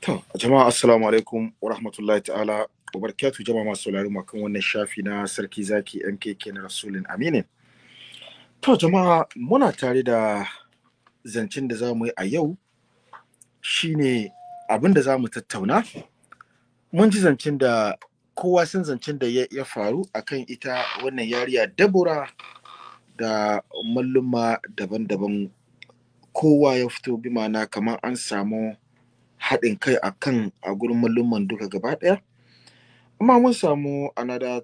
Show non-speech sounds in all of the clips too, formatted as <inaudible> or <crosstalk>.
To, jama'a assalamu alaikum wa rahmatullahi ta'ala wa barakatuh jama'a masu sauraro makan kan wannan shafi na Sarki Zaki MKK na Rasulin Aminin. To, jama'a muna tare da zancen da za mu yi a yau shine abin da za mu tattauna. Mun ji zancen da kowa sun zancen da ya faru akan ita wannan yariya Dabura da malluma daban-daban kowa ya fito bi ma'ana kamar an samu haɗin kai a kan a gurin malluman duka gaba ɗaya amma mun samu another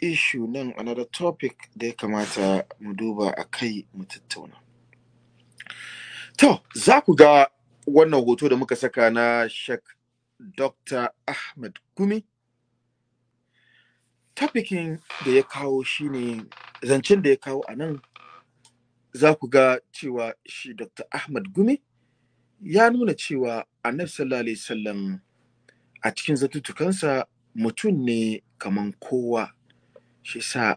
issue nan another topic da ya kamata mu duba a kai mu tattauna to za ku ga wannan hoto da muka saka na shek dr ahmad gumi topicin da ya kawo shine zancen da ya kawo a nan za ku ga cewa shi dr ahmad gumi ya nuna cewa annabi sallallahu alaihi wasallam a cikin zatutukansa mutum ne kaman kowa shi sa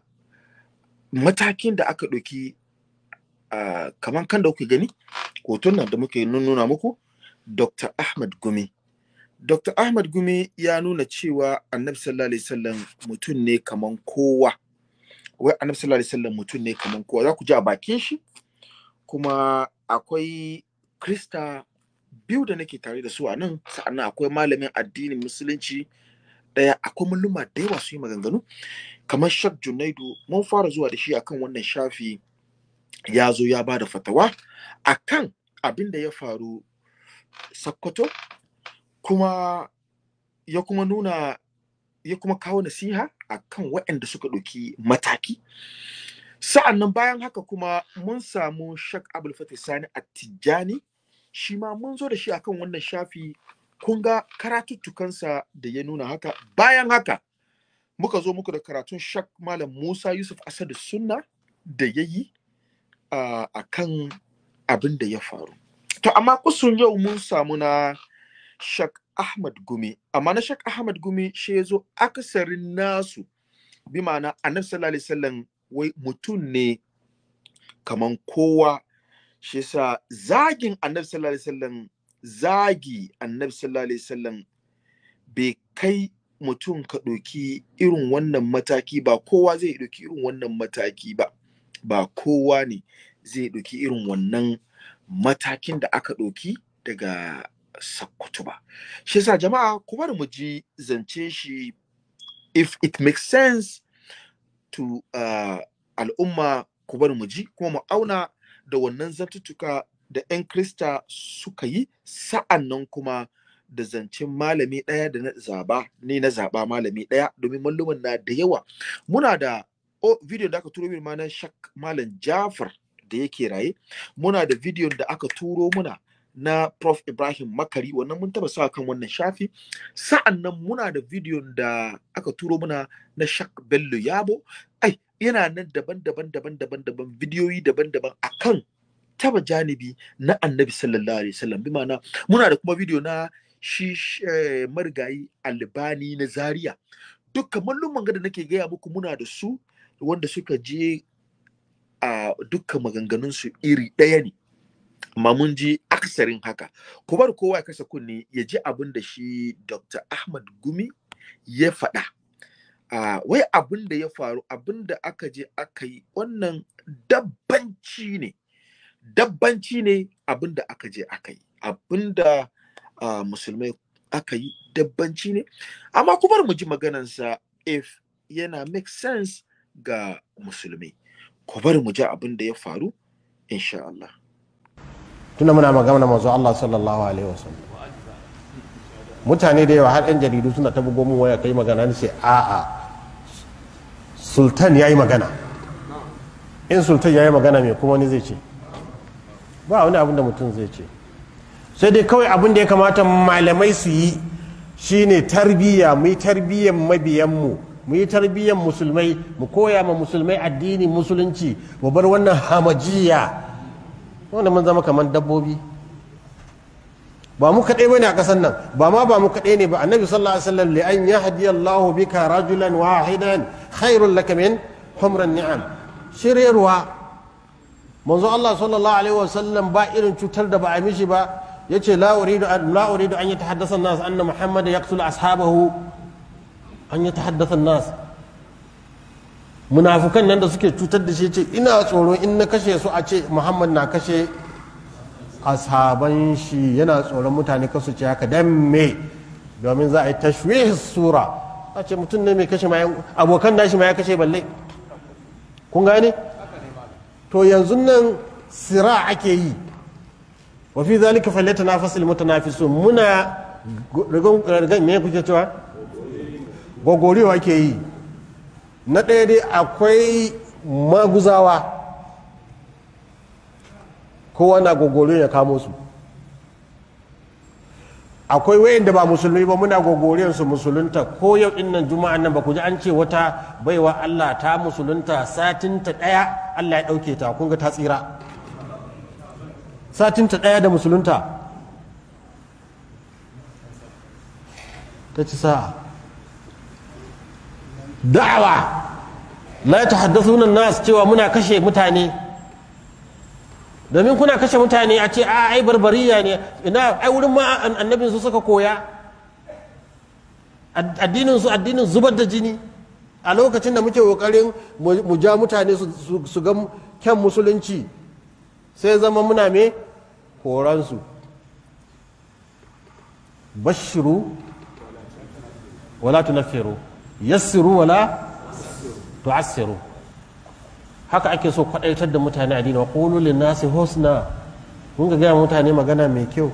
matakin da aka ɗauki kamar kaman kan da kuke gani hoton nan da muke nuna muku dr ahmad gumi dr ahmad gumi ya nuna cewa annabi sallallahu alaihi wasallam mutum ne kaman kowa wai annabi sallallahu alaihi wasallam mutum ne kaman kowa za ku ji a bakin shi kuma akwai krista biyu da nake tare da su a nan sa'annan akwai malamin addinin musulunci daya akwai muluma da yawa su yi maganganu kamar shak junaidu mun fara zuwa da shi akan wannan shafi ya zo ya ba da fatawa akan abin da ya faru sakkwato kuma ya kuma nuna ya kuma kawo nasiha akan waɗanda suka ɗauki mataki sa'an nan bayan haka kuma mun samu shak abul fatih sani Tijjani. shi ma mun zo da shi akan wannan shafi kun ga karatuttukansa da ya nuna haka bayan haka muka zo muku da karatun shak malam musa yusuf asadu sunna da ya yi a kan abin da ya faru to amma kusun yau mun samu na shak ahmad gumi amma na shak ahmad gumi shi ya zo akasarin nasu bi ma'ana annabi sallallahu alaihi wasallam wai mutum ne kaman kowa shi sa zagin annabi sallallahu alaihi wasallam zagi annabi sallallahu alaihi wasallam bai kai mutum ka ɗauki irin wannan mataki ba kowa zai ɗauki irin wannan mataki ba ba kowa ne zai ɗauki irin wannan matakin da aka ɗauki daga Sakkutu ba shi sa jama'a kuma da mu ji zance shi if it makes sense to ah, al'umma ku bar mu ji kuma mu auna da wannan zartuttuka da 'yan krista suka yi sa'an nan kuma da zancen malami ɗaya da na zaba ne na zaba malami ɗaya domin malluman na da yawa muna da o video da aka turo min ma na shak malam jafar da yake raye muna da video da aka turo muna na prof ibrahim makari wannan mun taba sa kan wannan shafi sa'annan muna da bidiyon da aka turo muna na shak bello yabo ai yana nan daban-daban daban-daban daban bidiyoyi daban-daban akan taba janibi na annabi sallallahu alaihi wasallam bi ma'ana muna da kuma bidiyo na shi eh, marigayi albani na zaria dukkan mallum'an da nake gaya muku muna da su wanda suka je a dukkan maganganunsu iri ɗaya ne amma mun ji akasarin haka ku bar kowa ya kasa kunni ya ji abin da shi dr ahmad gumi ya faɗa a wai abin da ya faru abin da aka je aka yi wannan dabbanci ne dabbanci ne abin da aka je aka yi abin da musulmai aka yi dabbanci ne amma ku bar mu ji maganansa if yana make sense ga musulmi ku bar mu ji abin da ya faru insha Allah tuna muna magana mazu Allah sallallahu alaihi wasallam mutane da yawa har yan jaridu suna ta bugo mun waya kai magana ni sai a'a sultan yayi magana in sultan yayi magana me kuma wani zai ce ba wani abin da mutum zai ce sai dai kawai abin da ya kamata malamai su yi shine tarbiyya mu yi mabiyan mu yi tarbiyyan musulmai mu koya ma musulmai addini musulunci mu bar wannan hamajiya wanda mun zama kamar dabbobi ba mu kaɗai bane a ƙasar nan ba ma ba mu kaɗai ne ba annabi sallallahu alaihi wasallam li an yahdi Allahu bika rajulan wahidan khairul laka min humran ni'am shiryarwa manzo Allah sallallahu alaihi wasallam ba irin cutar da ba a mishi ba yace la uridu an la uridu an yatahaddasa an-nas anna muhammad yaqtulu ashabahu an yatahaddasa an-nas munafukan nan da suke cutar da shi ce ina tsoro in na kashe su a ce muhammad na kashe asaban shi yana tsoron mutane kasu ce haka dan me domin za a yi tashwih sura a ce mutum ne mai kashe ma abokan nashi ma ya kashe balle kun gane to yanzu nan sira ake yi wa fi zalika falyatanafasul mutanafisun muna rigan me kuke cewa gogorewa ke yi na ɗaya dai akwai maguzawa kowa na gogoro ya kamo su akwai wayan da ba musulmi ba muna gogorin su musulunta ko yau din nan juma'an nan ba ku ji an ce wata baiwa Allah ta musulunta satin ta ɗaya Allah ya ɗauke ta kun ga ta tsira satin ta ɗaya da musulunta ta ci sa'a da'awa la an nas cewa muna kashe mutane domin kuna kashe mutane a ce a ai barbariya ne ina ai wurin ma annabin su suka koya addinin su addinin zubar da jini a lokacin da muke kokarin mu ja mutane su ga kyan musulunci sai zama muna me koransu bashiru wala tunaffiru yassiru wala tu'assiru haka ake so kwadaitar da mutane a dina qulu lin nasi husna kun ga gaya mutane magana mai kyau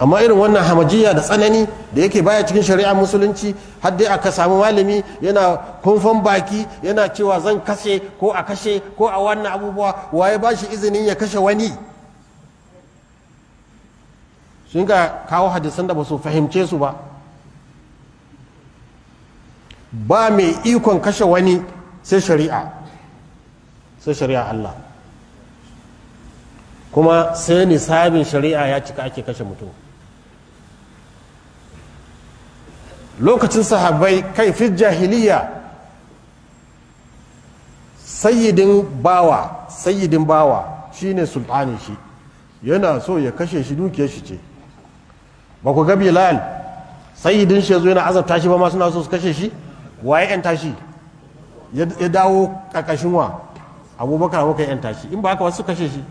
amma irin wannan hamajiya da tsanani da yake baya cikin shari'a musulunci har dai aka samu malami yana kunfan baki yana cewa zan kashe ko a kashe ko a wannan abubuwa waye ba shi izinin ya kashe wani sun ga kawo hadisan da ba su fahimce su ba ba mai ikon kashe wani sai shari'a sai shari'a Allah kuma sai nisabin shari'a ya cika ake kashe mutum lokacin sahabbai kai fi jahiliya sayyidin bawa sayyidin bawa shine sultanin shi yana so ya kashe shi dukiyar shi ce ba ku ga bilal sayyidin shi yana azabta shi ba ma suna so su kashe shi waye yan tashi ya dawo ƙarƙashin wa abubakar abokan yan tashi in ba haka wasu kashe shi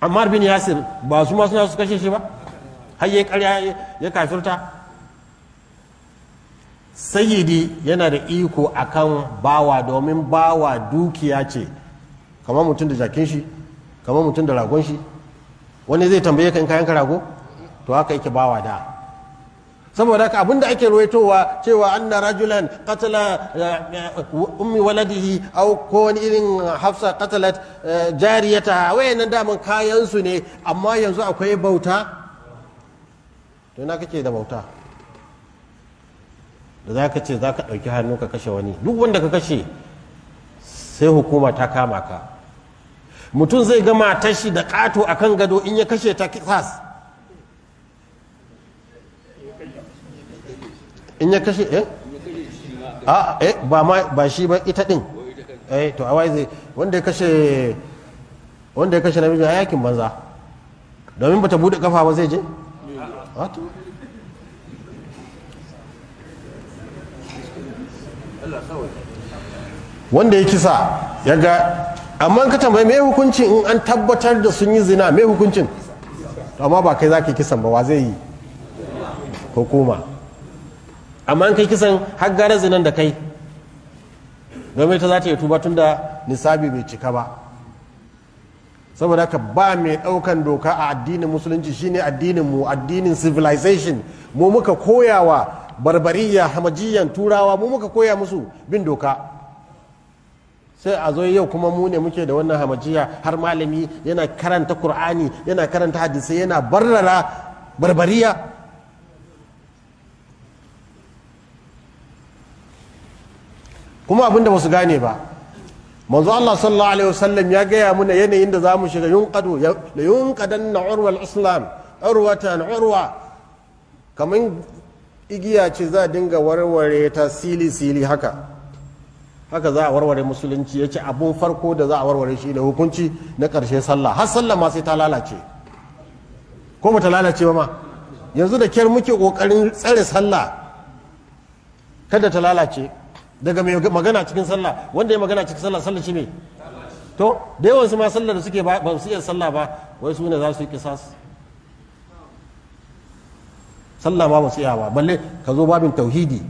amma bin yasir ba su masu suna su kashe shi ba har ya karya ya kafirta sayidi yana da iko akan bawa domin bawa dukiya ce kamar mutum da jakin shi kamar mutum da ragon shi wani zai tambaye ka in kayan ka rago to haka yake bawa da saboda haka abinda ake ruwaitowa cewa anna rajulan katala eh, eh, ummi waladihi au ko wani irin hafsa qatalat eh, jariyata wayannan daman kayan kayansu ne amma yanzu akwai bauta to na kake da bauta da za ka ce za ka ɗauki hannu ka kashe wani duk wanda ka kashe sai hukuma ta kama ka mutum zai gama tashi da ƙato akan gado in ya kashe ta kisas in ya kashe eh a ah, eh ba ma ba shi ba ita din eh to awai zai wanda ya kashe wanda ya kashe namijin a yakin banza domin bata bude kafa ba zai je wato ah, wanda ya kisa ya ga amma ka tambaye me hukuncin in an tabbatar da sun yi zina me hukuncin amma ba kai zaki kisan ba wa zai yi hukuma amma kai kisan har gane zinan da kai domin ta za ta yi tuba tun da nisabi bai cika ba saboda haka ba mai ɗaukan doka a addinin musulunci shine addinin mu addinin civilization mu muka koyawa barbariya hamajiyan turawa mu muka koya musu bin doka sai a zo yau kuma mu ne muke da wannan hamajiya har malami yana karanta kur'ani yana karanta hadisai yana barrara barbariya kuma abinda ba su gane ba manzo Allah sallallahu alaihi wasallam ya gaya muna yanayin da zamu shiga yunqadu la urwa al islam urwatan urwa kaman igiya ce za dinga warware ta sili sili haka haka za a warware musulunci yace abun farko da za a warware shi ne hukunci na karshe sallah har sallah ma sai ta lalace ko ba ta lalace ba ma yanzu da kyar muke kokarin tsare sallah kada ta lalace daga mai magana cikin sallah wanda ya magana cikin sallah sallah shi ne to da yawan su ma sallah da suke ba su iya sallah ba wai su ne za su yi kisas sallah ba ba su iya ba balle ka zo babin tauhidi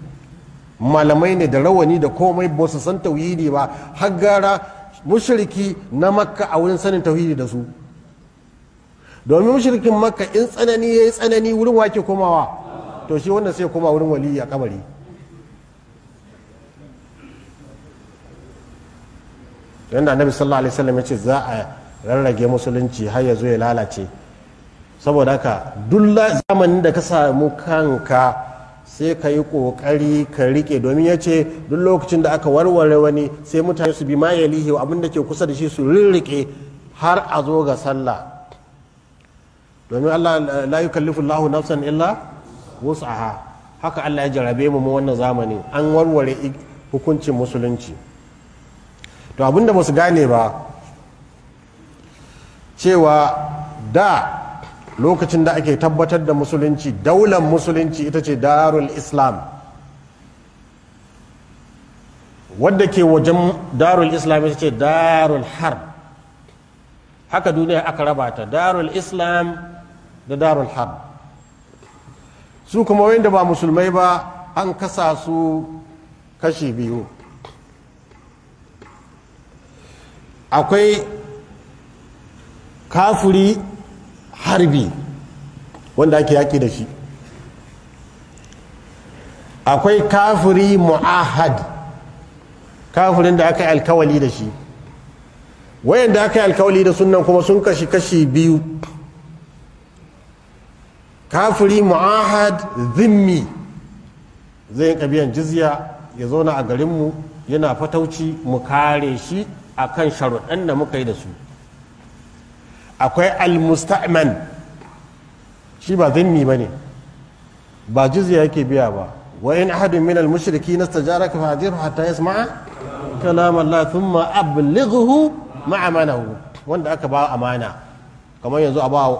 malamai ne da rawani da komai ba su san tauhidi ba har gara mushriki na makka a wurin sanin tauhidi da su domin mushrikin makka in tsanani ya yi tsanani wurin wake komawa to shi wannan sai koma wurin waliyi a kabari yadda annabi sallallahu alaihi wasallam ya ce za a rarrage musulunci har ya zo ya lalace saboda haka duk zamanin da ka samu kanka sai ka yi ƙoƙari ka rike domin ya ce duk lokacin da aka warware wani sai mutane su bi maye ya lihi abin da ke kusa da shi su rirrike har a zo ga sallah domin Allah la nafsan illa wus'aha haka Allah ya jarabe mu wannan zamani an warware hukuncin musulunci to abinda ba su gane ba cewa da lokacin da ake tabbatar da musulunci daular musulunci ita ce darul islam wadda ke wajen darul islam ita ce darul har haka duniya aka raba ta darul islam da darul har su kuma wanda ba musulmai ba an kasa su kashi biyu akwai kafuri harbi wanda ake yaki da shi akwai kafuri mu'ahad kafurin da aka yi alkawali da shi wayanda aka yi alkawali da sunan kuma sun kashi kashi biyu kafiri mu'ahad zimmi zai yi ƙabiyan jizya ya zauna a garinmu yana fatauci mu kare shi a kan sharuɗan da muka yi da su akwai al-musta'man shi ba zimmi ba ne ba jizya yake biya ba wa in ahadun min al-mushriki nastajaraka fa hajirhu hatta yasma'a kalam Allah thumma ablighuhu ma'amanahu wanda aka ba amana kamar yanzu a ba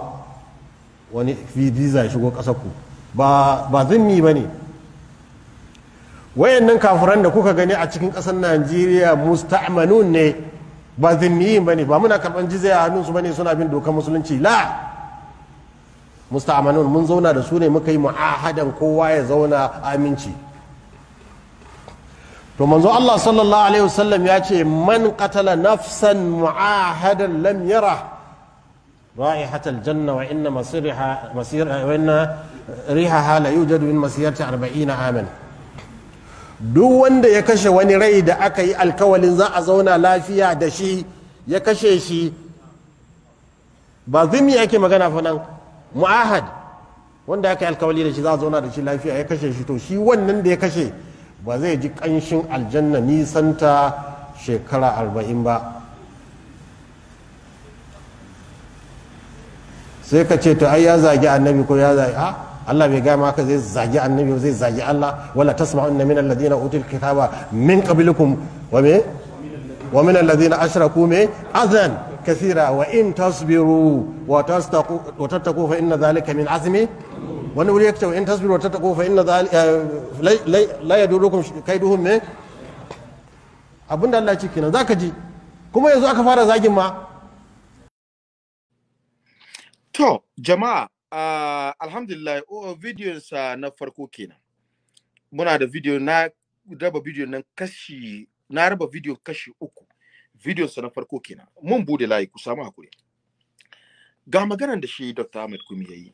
wani visa shigo kasar ku ba zimmi ba ne wayannan kafiran da kuka gani a cikin ƙasar najeriya musta'manun ne ba zinniyin ba ne ba muna karɓar jizya a hannunsu ba ne suna bin dokar musulunci la musta'manun mun zauna da su ne muka yi mu'ahadan kowa ya zauna aminci to manzo Allah sallallahu alaihi wasallam ya ce man qatala nafsan mu'ahadan lam yara ra'ihatal janna wa inna masirha masirha wa inna rihaha la yujadu min masirati 40 duk wanda ya kashe wani rai da aka yi alkawalin za a zauna lafiya da shi ya kashe shi ba zumi ake magana fa nan mu'ahad wanda aka yi alkawali da shi za a zauna da shi lafiya ya kashe shi to shi wannan da ya kashe ba zai ji kanshin aljanna nisanta shekara arba'in ba sai ka ce to ai ya zagi annabi ko ya zagi a ah, Allah bai gaya maka zai zagi annabi zai zagi Allah wala inna min alladhina utul kitaba min qablikum wa me wa min alladhina ashraku me azan kathira wa in tasbiru wa tastaqu wa tattaqu fa inna dhalika min azmi wani wuri yake cewa in tasbiru wa tattaqu fa inna dhalika eh, la yadurukum kaiduhum me abinda Allah ce kenan zaka ji kuma yanzu aka fara zagin ma to jama'a uh, alhamdulillah oh, bidiyon sa na farko kenan muna da video na raba bidiyon nan kashi na raba video kashi uku bidiyon sa na farko kenan mun bude layi ku samu hakuri ga maganar da shi Dr. Ahmed Kumi yayi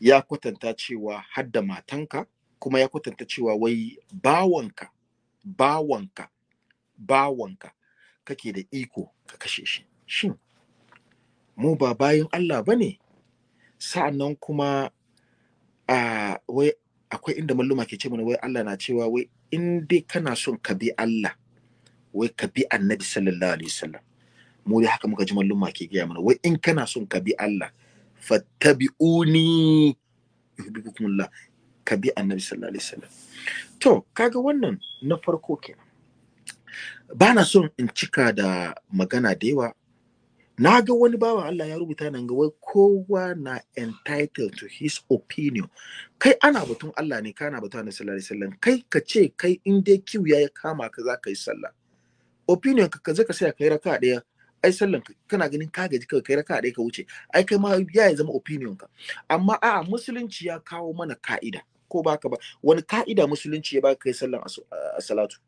ya kwatanta cewa hadda matanka kuma ya kwatanta cewa wai bawanka bawanka bawanka kake da iko ka kashe shi shin mu ba bayan Allah bane sa'annan kuma a wai akwai inda malluma ke ce mana wai Allah na cewa wai in dai kana son ka bi Allah wai ka bi annabi sallallahu alaihi wasallam mu dai haka muka ji malluma ke gaya mana wai in kana son ka bi Allah fattabi'uni yuhibbukumullah ka bi annabi sallallahu alaihi wasallam to kaga wannan na farko kenan ba na son in cika da magana da yawa na ga wani bawa Allah ya rubuta nan ga wai kowa na entitled to his opinion kai ana batun Allah ne kana batun Annabi sallallahu alaihi wasallam kai ka ce kai in dai kiwu ya kama ka za ka yi sallah opinion ka kaje ka sai kai raka daya ai sallan ka kana ganin ka gaji kai kai raka daya ka wuce ai kai ma ya zama opinion ka amma a'a musulunci ya kawo mana ka'ida ko baka ba wani ka'ida musulunci ya baka kai sallan salatu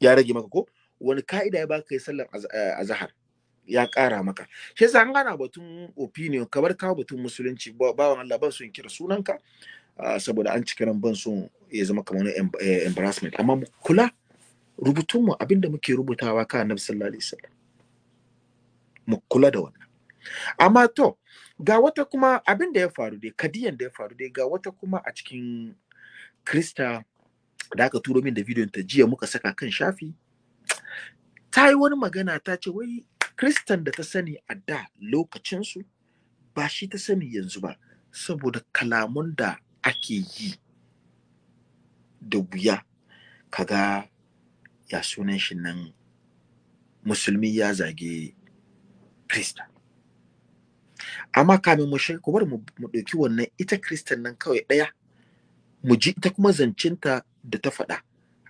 ya rage maka ko wani ka'ida ya baka kai sallan azhar ya ƙara maka shi yasa an gana batun opinion ka bar kawo batun musulunci bawan Allah ban son kira sunanka ah, saboda an ci kiran ban son ya zama kamar eh, embarrassment amma mu kula rubutun mu abinda muke rubutawa ka annabi sallallahu alaihi wasallam mu kula da wannan amma to ga wata kuma abin ya faru dai kadiyan da ya faru dai ga wata kuma a cikin krista da aka turo min da bidiyon ta jiya muka saka kan shafi ta yi wani magana ta ce wai kristan da ta sani a da lokacinsu ba shi ta sani yanzu ba saboda kalamun da ake yi da wuya kaga ya sunan shi nan musulmi ya zage kristan amma kamin mu ku bari mu ɗauki wannan ita kristan nan kawai ɗaya mu ji ita kuma zancinta da ta faɗa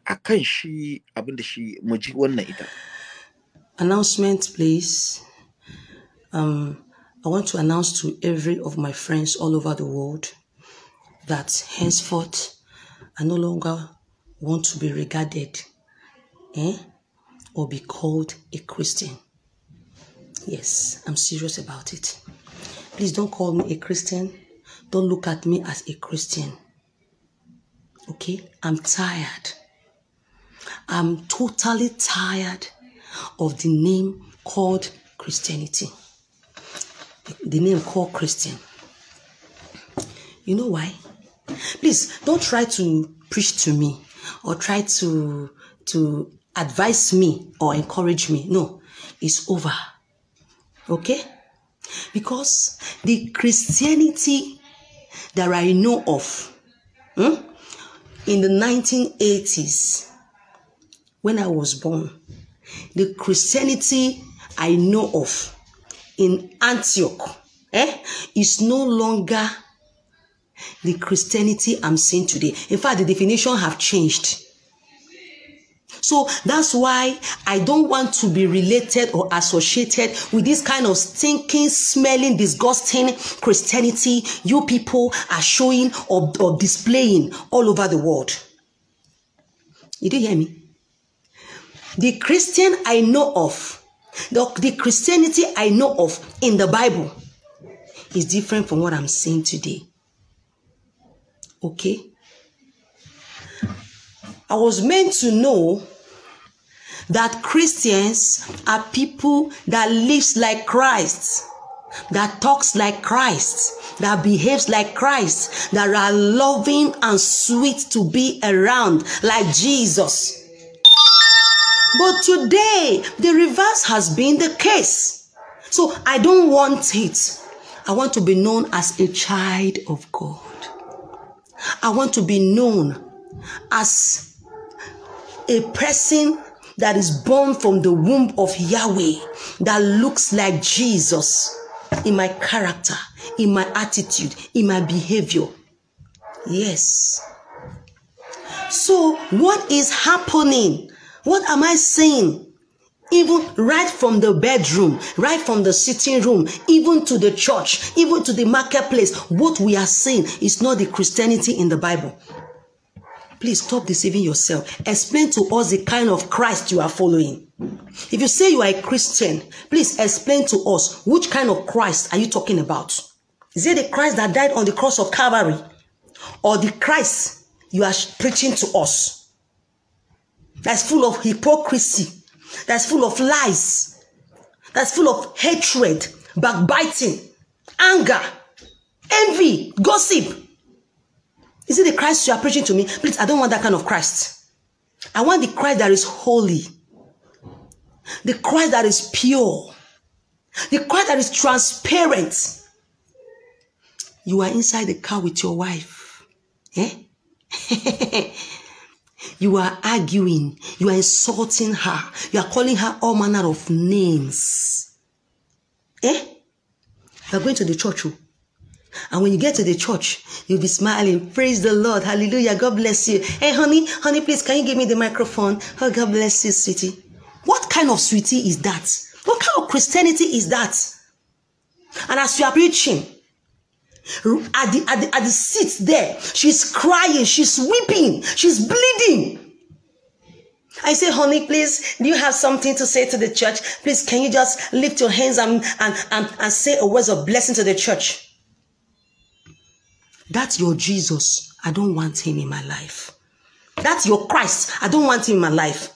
a kan shi abinda shi mu ji wannan ita Announcement, please. Um, I want to announce to every of my friends all over the world that henceforth I no longer want to be regarded eh, or be called a Christian. Yes, I'm serious about it. Please don't call me a Christian. Don't look at me as a Christian. Okay? I'm tired. I'm totally tired of the name called Christianity. The name called Christian. You know why? Please don't try to preach to me or try to to advise me or encourage me. No, it's over. Okay? Because the Christianity that I know of hmm, in the 1980s, when I was born, the Christianity I know of in Antioch eh, is no longer the Christianity I'm seeing today. In fact, the definition have changed. So that's why I don't want to be related or associated with this kind of stinking, smelling, disgusting Christianity you people are showing or, or displaying all over the world. You do hear me? The Christian I know of, the, the Christianity I know of in the Bible is different from what I'm seeing today. Okay? I was meant to know that Christians are people that lives like Christ, that talks like Christ, that behaves like Christ, that are loving and sweet to be around like Jesus. But today, the reverse has been the case. So I don't want it. I want to be known as a child of God. I want to be known as a person that is born from the womb of Yahweh that looks like Jesus in my character, in my attitude, in my behavior. Yes. So, what is happening what am I saying? even right from the bedroom, right from the sitting room, even to the church, even to the marketplace. What we are saying is not the Christianity in the Bible. Please stop deceiving yourself. Explain to us the kind of Christ you are following. If you say you are a Christian, please explain to us which kind of Christ are you talking about? Is it the Christ that died on the cross of Calvary? Or the Christ you are preaching to us? that's full of hypocrisy, that's full of lies, that's full of hatred, backbiting, anger, envy, gossip. Is it the Christ you are preaching to me? Please, I don't want that kind of Christ. I want the Christ that is holy, the Christ that is pure, the Christ that is transparent. You are inside the car with your wife. Eh? <laughs> You are arguing. You are insulting her. You are calling her all manner of names. Eh? You are going to the church. Oh. And when you get to the church, you'll be smiling. Praise the Lord. Hallelujah. God bless you. Hey, honey, honey, please, can you give me the microphone? Oh, God bless you, sweetie. What kind of sweetie is that? What kind of Christianity is that? And as you are preaching, at the, at the, at the seat there. She's crying, she's weeping, she's bleeding. I say, honey, please, do you have something to say to the church? Please, can you just lift your hands and, and, and, and say a word of blessing to the church? That's your Jesus. I don't want him in my life. That's your Christ. I don't want him in my life.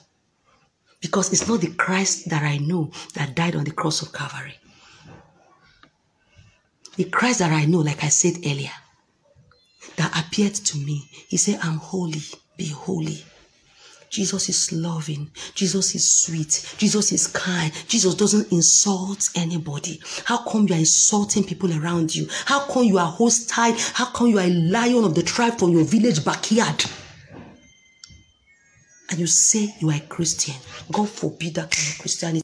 Because it's not the Christ that I know that died on the cross of Calvary. The Christ that I know, like I said earlier, that appeared to me, he said, I'm holy, be holy. Jesus is loving. Jesus is sweet. Jesus is kind. Jesus doesn't insult anybody. How come you are insulting people around you? How come you are hostile? How come you are a lion of the tribe from your village backyard? And you say you are a Christian. God forbid that kind of Christianity.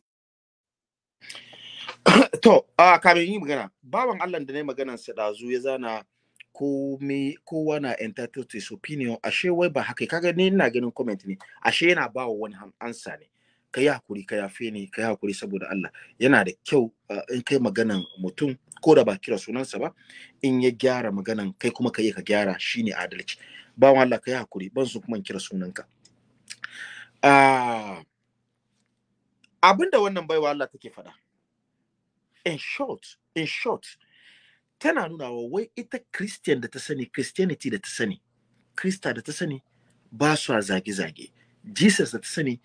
<coughs> to a kamin yi magana bawan Allah da ne maganan sa dazu ya zana ko kowa na entitled to his opinion ashe wai ba haka kaga ni ina ganin comment ne ashe yana ba wa wani ansa ne ka yi hakuri ka yafe ne ka yi hakuri saboda Allah yana da kyau in kai maganan mutum ko da ba kira sunansa ba in ya gyara maganan kai kuma ka yi ka gyara shine adalci bawan Allah ka yi hakuri ban su kuma kira sunanka abinda wannan baiwa Allah take faɗa in short in short tana nuna wa wai ita christian da ta sani christianity da ta sani krista da ta sani ba su zage-zage jesus da ta sani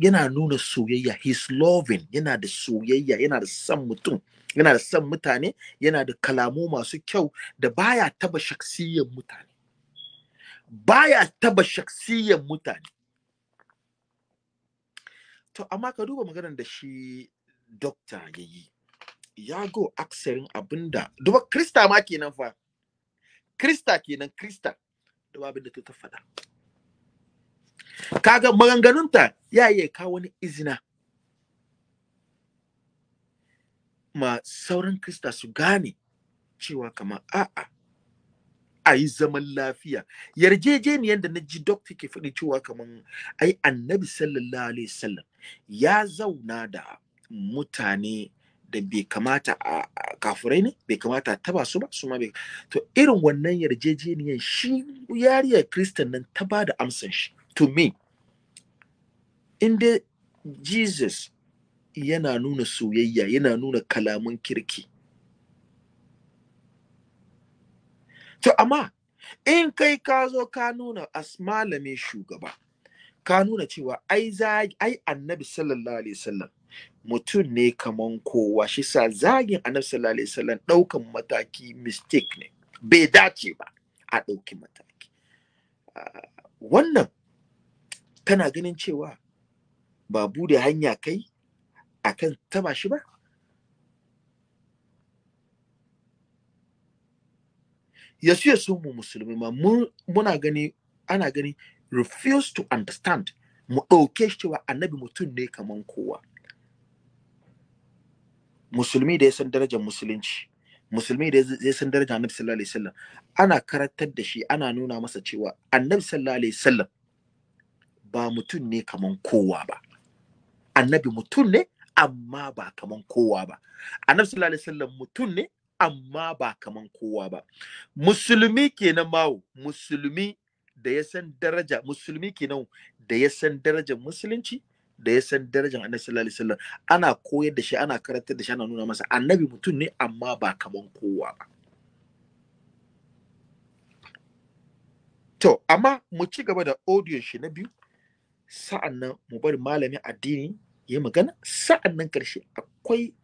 yana nuna soyayya his loving yana da soyayya yana da son mutum yana da son mutane yana da kalamu masu kyau da baya taba shaksiyyar mutane baya taba shaksiyyar mutane to amma ka duba maganar da shi dokta ya yi ya go aksarin abinda duba krista ma kenan fa krista kenan krista duba abinda ta faɗa kaga maganganunta ya iya kawo wani izina ma sauran krista su gane cewa kama a'a a yi zaman lafiya yarjejeniyar da na ji dokta ke faɗi cewa kaman ai annabi sallallahu alaihi wasallam ya zauna da mutane da bai kamata a kafurai ne bai kamata a taba su ba su ma bai to irin wannan yarjejeniyar shi yariyar kristan nan ta ba da amsan shi to me in dai jesus yana nuna soyayya yana nuna kalaman kirki to amma in kai ka zo ka nuna malamin shugaba ka nuna cewa ai annabi sallallahu alaihi wasallam mutum ne kaman kowa shi sa zagin annabi sallallahu alaihi wasallam daukan mataki mistake ne bai dace ba a ɗauki mataki ah, wannan kana ganin cewa ba bude hanya kai akan taba shi ba yasu yasu mu musulmi ma muna gani ana gani refuse to understand mu ɗauke shi cewa annabi mutum ne kaman kowa musulmi da ya san darajar musulunci musulmi da ya san darajar annabi sallallahu alaihi wasallam ana karantar da shi ana nuna masa cewa annabi sallallahu alaihi wasallam ba mutum ne kaman kowa ba annabi mutum ne amma ba kaman kowa ba annabi sallallahu alaihi wasallam mutum ne amma ba kaman kowa ba musulmi kenan mawo musulmi da ya san daraja musulmi kenan da ya san darajar musulunci da ya san darajar annabi sallallahu alaihi wasallam ana koyar da shi ana karantar da shi ana nuna masa annabi mutum ne amma ba kaman kowa ba to amma mu ci gaba da audio shi na biyu sa'annan mu bari malamin addini ya magana sa'annan karshe akwai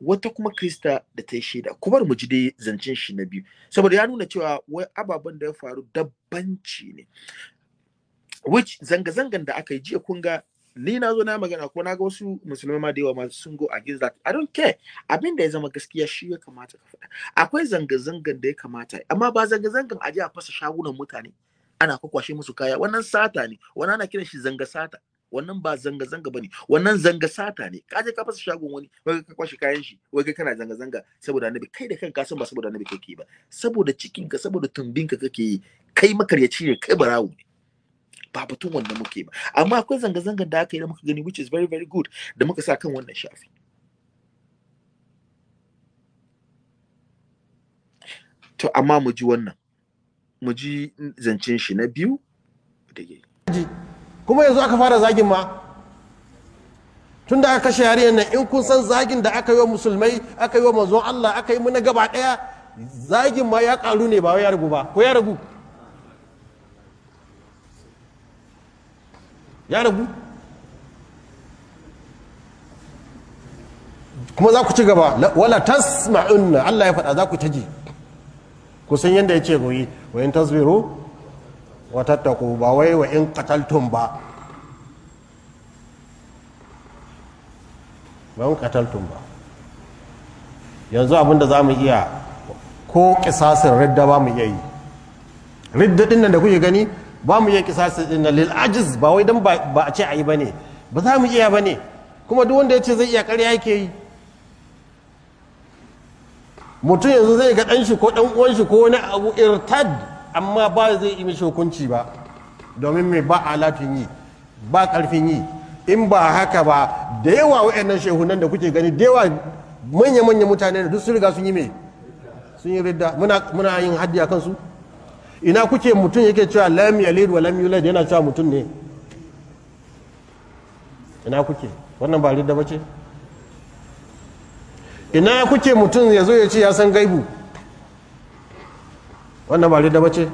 wata kuma krista da ta yi shaida ku bar mu ji dai zancen shi na biyu saboda ya nuna cewa wai ababen da ya faru dabbanci ne which zanga-zangan da aka yi jiya kun ga ni na zo na magana ko na ga wasu musulmai ma da yawa ma sun go against that i don't care abin da ya zama gaskiya shi ya kamata ka faɗa akwai zanga-zangan da ya kamata amma ba zanga-zangan aje a fasa shagunan mutane ana kwakwashe musu kaya wannan sata ne wannan ana kiran shi zanga sata wannan ba zanga zanga bane wannan zanga sata ne ka je ka fasa shagon wani wai ka kwashe kayan shi wai kai kana zanga zanga saboda annabi kai da kanka san ba saboda annabi kake ba saboda cikin ka saboda tumbin ka kake yi kai makaryaci ne kai barawo ne ba batun wannan muke ba amma akwai zanga-zangar da aka yi da muka gani which is very very good da muka sa kan wannan shafi to amma mu ji wannan mu ji zancen shi na biyu da yayi kuma yanzu aka fara zagin ma tun da aka kashe yariyan nan in kun san zagin da aka yi wa musulmai aka yi wa manzon Allah aka yi mu na gaba daya zagin ma ya karu ne ba ya ragu ba ko ya ragu ya ragu kuma za ku ci gaba wala tasma'unna Allah ya faɗa za ku taji ku san yadda ya ce goyi wa in tasbiru wa tattaku ba wai wa in qataltum ba ba in qataltum ba yanzu abinda za mu iya ko kisasin ridda ba mu iya yi ridda din nan da kuke gani ba mu iya kisasa din lil ajiz ba wai dan ba a ce a yi ba za mu iya bane kuma duk wanda ya ce zai iya ƙarya yake yi mutum yanzu zai ga ɗanshi ko ɗan uwanshi ko wani abu irtad amma ba zai yi mishi hukunci ba domin mai ba lafin yi ba ƙarfin yi in ba haka ba da yawa wa'annan shehunan da kuke gani da yawa manya-manya mutane da duk sun riga sun yi mai sun yi ridda muna yin haddi a kansu ina kuke mutum yake cewa lam yalid wa lam yulad yana cewa mutum ne ina kuke wannan ba ridda bace ina kuke mutum ya zo ya ce ya san gaibu wannan ba ridda bace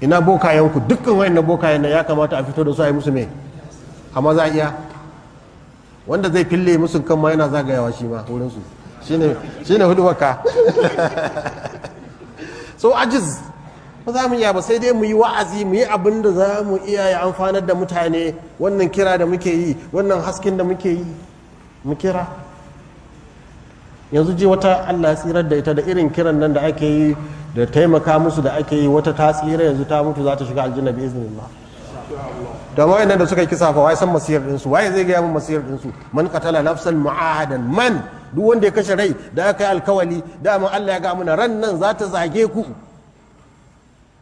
ina bokayenku dukkan wayannan bokayen ya kamata a fito da su a yi musu me amma za a iya wanda zai fille musu kan ma yana zagayawa shi ma wurinsu shine shine hudu baka <laughs> so ajiz ba za mu iya ba sai dai mu yi wa'azi mu yi abin da za mu iya ya amfanar da mutane wannan kira da muke yi wannan hasken da muke yi mu kira yanzu ji wata allah tsirar da ita da irin kiran nan da ake yi da taimaka musu da ake yi wata ta tsira yanzu ta mutu za ta shiga aljina bi iznillah da wayannan da suka kisa fa wai san masiyar dinsu waye zai gaya mun masiyar dinsu man qatala nafsan mu'ahadan man duk wanda ya kashe rai da aka yi alkawali da mun Allah ya ga muna ran nan za ta zage ku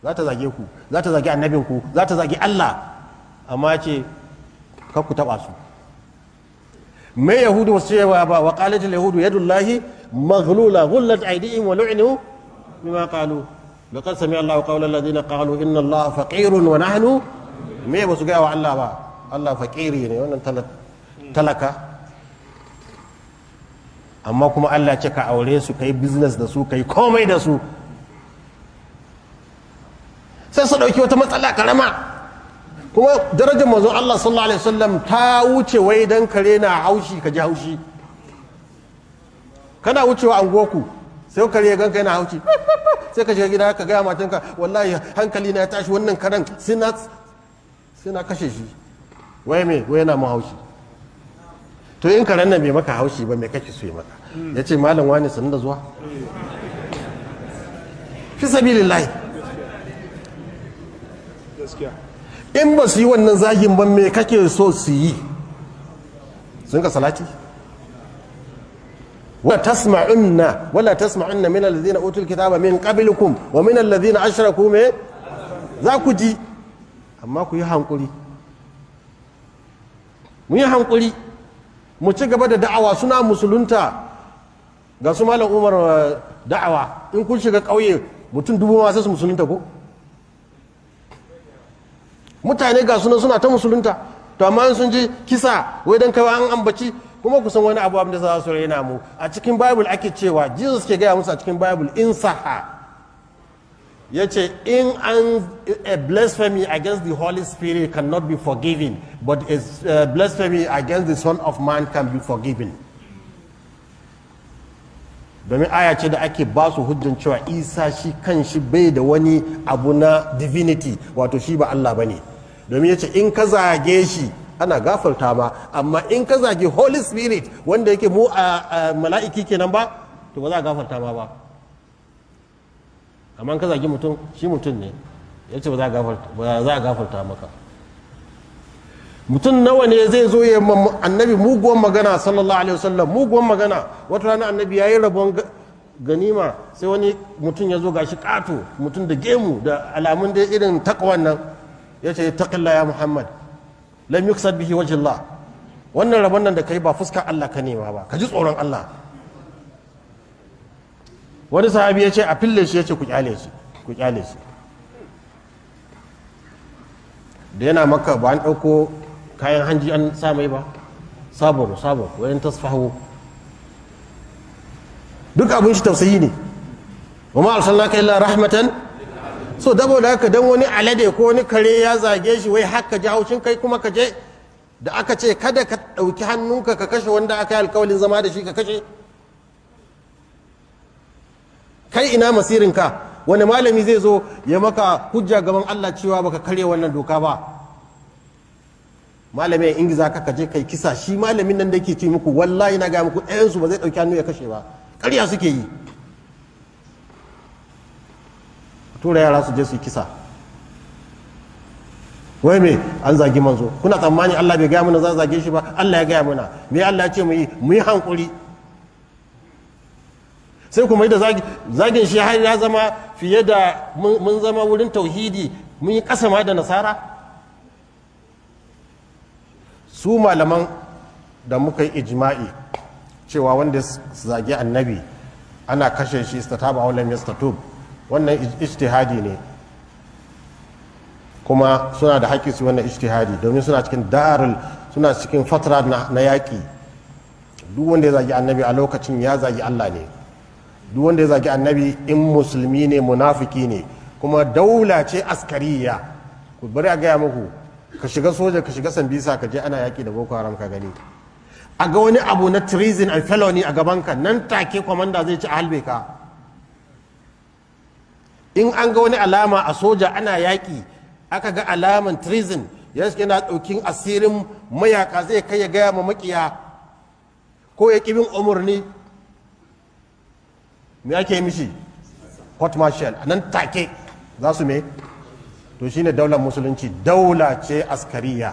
za ta zage ku za ta zage annabin ku za ta zage Allah amma ce kar ku taba su me yahudu wasu cewa ba wa qalatul yahudu lahi maglula ghullat aidi'in wa lu'inu bima qalu laqad sami Allahu qawla alladhina qalu inna allah faqirun wa nahnu me ba su ga wa Allah ba Allah faqiri ne wannan talaka amma kuma Allah ce ka aure su kai business da su kai komai da su sai su ɗauki wata matsala karama kuma darajar manzon Allah sallallahu alaihi wasallam ta wuce wai dan kare na haushi ka ji haushi kana wucewa goku sai kare gan kai na haushi <laughs> sai ka shiga gida ka gaya matanka wallahi hankali na ya tashi wannan karen sai na kashe shi wai me wai yana mun haushi to in karen nan bai maka haushi ba me kake so ya maka ya ce malam wani sanin da zuwa fi sabilillahi in ba su yi wannan zagin ban me kake so su yi sun ka salati wala tasma'unna wala tasma'unna min alladhina utul kitaba min qablikum wa min alladhina ashraku me za ku ji amma ku yi hankuri mu yi hankuri mu ci gaba da da'awa suna musulunta ga su malam umar eh, da'awa in kun shiga ƙauye mutum dubu masu musulunta ko mutane ga suna suna ta musulunta to amma sun ji kisa wai dan kawai an ambaci kuma kusan wani abu abin da za su raina mu a cikin bible ake cewa jesus ke gaya musu a cikin bible in saha ya ce in an a blasphemy against the holy spirit cannot be forgiven but a blasphemy against the son of man can be forgiven domin aya ce da ake ba su hujjan cewa isa shi kan shi bai da wani abu na divinity wato shi ba allah ba ne domin ce in ka zage shi ana gafarta ma amma in ka zage holy spirit wanda yake mu a mala'iki kenan ba to ba za a gafarta ma ba amma ka zage mutum shi mutum ne ya ce ba za a gafarta maka mutum nawa ne zai zo ya annabi muguwan magana sallallahu alaihi wasallam muguwan magana wata rana annabi ya yi rabon ganima sai wani mutum ya zo gashi kato mutum da gemu da alamun da irin takwan nan ya ce taqilla ya muhammad lam yuksad bihi wajhillah wannan rabon nan da kai ba fuskar Allah ka nema ba ka ji tsoron Allah wani sahabi ya ce a fille shi ya ce ku kyale shi ku kyale shi da yana maka ba an ɗauko kayan hanji an sa mai ba sabon sabon wayan tasfahu duk abin shi tausayi ne wa ma arsalnaka illa rahmatan so saboda haka don wani alade ko wani kare ya zage shi wai haka ji haushin kai kuma ka je da aka ce kada ka ɗauki hannunka ka kashe wanda aka yi alkawalin zama da shi ka kashe kai ina masirinka wani malami zai zo ya maka hujja gaban Allah cewa baka karya wannan doka ba malami ya ingiza ka kaje kai kisa shi malamin nan da ke ce muku wallahi na ga muku ɗayan su ba zai ɗauki hannu ya kashe ba ƙarya suke yi tura yara su je su kisa wai me an zagi manzo kuna tsammani Allah bai gaya mana za zage shi ba Allah ya gaya mana me Allah ya ce mu yi mu yi hankuri sai kuma yi da zagin shi har ya zama fiye da mun zama wurin tauhidi mun yi kasa ma da nasara su malaman da muka yi ijma'i cewa wanda zage annabi ana kashe shi wani wala yastatub wannan ijtihadi ne kuma suna da haƙƙi su wannan ijtihadi domin suna cikin darul suna cikin fatara na yaƙi duk wanda ya zagi annabi a lokacin ya zagi Allah ne duk wanda ya zagi annabi in musulmi ne munafiki ne kuma daula ce askariya ku bari a gaya muku ka shiga soja ka shiga sambisa ka je ana yaƙi da boko haram ka gani a ga wani abu na treason and felony a gaban ka nan take kwamanda zai ci a halbe ka in an ga wani alama a soja ana yaƙi aka ga alaman treason ya yana ɗaukin asirin mayaka zai kai ya gaya ma makiya ko ya ƙibin umarni me ake mishi court martial a nan take za su me to shine daular musulunci daula ce askariya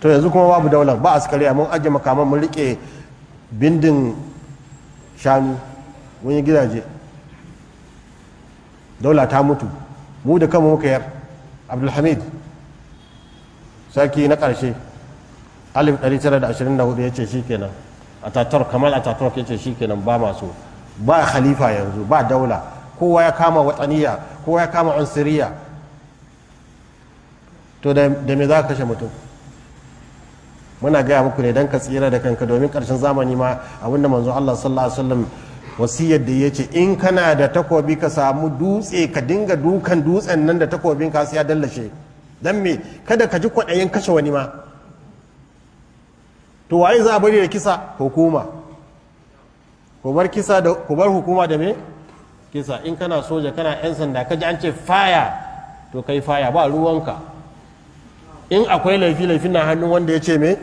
to yanzu kuma babu daular ba askariya mun ajiye makaman mun rike bindin shanu mun yi gidaje daula ta mutu mu da kanmu muka yar abdulhamid sarki na ƙarshe 1924 ya ce shi kenan kamar a ataturk ya ce shi kenan ba masu ba khalifa yanzu ba daula kowa ya kama wataniya kowa ya kama unsiriya to da me za ka kashe mutum muna gaya muku ne don ka tsira da kanka domin ƙarshen zamani ma abinda manzo Allah sallallahu alaihi wasallam wasiyar da ya ce in kana da takobi ka samu dutse ka dinga dukan dutsen nan da takobin ka ya dallashe dan me kada ka ji kwaɗayin kashe wani ma to waye za a bari da kisa hukuma kubar kisa da kubar hukuma da me kisa in kana soja kana yan sanda ka ji an ce faya to kai faya ba ruwanka in akwai laifi laifin na hannun wanda ya ce me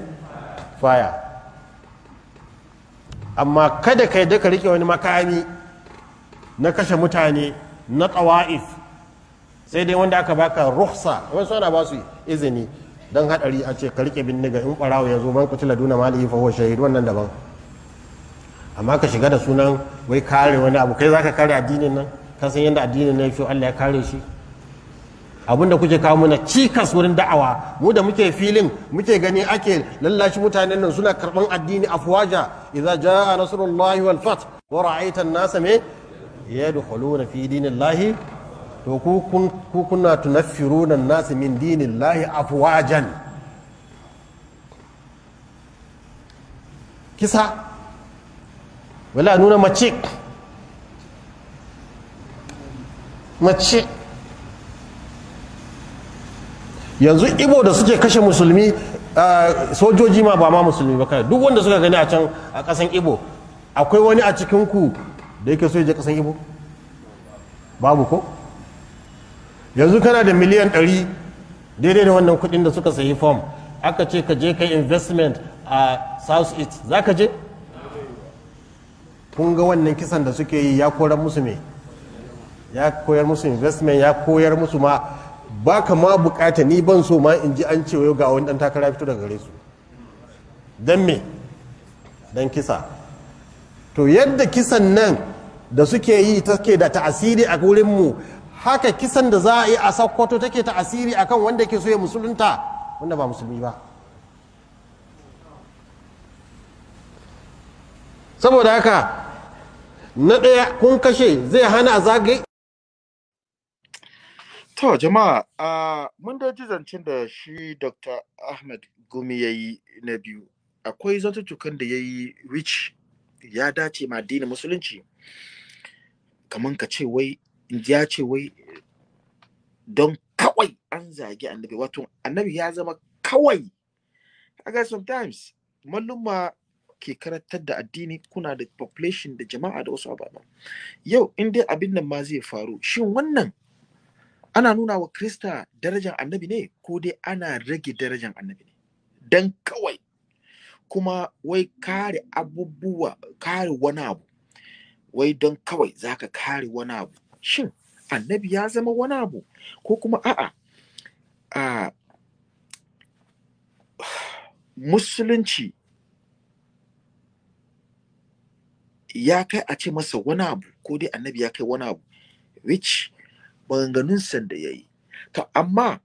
faya amma kada ka yadda ka rike wani makami na kashe mutane na tsawa'if sai dai wanda aka baka ruhsa wasu ana ba su izini don hadari a ce ka rike bindiga in barawo ya zo man kutila duna mali fa huwa shahidu wannan daban amma ka shiga da sunan wai kare wani abu kai zaka kare addinin nan ka san yadda addinin nan ya fi Allah ya kare shi abinda kuke kawo mana cikas wurin da'awa mu da muke filin muke gani ake lallashi mutanen nan suna karban addini afwaja idza jaa nasrullahi wal fath wa ra'aita an me yadkhuluna fi dinillahi to ku kun ku tunaffiruna an min dinillahi afwajan kisa wala nuna mace mace yanzu ibo da suke kashe musulmi sojoji ma ba ma musulmi ba kai duk wanda suka gani a can a kasan ibo akwai wani a cikin ku da yake so ya je kasan ibo babu ko yanzu kana da miliyan ɗari daidai da wannan kudin da suka sayi form aka ce ka je kai investment a south east za ka je kun ga wannan kisan da suke yi ya koyar musu me ya koyar musu investment ya koyar musu ma ba ka ma bukata ni ban so ma in ji an ce yau ga wani dan takara fito daga gare su Dan me Dan kisa to yadda kisan nan da suke yi take da ta'asiri a wurin mu haka kisan da za a yi a sakkwato take ta'asiri a kan wanda ke so ya musulunta wanda ba musulmi ba saboda haka na ɗaya kun kashe zai hana zagaye To jama'a uh, mun da ji zancen da shi Dr. Ahmed Gumi ya yi na biyu akwai zantuttukan da ya yi which ya dace ma addinin musulunci kamar ka ce wai ya ce wai don kawai an zagi annabi wato annabi ya zama kawai kaga sometimes malluma ke karantar da addini kuna da population da jama'a da wasu ababa yau in dai abin nan ma zai faru shin wannan ana nuna wa krista darajar annabi ne ko dai ana rage darajar annabi ne don kawai kuma wai kare abubuwa kare wani abu wai don kawai za ka kare wani abu shin annabi ya zama wani abu ko kuma a'a a musulunci ya kai a ce masa wani abu ko dai annabi ya kai wani abu which san da ya yi to amma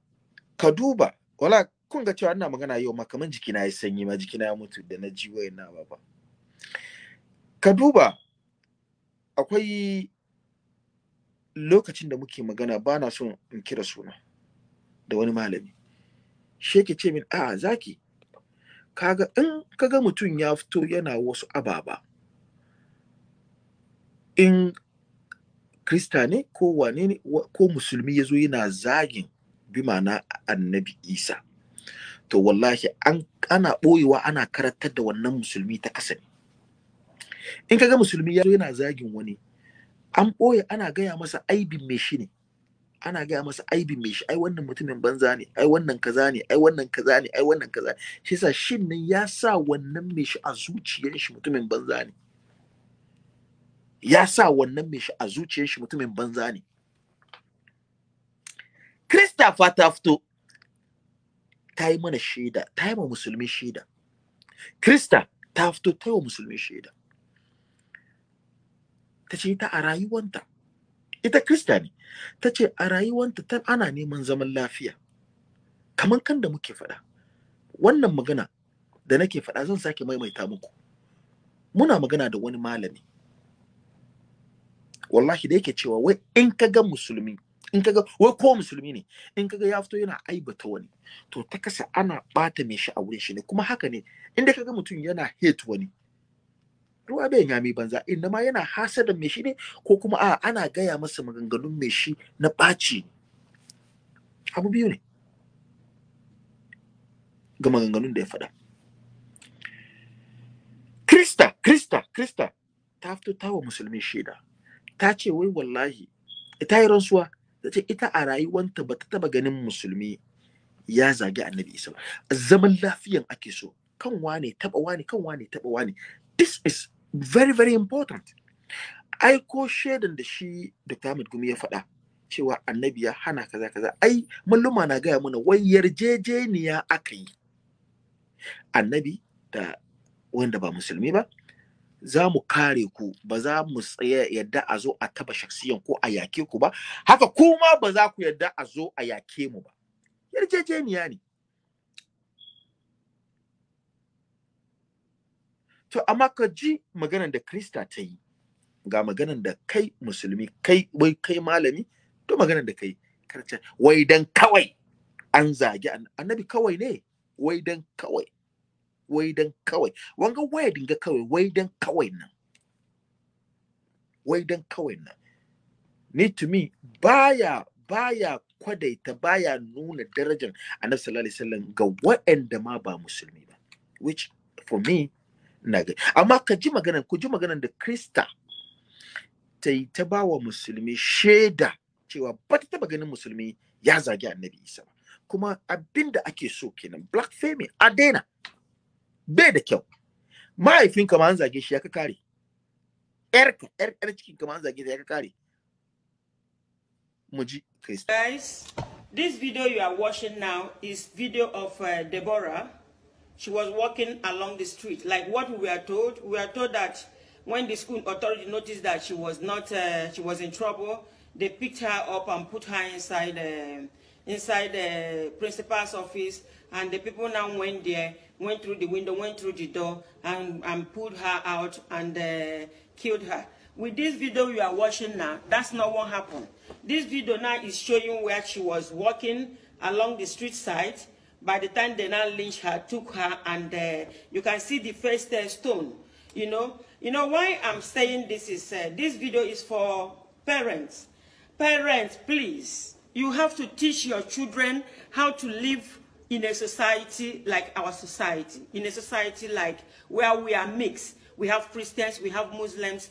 ka duba wala kun ga cewa ina magana yau ma kaman jikina ya sanyi ma jikina ya mutu da na ji wayannan ba. ka duba akwai lokacin da muke magana ba na son in kira suna da wani malami Sheke ce min a zaki kaga in kaga mutum ya fito yana wasu ababa in krista ne ko wane ne ko musulmi ya zo yana zagin bi ma'ana annabi isa to wallahi an ana ɓoyewa ana karantar da wannan musulmi ta kasa ne in ga musulmi ya zo yana zagin wani an ɓoye ana gaya masa aibin me shi ne ana gaya masa aibin me shi ai wannan mutumin banza ne ai wannan kaza ne ai wannan kaza ne ai wannan kaza ne shi yasa shin nan ya sa wannan me shi a zuciyar shi mutumin banza ne ya sa wannan mai shi a zuciyar shi mutumin banza ne krista ta fito ta yi mana shaida ta yi ma musulmi shaida krista ta fito ta yi wa musulmi shaida ta ce ita a rayuwanta ita krista ne ta ce a rayuwanta ta ana neman zaman lafiya kamar kan da muke faɗa wannan magana da nake faɗa zan sake maimaita muku muna magana da wani malami wallahi da yake cewa wai in ka musulmi in kaga wai ko musulmi ne in kaga ya fito yana aibata wani to ta kasa ana bata mai shi a wurin shi ne kuma haka ne in da kaga mutum yana hate wani ruwa bai yami banza inda ma yana hasadan mai shi ne ko kuma a ana gaya masa maganganun mai shi na ɓaci abu biyu ne ga maganganun da ya faɗa krista krista krista ta fito tawa musulmi shaida ta ce wai wallahi ta yi rantsuwa ta ce ita a rayuwanta ba ta taba ganin musulmi ya zagi annabi isa ba zaman lafiyan ake so kan wane taba wane kan wane taba wane this is very very important Aiko ko shaidan da shi dr ahmed gumi ya faɗa cewa annabi ya hana kaza kaza ai malluma na gaya mana wai yarjejeniya aka yi annabi da wanda ba musulmi ba za mu kare ku ba za mu tsaya yadda a zo a taba shaksiyan ko a yake ku ba haka kuma ba za ku yadda a zo a yake mu ba yarjejeniya ne to amma ka ji maganan da krista ta yi ga maganan da kai musulmi kai wai kai malami to maganan da kai karce wai dan kawai an zagi annabi kawai ne wai dan kawai wai dan kawai wanga waya dinga kawai wai dan kawai nan wai dan kawai nan ni to me baya baya kwadaita baya nuna darajar annabi sallallahu alaihi wasallam ga waɗanda ma ba musulmi ba which for me na ga amma ka ji magana, ku ji magana da krista ta yi ta ba wa musulmi shaida cewa ba ta taba ganin musulmi ya zagi annabi isa kuma abinda ake so kenan black fame a daina bai da kyau mahaifinka ma an zage shi ya ka kare yarka yar yar cikin ka ma an zage ya ka kare guys this video you are watching now is video of uh, Deborah she was walking along the street like what we are told we are told that when the school authority noticed that she was not uh, she was in trouble they picked her up and put her inside uh, inside the principal's office and the people now went there, went through the window, went through the door, and, and pulled her out and uh, killed her. With this video you are watching now, that's not what happened. This video now is showing where she was walking along the street side. By the time they now lynched her, took her, and uh, you can see the first uh, stone. You know, you know why I'm saying this is uh, this video is for parents. Parents, please, you have to teach your children how to live in a society like our society, in a society like where we are mixed. We have Christians, we have Muslims.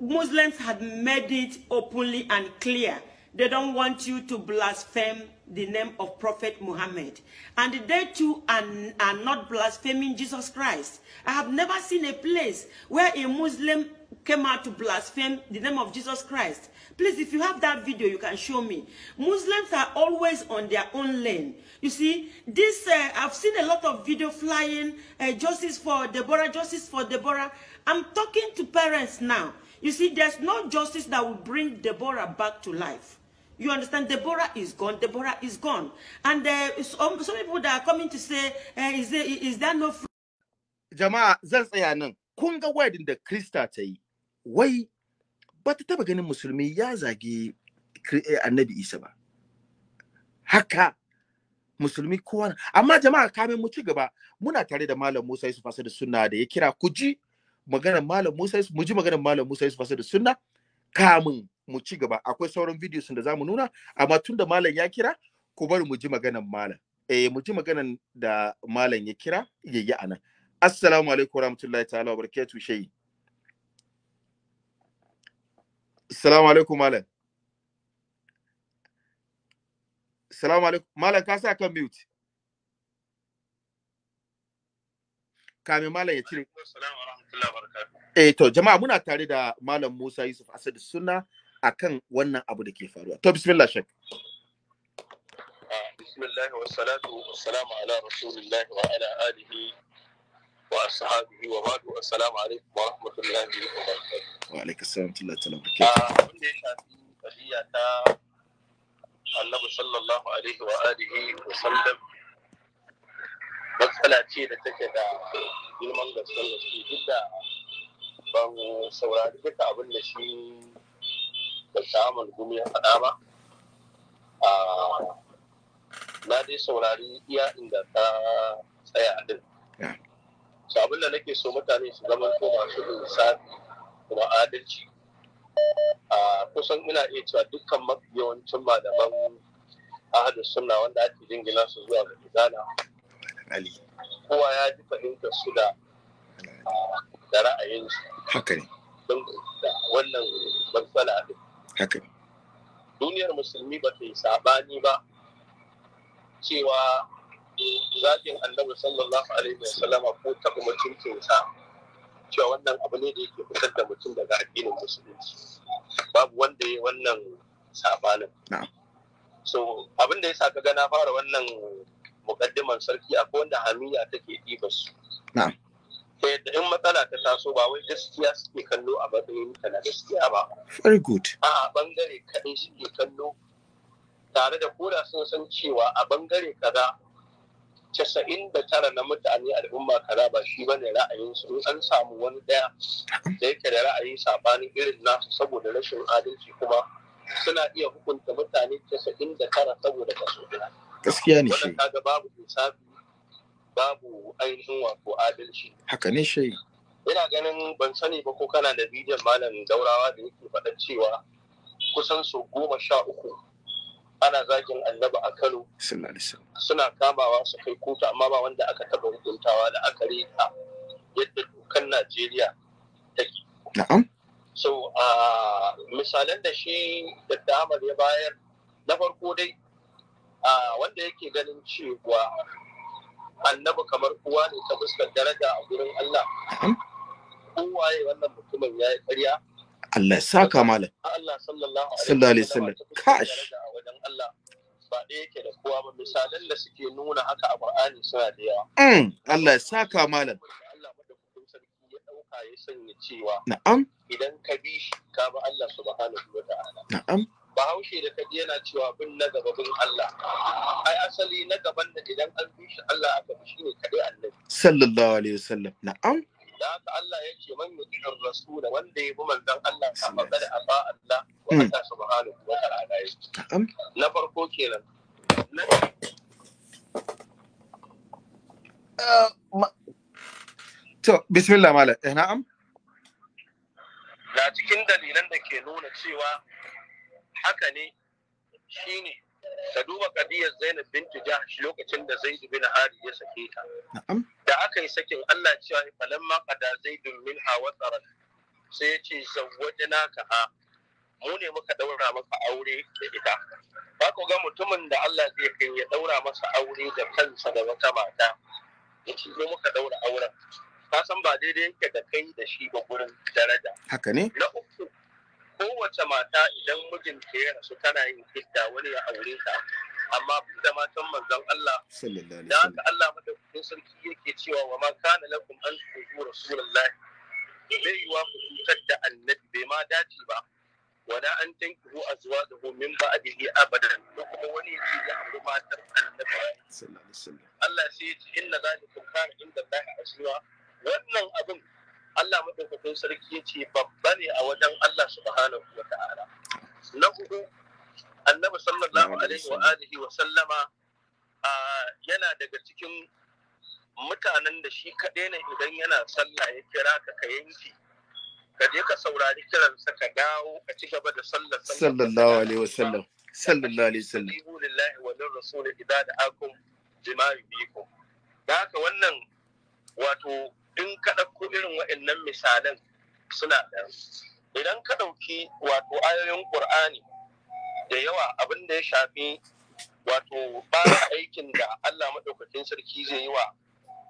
Muslims had made it openly and clear. They don't want you to blaspheme the name of Prophet Muhammad. And they too are, are not blaspheming Jesus Christ. I have never seen a place where a Muslim came out to blaspheme the name of Jesus Christ. Please, if you have that video, you can show me. Muslims are always on their own lane. You see, this uh, I've seen a lot of video flying, uh, justice for Deborah, justice for Deborah. I'm talking to parents now. You see, there's no justice that will bring Deborah back to life. You understand? Deborah is gone. Deborah is gone. And uh, some, um, some people that are coming to say, uh, is, there, is there no... Jama'a, zan tsaya nan. Kun ga da Krista ta yi, wai ba ta taba ganin musulmi ya zagi eh, annabi isa ba haka musulmi kowa amma jama'a kamin mu ci gaba muna tare da malam Musa Yusuf da Sunna da ya kira ku ji maganar malam Musa Yusuf mu ji maganar malam Musa Yusuf da Sunna kamin mu ci gaba akwai sauran videos da zamu nuna amma tun da malam ya kira ku bari mu ji maganar malam eh mu ji maganar da malam ya kira yayi anan assalamu alaikum warahmatullahi ta'ala wabarakatuh shayi Assalamu alaikum malam. Assalamu alaikum. Malam ka sa kan mute. Kame malam ya cire. Eh to jama'a muna tare da malam Musa Yusuf Asad Sunna akan wannan abu da ke faruwa. To bismillah shek. Ah, bismillah wa salatu wa salamu ala rasulillah wa ala alihi وأصحابه وبعد والسلام عليكم ورحمة الله وبركاته وعليك السلام ورحمة الله وبركاته abin ya shafi kadiya ta annabi sallallahu alaihi wa alihi wa sallam matsala ce da take da girman gaskiyar gaske duk da ban saurari duka abin da shi da shaman gumi ya faɗa ba ah, na dai saurari iya ta tsaya din su abin da nake so mutane su zama ko masu insafi kuma adalci a kusan ina iya cewa dukkan mafi yawancin malaman ahadus Suna, wanda ake jingina su zuwa ga gudana kowa ya ji fahimta su da da ra'ayin su haka ne wannan matsala din duniyar musulmi ba ta yi sabani ba cewa zaɓin annabi sallallahu alaihi wa sallama ko taɓa mutuncinsa cewa wannan abu ne da yake fitar da mutum daga addinin musulunci babu wanda ya wannan sabanin so abin da ya sa kaga na fara wannan mukaddiman sarki akwai wanda hamiya take ɗiba su ta yadda in matsala ta taso ba wai gaskiya suke kallo a matsayin ta na gaskiya ba very good a bangare kaɗai suke kallo tare da koda sun san cewa a bangare kaza casa'in da tara na mutane al'umma kara ba shi ne ra'ayinsu in an samu wani daya da yake da ra'ayin sabanin irin nasu saboda rashin adalci kuma suna iya hukunta mutane casa'in da tara saboda kaso ɗaya gaskiya ne shi kaga babu lissafi babu ainihin wato adalci haka ne shi ina ganin ban sani ba ko kana da bidiyon malam daurawa da yake faɗa cewa kusan su goma sha uku ana zagin annaba a Kano suna kamawa su kai kotu amma ba wanda aka taba hukuntawa da aka rika yadda dokan Najeriya take. Na'am. So a misalan da shi da damar ya bayar na farko dai wanda yake ganin cewa annabi kamar uwa ne ta fuskar daraja a gurin Allah. Kowaye wannan mutumin ya yi karya Allah ya saka malam Allah sallallahu alaihi wasallam kash ba ɗaya da kowa ba misalan da suke nuna haka a Qur'ani suna da yawa mm, Allah ya saka malam sarki ya dauka ya sanya cewa na'am idan ka bi bi na'am asali na gaban an bi shi aka bi sallallahu alaihi wasallam na'am da haka Allah ya ce man yuti'ir rasula wanda ya bi manzon Allah ka faɗa da aba Allah wa hmm. Allah subhanahu wa ta'ala na farko kenan uh, To, bismillah malam, eh na'am? Ga cikin dalilan da ke nuna cewa haka ne shi ne ka duba kadiyar Zainab bintu Jahsh lokacin da Zaid bin Hari ya sake ta. Na'am. da aka yi sakin Allah cewa falamma qada zai minha wa tsarat sai ya ce na ka ha mu ne muka daura maka aure da ita ba ku ga mutumin da Allah zai kai ya ɗaura masa aure da kansa da wata mata ce mu muka daura auren ka san ba daidai yake da kai da shi ba gurin daraja haka ne na uku kowace mata idan mijinta ya rasu tana yin hidda wani ya aure ta amma da matan manzon Allah da haka Allah madaukakin sarki yake cewa wa ma kana lakum an tuzu rasulullahi bai yiwa ku cutar da annabi bai ma dace ba wala an tankihu azwajahu min ba'dihi abadan ko kuma wani ya ya abu matar annabi Allah sai ya ce inna zalikum kana inda Allah azwa wannan abin Allah madaukakin sarki yace ce babba ne a wajen Allah subhanahu wa ta'ala na hudu annabi sallallahu alaihi wa alihi wa sallama yana daga cikin mutanen da shi kaɗai ne idan yana sallah ya kira ka ka yanki ka je ka saurari kiransa ka dawo ka ci gaba da sallar sallallahu alaihi wa sallam sallallahu alaihi wa sallam lillahi wa lir rasul da akum bima yubikum da haka wannan wato in ka ɗauko irin waɗannan misalan suna ɗan idan ka ɗauki wato ayoyin qur'ani da yawa abin da ya shafi wato ba aikin da Allah maɗaukakin sarki zai yi wa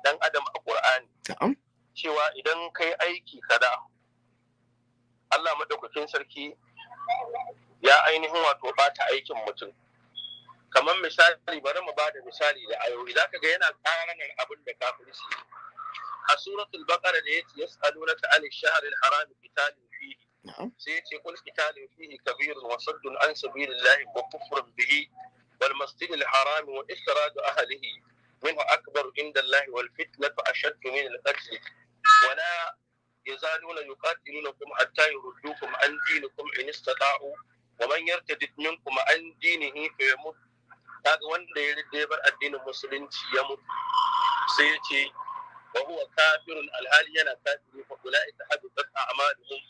ɗan adam a ƙur'ani cewa idan kai aiki kada Allah maɗaukakin sarki ya ainihin wato ɓata aikin mutum kamar misali bari mu ba da misali da ayoyi zaka ga yana ƙaranan abin da kafin su a suratul baqara da ya yace yas'alunaka anil shaharar haramun fitalin fili. sai yace kul qitalun fihi kabirun wa saddun an sabilillahi wa kufrun bihi wal masjidil haram wa ikhraju ahlihi منه أكبر عند الله والفتنة أشد من القتل ولا يزالون يقاتلونكم حتى يردوكم عن دينكم إن استطاعوا ومن يرتد منكم عن دينه فيموت kaga wanda ya rida bar addinin musulunci ya mutu sai ya ce wa huwa alhali yana kafiri fa ulaika habitat a'maluhum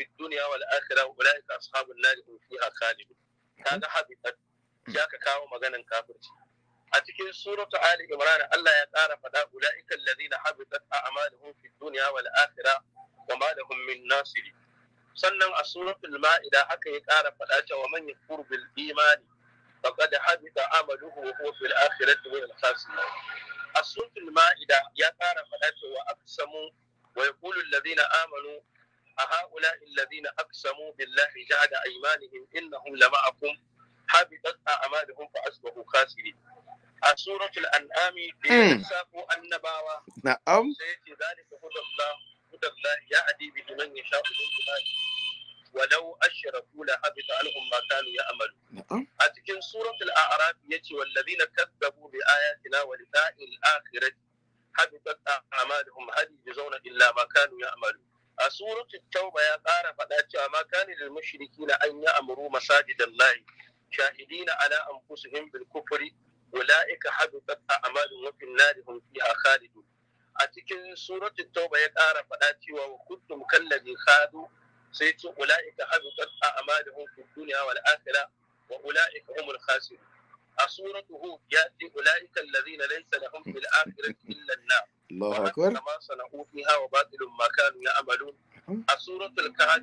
fi dunya wal akhirah ulaika ashabun nar hum fiha khalidun kaga habitat ya ka kawo maganan kafirci a cikin suratu ali imran Allah ya ƙara faɗa ulaika alladhina habitat a'maluhum fi dunya wal wa sannan a suratul ma'ida haka ya ƙara faɗa cewa man yakfur bil imani faqad habita amaluhu wa huwa fil akhirati min al khasirin a suratul ma'ida ya ƙara faɗa cewa aqsamu wa yaqulu alladhina amanu a ha'ula illazina aqsamu billahi ja'ada aymanihim innahum lama'akum habitat a'maluhum fa asbahu khasirin a suratul an'ami bi safu annabawa na'am sai ce zalika hudallah hudallah ya'di bi man yasha'u min A ولو أشركوا لحبط عنهم ما كانوا يعملون أتكن سورة الأعراف يتي والذين كذبوا بآياتنا ولقاء الآخرة حبطت أعمالهم هل يجزون إلا ما كانوا يعملون a suratul tauba ya ƙara faɗa cewa ma kana lil mushrikina an ya'muru masajidallahi shahidina ala anfusihim bil kufri ulaika habitat a'maluhum wa fin nari hum fiha khalidun a cikin suratul tauba ya ƙara faɗa cewa wa kuntum kallabi khadu sai ce ulaika habitat a'maluhum fid dunya wal akhirah wa ulaika humul khasirun a suratul hud ya ce ulaika alladhina laysa lahum fil akhirati illa an-nar Allahu akbar kama sana'u fiha wa batilun ma kanu ya'malun a suratul kahf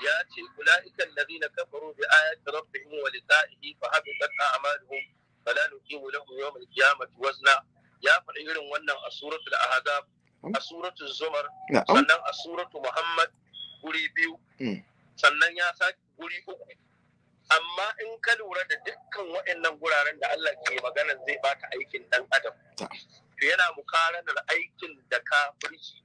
ya ce ulaika alladhina kafaru bi ayati rabbihim wa liqa'ihi fa habitat a'maluhum fala nuqimu lahum yawm al-qiyamati wazna ya faɗi irin wannan a suratul a suratul zumar sannan a suratul muhammad biyu hmm. sannan ya sake guri uku amma in ka lura da dukkan waɗannan guraren da Allah ke magana zai baka aikin dan adam to yana mukaranar aikin da kafirci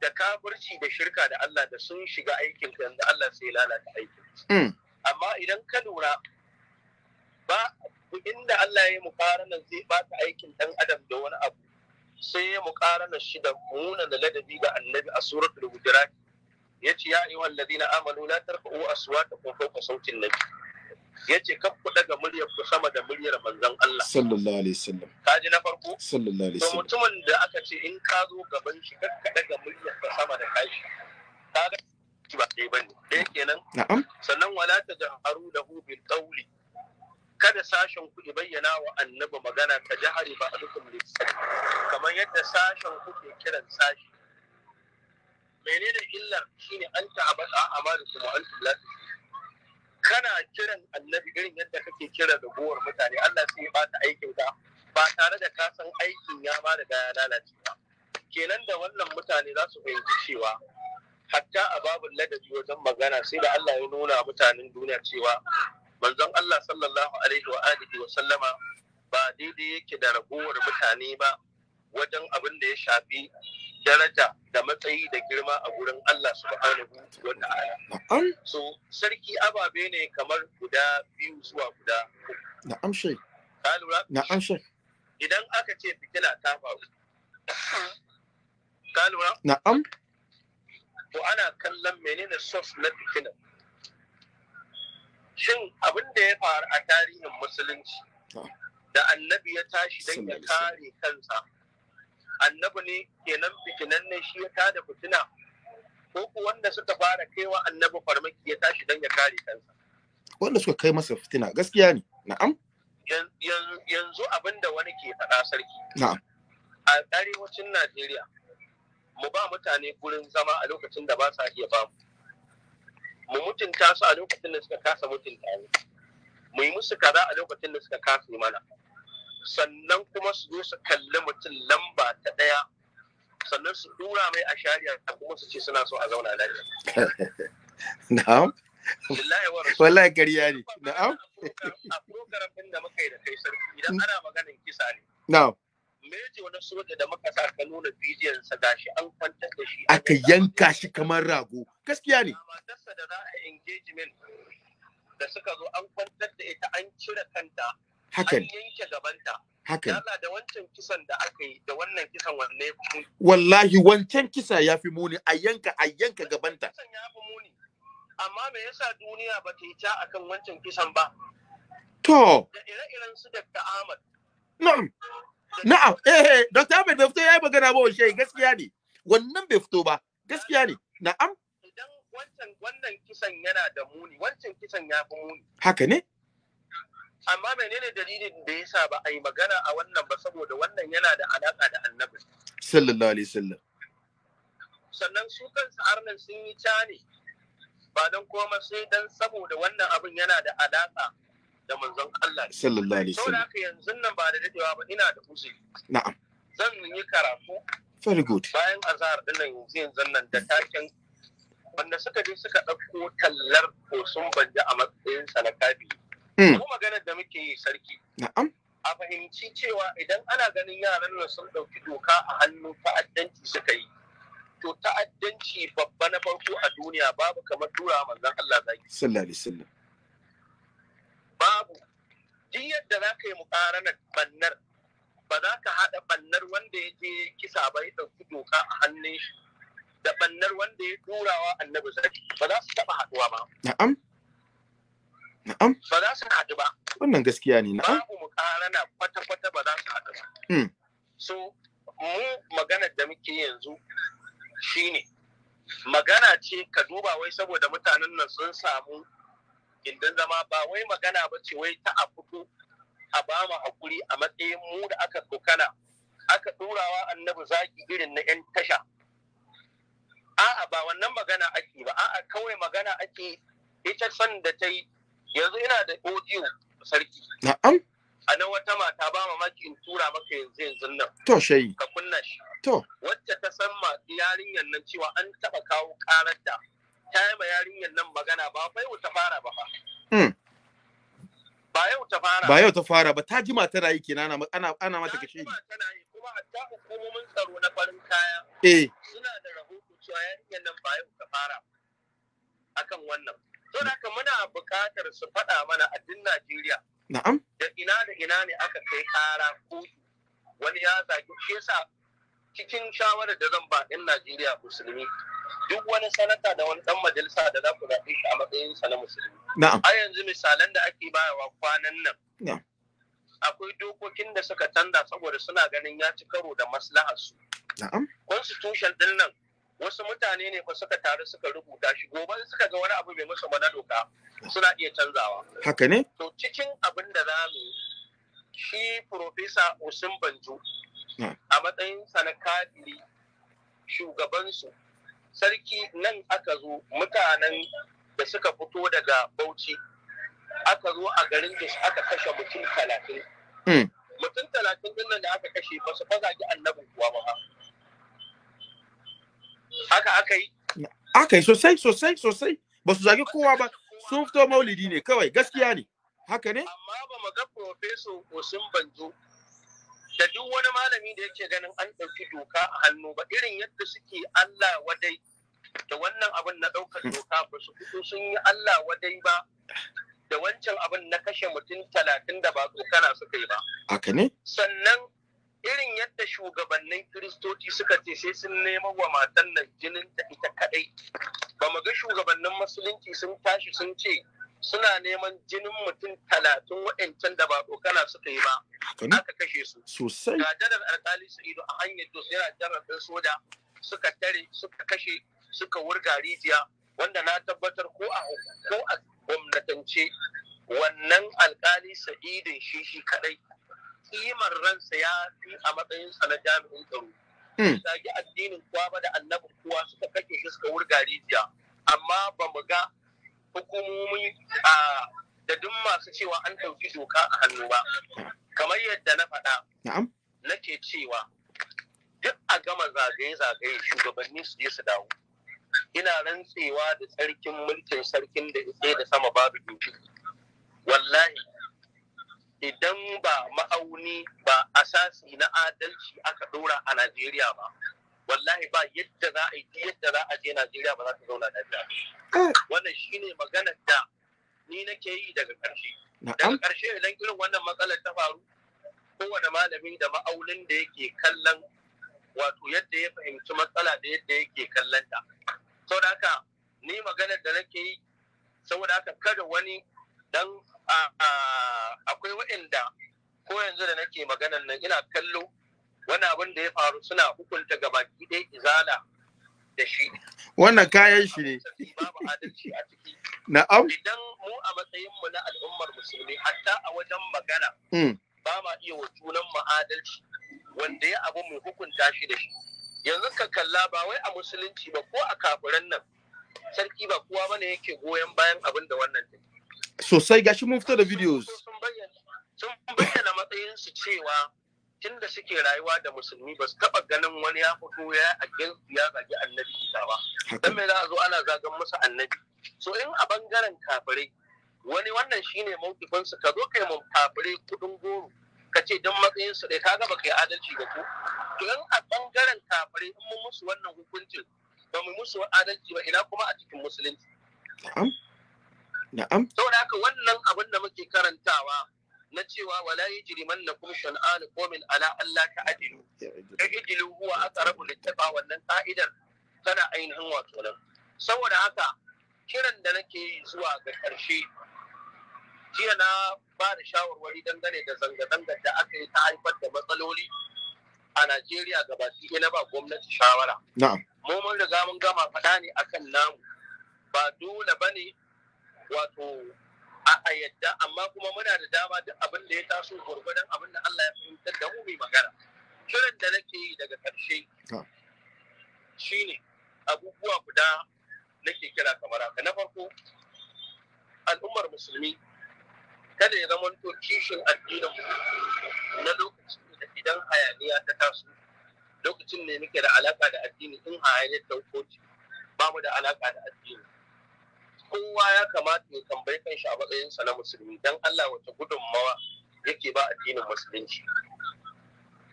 da kafirci da shirka da Allah da sun shiga aikin ka yanzu Allah sai lalata aikin hmm. amma idan ka lura ba inda Allah ya mukaranar zai bata aikin dan adam da wani abu sai ya mukaranar shi da muna da ladabi ga annabi a suratul hujurat yace ya ayyuhal ladina amanu la tarfa'u aswatakum fawqa sautin nabi ce kan ku daga muryar ku sama da muryar manzon Allah sallallahu alaihi wasallam ji na farko sallallahu alaihi wasallam mutumin da aka ce in ka zo gaban shi kan ka daga muryar ku sama da kashi shi ba dai bane dai kenan na'am sannan wala ta tajharu lahu bil qawli kada sashen ku bayyana wa annabi magana ta jahari ba alkum kamar yadda sashen ku ke kiran sashi menene illar shine anta abasa amalukum wa antum la kana kiran annabi irin yadda kake kira da gowar mutane Allah sai ya bata aikin ka ba tare da ka san aikin ya ma da ya lalace ba kenan da wannan mutane za su fahimci cewa hatta a babu ladabi wajen magana sai da Allah ya nuna mutanen duniya cewa manzon Allah sallallahu alaihi wa alihi wa sallama ba daidai yake da ragowar mutane ba wajen abin da ya shafi daraja da matsayi da girma a gurin Allah subhanahu wa ta'ala. So sarki ababe ne kamar guda biyu zuwa guda Na'am Ka lura? Na'am Idan aka ce fitila ta faru. Ka lura? Na'am. To ana kallon menene source na fitina? Shin abin da ya faru a tarihin musulunci da annabi ya tashi don ya kare kansa annabi ne kenan fitinan ne shi ya tada fitina ko ku wanda suka fara kaiwa annabi farmaki ya tashi dan ya kare kansa wanda suka kai masa fitina gaskiya ne na'am yanzu abinda wani ke faɗa sarki na'am a arewacin Najeriya mu ba mutane gurin zama a lokacin da ba sa iya ba mu mutunta su a lokacin da suka kasa mutunta mu mu yi musu kaza a lokacin da suka kasa mana sannan kuma su zo su kalli mutum lamba ta ɗaya sannan su dura mai a shari'a kuma su ce suna so a zauna lafiya. <laughs> Na'am. Wallahi kariya ne. Na'am. A program ɗin da muka yi da kai sarki idan ana maganin kisa ne. Na'am. Meje wani soja da muka sa ka nuna bidiyon sa gashi an kwantar da shi. Aka yanka shi kamar rago. Gaskiya ne. Matarsa da za a engagement da suka zo an kwantar da ita an cire kanta haka ne haka ne da wancan kisan da aka yi da wannan kisan wanne wallahi wancan kisa ya fi muni a yanka a yanka gabanta amma me yasa duniya ba ta yi ta akan wancan kisan ba to da ire-iren su da Ahmad na'am na'am eh eh Dr. Ahmed bai fito yayi magana ba wallahi gaskiya ne wannan bai fito ba gaskiya ne na'am idan wancan wannan kisan yana da muni wancan kisan ya fi muni haka ne amma menene dalilin da ya sa ba a yi magana a wannan ba saboda wannan yana da alaka da annabi sallallahu alaihi wasallam sannan su kansu nan sun yi ca ne ba don koma sai dan saboda wannan abin yana da alaka da manzon Allah sallallahu alaihi wasallam saboda yanzu nan ba da dadewa ba ina da uzuri na'am zan yi karatu very good bayan azhar din nan yanzu yanzu nan da takin wanda suka je suka dauko tallar ko sun banja a matsayin sanakabi Ku hmm. maganar da muke yi sarki. Na'am. A fahimci cewa idan ana ganin yaran nan sun ɗauki doka a hannu ta'addanci suka yi. To ta'addanci babba na farko a duniya babu kamar tura manzon Allah zaki. Sallallahu alaihi wasallam. Babu. Duk yadda za ka yi muƙaranar bannar ba za ka haɗa bannar wanda ya je kisa ba ya ɗauki doka a hannun shi da bannar wanda ya turawa annabi zaki ba za su taɓa haɗuwa ba. Na'am. Na'am. Ba za su haɗu ba. Wannan gaskiya ne na'am. Babu mu na kwata-kwata ba za su haɗu ba. Hmm. So mu maganar da muke yanzu shi ne magana ce ka duba wai saboda mutanen nan sun samu gindin zama ba wai magana ba ce wai ta afuku a ba mu hakuri a matsayin mu da aka tsokana aka ɗorawa annabi zaki irin na 'yan tasha. A'a ba wannan magana ake ba, a'a kawai magana ake ita san da ta yi yanzu ina da audio sarki na'am a nan wata mata ba mamaki in tura maka yanzu yanzu nan to shayi ka kunna shi to wacce ta san ma yarinyar nan cewa an taba kawo karar da ta yi ma yarinyar nan magana ba bai yau ta fara ba fa hmm. ba yau ta fara ba yau ta fara ba ta jima tana yi kenan ana ana ana mata kashe ta tana yi kuma ta hukumomin tsaro na farin kaya eh suna da rahoto cewa yarinyar nan ba yau ta fara akan wannan So da muna buƙatar su faɗa mana a duk Najeriya. Na'am. Da ina da ina ne aka kai ƙara kotu wani ya zaki shi yasa cikin shawarar da zan ba in Najeriya musulmi duk wani sanata da wani ɗan majalisa da za ku zaɓe shi a matsayinsa na musulmi. A yanzu misalan da ake bayarwa kwanan nan. Akwai dokokin da suka canza saboda suna ganin ya ci karo da maslaharsu. Constitution ɗin nan wasu mutane ne ba suka taru suka rubuta shi gobe suka ga wani abu mai musu mana doka suna iya canzawa haka ne to cikin abin da za mu shi profesa Usman Banjo a matsayin sana kadiri shugabansu sarki nan aka zo mutanen da suka fito daga Bauchi aka zo a garin da aka kashe mutum talatin hmm. mutum talatin din nan da aka kashe ba su fazage annabin kuwa ba haka aka yi aka yi sosai sosai sosai ba su zagi kowa ba sun fito maulidi ne kawai gaskiya ne haka ne amma ba mu ga professor Osun Banjo da duk wani malami da yake ganin an ɗauki doka a hannu ba irin yadda suke Allah wadai da wannan abin na ɗaukar doka ba su fito sun yi Allah wadai ba da wancan abin na kashe mutum talatin da ba tsokana suka yi ba. Haka ne? Sannan irin yadda shugabannin kiristoci suka ce sai sun nema wa matan nan jinin ta ita kadai ba mu ga shugabannin musulunci sun tashi sun ce suna neman jinin mutum talatin waɗancan da ba kokana suka yi ba aka kashe su sosai ga janar alkali ido a hanyar to sai janar soja suka tare suka kashe suka wurga rijiya wanda na tabbatar ko a ko a gwamnatance wannan alkali sa'idin shi shi kadai kimar ransa ya fi a matsayinsa na jami'in tsaro. Hmm. Zagi addinin kuwa ba da annabin kuwa suka kake iska wurga rijiya amma ba mu ga hukumomi da duk masu cewa an ɗauki doka a hannu ba. Kamar yadda na faɗa. Nake cewa duk a gama zagaye-zagaye shugabanni su je su dawo. Ina rantsewa da sarkin mulkin sarkin da da sama babu doki. Wallahi idan ba ma'auni ba asasi na adalci aka ɗora a Najeriya ba wallahi ba yadda za a yi yadda za a je Najeriya ba za ta zauna lafiya wannan shine maganar da ni nake yi daga ƙarshe daga ƙarshe idan irin wannan matsalar ta faru kowane malami da ma'aunin da yake kallon wato yadda ya fahimci matsala da yadda yake kallon ta saboda haka ni maganar da nake yi saboda haka kada wani dan akwai waɗanda ko yanzu da nake maganan nan ina kallo wani abin da ya faru suna hukunta baki ɗaya izala da shi. Wannan kayan shi ne. Na'am. Idan mu a matsayin mu na al'ummar musulmi hatta a wajen magana. Hmm. Ba ma iya wa junan mu adalci wanda ya abu mu hukunta shi da shi. Yanzu ka kalla ba wai a musulunci ba ko a kafiran nan. Sarki ba kowa bane yake goyon bayan abin da wannan take. sosai gashi mun fita da videos sun bayyana matsayinsu cewa tun da suke rayuwa da musulmi ba su taba ganin wani ya fito ya a against ya zagi annabi isa ba dan me za a zo ana zagan musu annabi so in a bangaren kafirai wani wannan shine mawkifin su ka zo kai mun kafirai kudin goro ka ce dan matsayin su dai kaga baka yi adalci ga ku to in a bangaren kafirai in mun musu wannan hukuncin ba mu musu adalci ba ina kuma a cikin musulunci Na'am. Saboda haka wannan abin da muke karantawa na cewa wala yajriman nakum shan'an qawmin ala allah alla ta'dilu. Ta'dilu huwa aqrabu littaqa wannan ka'idar tana ainihin wato nan. Saboda haka kiran da nake yi zuwa ga ƙarshe jiya na ba da shawarwari dangane da zanga-zangar da aka yi ta haifar da matsaloli a Najeriya ga ɗaya na ba gwamnati shawara. Mu mun riga mun gama faɗa ne akan namu ba dole bane ne wato a yadda amma kuma muna da dama da abin da ya taso gwargwadon abin da Allah ya fahimtar da mu mai magana kiran da nake yi daga ƙarshe shine abubuwa guda nake kira kamar haka na farko al'ummar musulmi kada ya zama to kishin addinin na lokacin da idan hayaniya ta taso lokacin ne muke da alaka da addini in hayaniya ta ba mu da alaka da addini kowa ya kamata ya tambayi kan kanshi a matsayinsa na musulmi don Allah wata gudunmawa yake ba addinin musulunci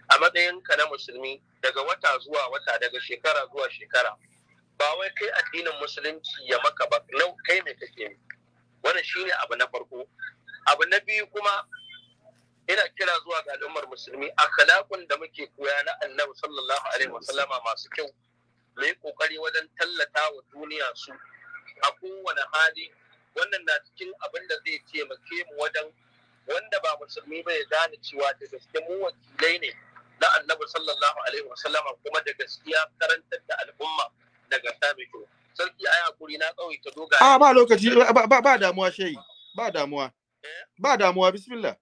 a matsayinka na musulmi daga wata zuwa wata daga shekara zuwa shekara ba wai kai addinin musulunci ya maka ba nau kai mai kake ne wannan shine abu na farko abu na biyu kuma ina kira zuwa ga al'ummar musulmi akhlaqun da muke koya na Annabi sallallahu alaihi wasallama masu kyau mai ƙoƙari wajen tallata wa duniya su a kowane hali wannan na cikin abin da zai taimake mu wajen wanda ba musulmi ba ya gane cewa da gaske mu wakilai ne na annabi sallallahu alaihi wasallama kuma da gaskiya karantar da al'umma daga samitu sarki ai hakuri na tsawaita dogaye a ah, ba lokaci ba ba damuwa shehi ba damuwa eh? ba damuwa bismillah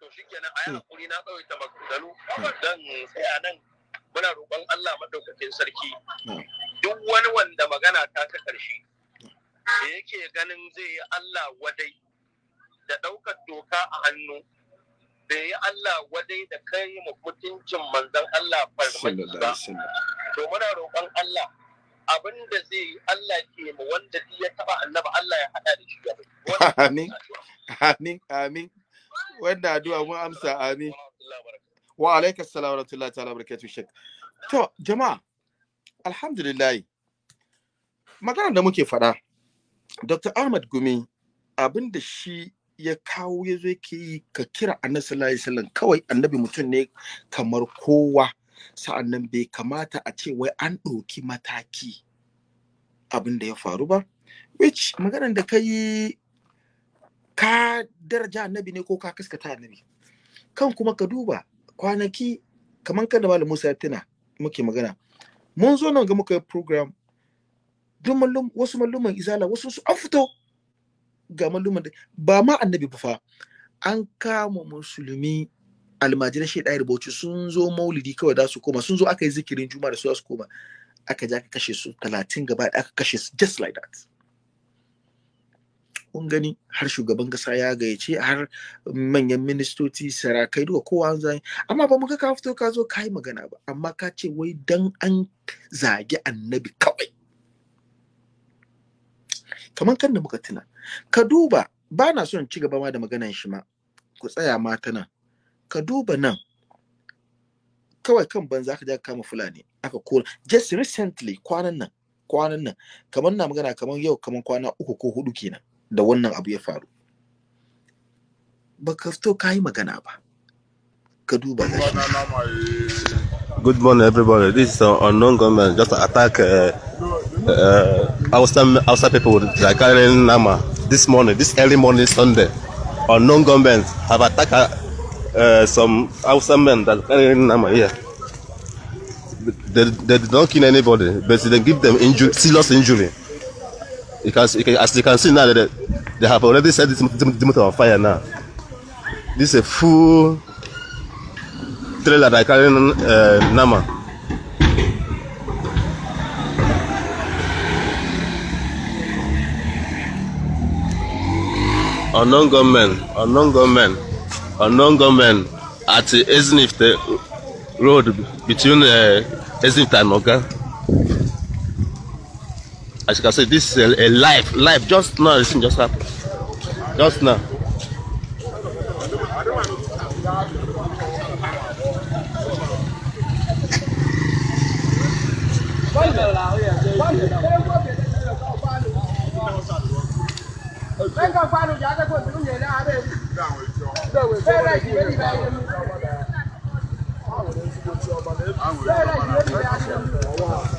to shikenan ai hmm. hakuri na tsawaita maganganu dan tsaya nan muna roƙon Allah madaukakin sarki hmm. duk wani wanda magana ta ta ƙarshe da yake ganin zai yi Allah wadai da ɗaukar doka a hannu da yi Allah wadai da kai ma mutuncin manzon Allah farmaki ba to muna roƙon Allah abin da zai yi Allah ke ma wanda ya taɓa annaba Allah ya haɗa da shi <laughs> amin amin amin wanda addu'a mun amsa amin wa alaikas salam wa rahmatullahi ta'ala barakatuh shek to jama'a alhamdulillah magana da muke faɗa dr ahmad gumi abin da shi ya kawo ya zo yake yi ka kira annabi sallallahu alaihi wasallam kawai annabi mutum ne kamar kowa sa'annan bai kamata a ce wai an ɗauki mataki abin da ya faru ba which maganar da ka yi ka daraja annabi ne ko ka kaskata annabi kan kuma ka duba kwanaki kamar kan da malam Musa ya tuna muke magana mun zo nan ga muka yi program duk wasu malluman izala wasu su an fito ga malluman da ba ma annabi ba fa an kama musulmi almajirai shi ɗaya rubutu sun zo maulidi kawai da su koma sun zo aka yi zikirin juma'a da su su koma aka ja aka kashe su talatin gaba aka kashe su just like that kun gani har shugaban kasa ya gayyace har manyan ministoci sarakai duka kowa an zai amma ba mu ka fito ka zo ka yi magana ba amma ka ce wai dan an zagi annabi kawai kamar kan da muka tuna ka duba ba na son ci gaba ma da maganan shi ma ku tsaya ma ta nan ka duba nan kawai kan banza aka ja kama fulani aka kora just recently kwanan nan kwanan nan kamar na magana kamar yau kamar kwana uku ko hudu kenan da wannan abu ya faru baka fito ka yi magana ba ka duba good morning everybody this is unknown government just attack uh, uh, outside, outside people with like carrying nama this morning this early morning sunday unknown government have attacked uh, some outside men that carrying nama here they, they don't kill anybody but they give them injury, serious injury you can, you can, as you can see now, they, they have already set this motor on fire now. This is a full trailer that carry. uh, Nama. Unknown gunmen, unknown gunmen, unknown gunmen at Ezinifte road between uh, and Oga as you can see this is a, a life life just now this thing just happened just now Thank you.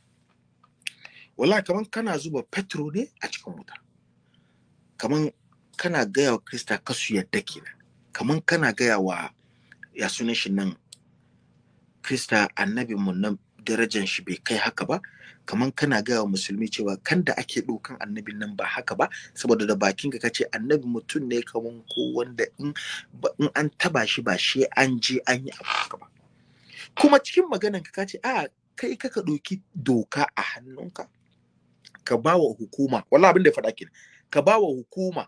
wallahi kaman kana zuba petro ne a cikin wuta kaman kana gaya wa krista kasu yadda kenan kaman kana gaya wa ya sunan shi nan krista annabinmu nan darajan shi bai kai haka ba kaman kana gaya wa musulmi cewa kan da ake ɗaukan annabin nan ba haka ba saboda da bakin ka ce annabi mutum ne kaman ko wanda in an taba shi ba shi an je an yi abu haka ba kuma cikin maganan ka kace a kai kaka doki doka a hannunka ka ba wa hukuma Wala abin da ya faɗa kenan ka ba wa hukuma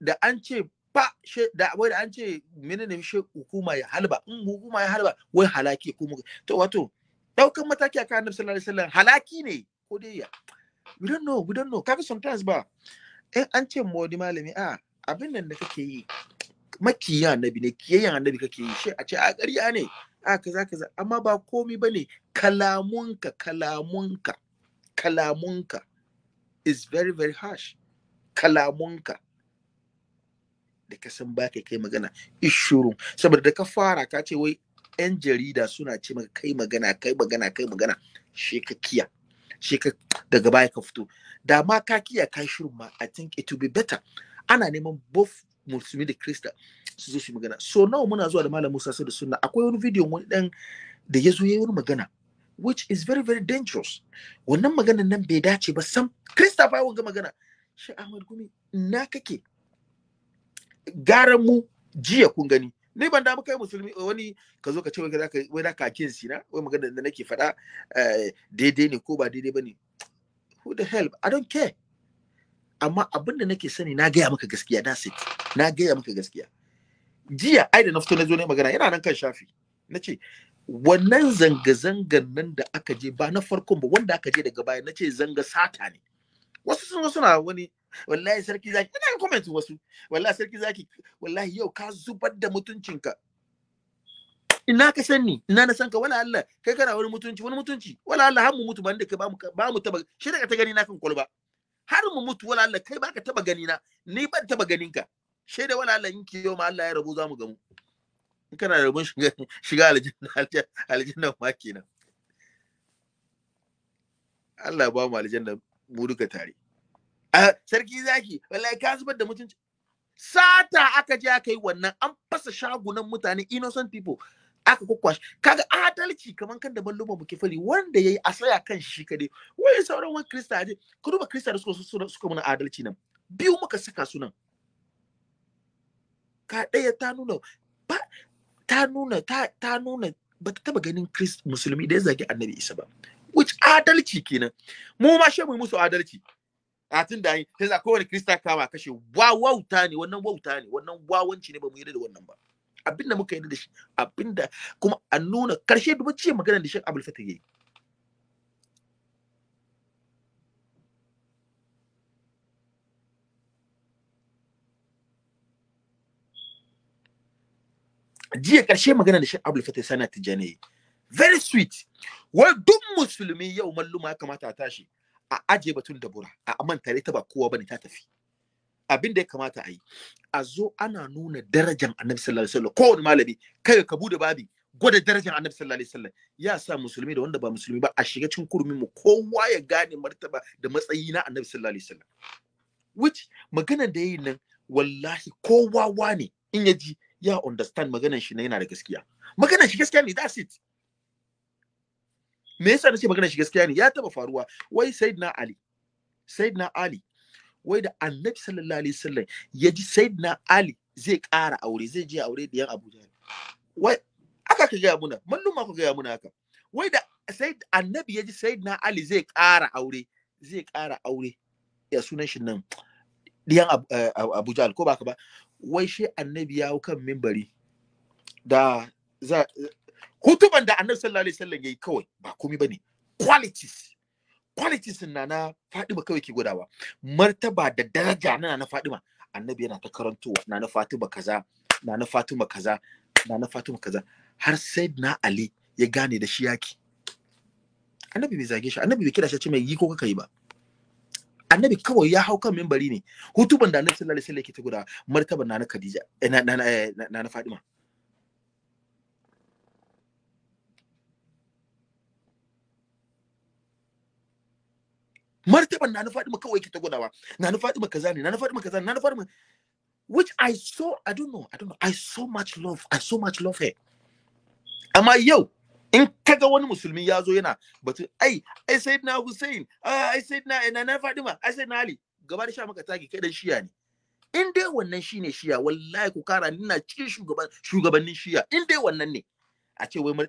da an ce ba she da wai da an ce menene she hukuma ya halba in hukuma ya halba wai halaki ko to wato daukan mataki akan annabi sallallahu alaihi wasallam halaki ne ko dai ya we don't know we don't know kaga sometimes ba in an ce mu wani malami a ah, abin nan da kake yi makiya annabi ne kiyayen annabi kake yi She a ce a ƙarya ne a ah, kaza kaza amma ba komi bane kalamunka kalamunka kalamunka is very very harsh kalamunka da ka san ba kai kai magana ishurun saboda da ka fara ka ce wai yan jarida suna ce maka kai magana kai magana kai magana she ka kiya she ka daga baya ka fito da ma ka kiya ka shirin ma i think it will be better ana neman both musulmi da krista su zo su magana so nawa muna zuwa da malam musa da sunna akwai wani bidiyon wani dan da ya zo ya yi wani magana which is very very dangerous wannan maganar nan bai dace ba sam Christopher wanga magana shi Ahmad Gumi na kake Garan mu jiya kun gani ni ban damu kai musulmi wani ka zo ka ce wai da kakin si na wai magana da nake faɗa eh, daidai ne ko ba daidai ba ne who the hell I don't care amma abin da nake sani na gaya maka gaskiya na it na gaya maka gaskiya jiya ai da na fito na zo na magana yana nan kan shafi na ce wannan zanga-zangan nan da aka je ba na farkon ba wanda aka je daga baya na ce zanga sata ne wasu sun suna wani wallahi sarki zaki ina comment wasu wallahi sarki zaki wallahi yau ka zubar da mutuncinka ina ka san ni ina na san ka wala Allah kai kana wani mutunci wani mutunci wala Allah har mu mutu ba da kai ba mu ba mu taba shi daga ta gani na kan kwalba har mu mutu wala Allah kai ba ka taba gani na ni ban taba ganin ka shaida wala Allah in yau ma Allah ya rabu za mu gamu in kana da rabon shiga aljanna ma kenan Allah ba mu aljanna mu duka tare A sarki zaki wallahi ka zubar da mutunci sata aka je aka yi wannan an fasa shagunan mutane innocent people aka kwakwashi kaga adalci kamar kan da balluba muke fari wanda yayi asaya kan shi kade wai sauran wani krista aje ku duba krista da suka suka muna adalci nan biyu muka saka sunan. nan ka ɗaya ta nuna ta nuna ta ta nuna ba ta taba ganin Christ musulmi da ya zagi Annabi Isa ba which adalci kenan mu ma mu musu adalci a tun da sai za kowane Krista kama kashe Wawauta ne wannan wauta ne wannan wawanci ne ba mu yi da wannan ba abinda muka yi da shi abinda kuma a nuna karshe duba ce magana da Sheikh abul Fatah yayi jiya ƙarshe magana da shi abul Fatah Sani Tijani very sweet wai duk musulmi yau malluma ya kamata a tashi a aje batun da bura a amanta ta ba kowa bane ta tafi abin da ya kamata a yi a zo ana nuna darajar annabi sallallahu alaihi wasallam kowane malami kai ka bude babi gwada darajar annabi sallallahu alaihi wasallam ya sa musulmi da wanda ba musulmi ba a shiga cikin kurmin mu kowa ya gane martaba da matsayi na annabi sallallahu alaihi wasallam which maganar da yayin nan wallahi kowa wane in ya ji ya understand maganar shi na yana da gaskiya maganar shi gaskiya ne that's it me yasa nace maganar shi gaskiya ne ya taba faruwa wai sayyidina ali sayyidina ali wai da annabi sallallahu alaihi wasallam ya ji sayyidina ali zai ƙara aure zai je aure da yan abuja wai aka ka gaya muna ma ka gaya muna haka wai da sayyid annabi ya ji sayyidina ali zai ƙara aure zai ƙara aure ya sunan shi nan diyan eh, abuja ko baka ba wai shi annabi ya kan mimbari da za hutuban da annabi sallallahu alaihi wasallam yayi kawai ba komai bane qualities qualities na na Fatima kawai ke gudawa martaba da daraja na na Fatima annabi yana ta karanto na na Fatima kaza na na Fatima kaza na na Fatima kaza har na Ali ya gane da shi yaki annabi bai zage shi annabi bai kira shi ce mai yi ko kaka yi ba annabi kawai ya hau kan mimbari ne hutuban da annabi sallallahu alaihi wasallam yake ta guda martaban eh, na eh, na Khadija na na na Fatima martaban na na Fatima kawai yake ta gudawa na na Fatima kaza ne na na Fatima kaza ne na Fatima which I saw I don't know I don't know I so much love I so much love her I yau in kaga wani musulmi ya zo yana batu ai ai sai na hussein ai sai na ina eh, na fadima ai sai na ali gaba da sha maka taki kai dan shiya ne in dai wannan shine shiya wallahi ku kara ina cikin shugaban shugabannin shiya in dai wannan ne a ce wai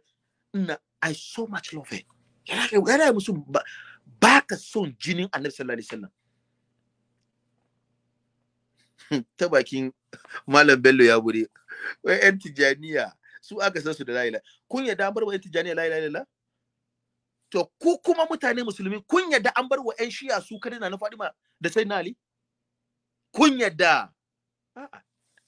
ina i so much love it yana musu ba ka son jinin annabi sallallahu alaihi wasallam <laughs> ta bakin malam bello ya bure wai yan tijaniya su aka san su da la'ila kun yadda an bar wa tijaniya la'ila la'ila to ku kuma mutane musulmi kun yadda an bar wa ƴan shiya su kada na fadima da sayyidina ali kun yadda a'a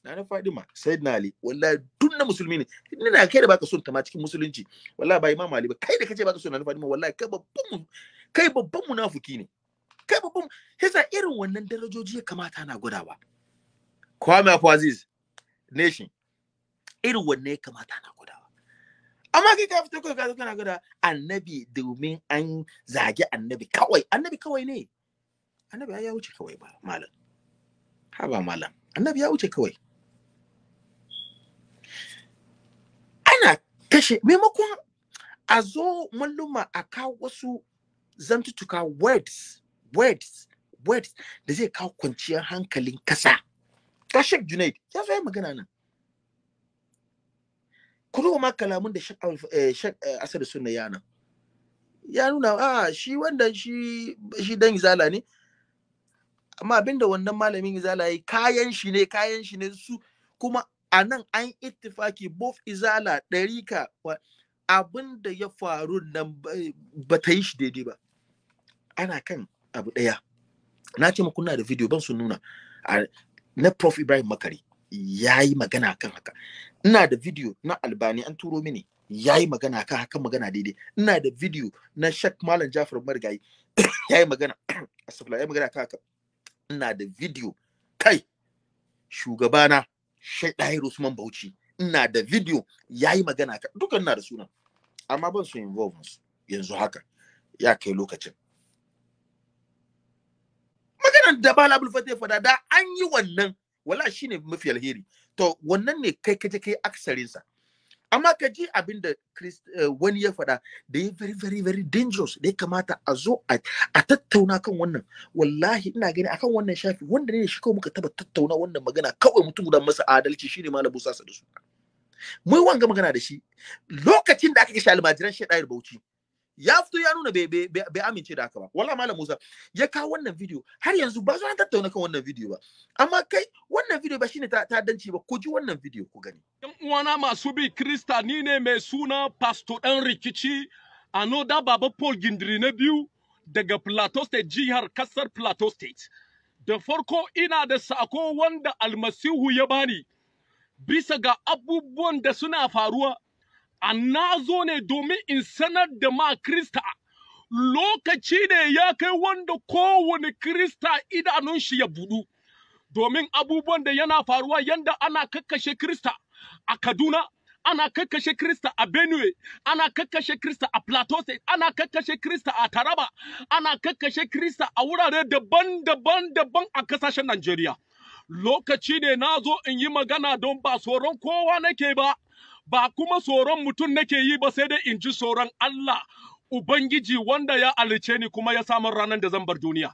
na na fadima sayyidina ali wallahi duk na musulmi ne ina kai da baka son ta ma cikin musulunci wallahi ba imam ali ba kai da kace baka son na fadima wallahi kai babban kai babban munafiki ne kai babban hisa irin wannan darajoji ya kamata ana gudawa Kwame Aziz Nation irin wannan ya kamata na gudawa amma kai ka fito kai ka kana guda annabi domin an zagi annabi kawai annabi kawai ne annabi ya wuce kawai ba malam ha ba malam annabi ya wuce kawai ana kashe maimakon a zo malluma a kawo wasu zantutuka words words words da zai kawo kwanciyar hankalin kasa shek Junaid ya zo magana nan kuma ma kalamun da shek eh, eh, asar sunna yana ya nuna a shi wanda shi dan izala ne amma abinda wannan malamin izala yi kayan shi ne kayan shi ne su kuma a nan an ittifaki bof izala ɗarika ka. Abinda ya faru nan ba ta yi shi daidai ba ana kan abu ɗaya na ce muku na da video ban su nuna na prof ibrahim makari ya yi magana kan haka ina da video na albani an turo mini ya yi magana ka haka magana daidai ina da video na shak malam jafar marigayi <coughs> ya yi magana <coughs> asafla ya yi magana ka haka ina da video kai shugabana shai ɗahir usman bauchi ina da video ya yi magana ka duka na da suna amma ban su involve musu yanzu haka ya kai lokacin maganan da bala abulfate fada da an yi wannan wala shine mafi alheri to wannan ne kai kaje kai aksarinsa amma ka ji abin da eh, wani ya faɗa da ya very very very dangerous da ya kamata a zo a tattauna kan wannan wallahi ina gani akan wannan shafi wanda ne shi kawai muka taba tattauna wannan magana kawai mutum guda masa adalci shine malam Musa da su mun wanga magana da shi lokacin da aka kashe almajiran shi Bauchi ya fito ya nuna bai amince da haka ba wallahi malam Musa ya kawo wannan video har yanzu ba zo an tattauna kan wannan video ba amma kai wannan video ba shine ta danci ba ku ji wannan video ku gani yan uwana masu bi krista ni ne mai suna pastor dan rikici anoda baba Paul Gindiri na biyu daga Plateau State jihar kasar Plateau State da farko ina da sako wanda almasihu ya bani bisa ga abubuwan da suna faruwa na zo ne domin in sanar da ma Krista lokaci ne ya kai wanda kowane Krista idanun shi ya budu domin abubuwan da yana faruwa yanda ana kakkashe Krista a Kaduna ana kakkashe Krista a Benue, ana kakkashe Krista a Plateau ana kakkashe Krista a Taraba, ana kakkashe Krista a wurare daban-daban-daban a kasashen Najeriya. Lokaci ne na zo in yi magana don ba tsoron kowa nake ba. ba kuma tsoron mutum nake yi ba sai dai in ji tsoron Allah Ubangiji wanda ya alice ni kuma ya samun ranar da zan bar duniya.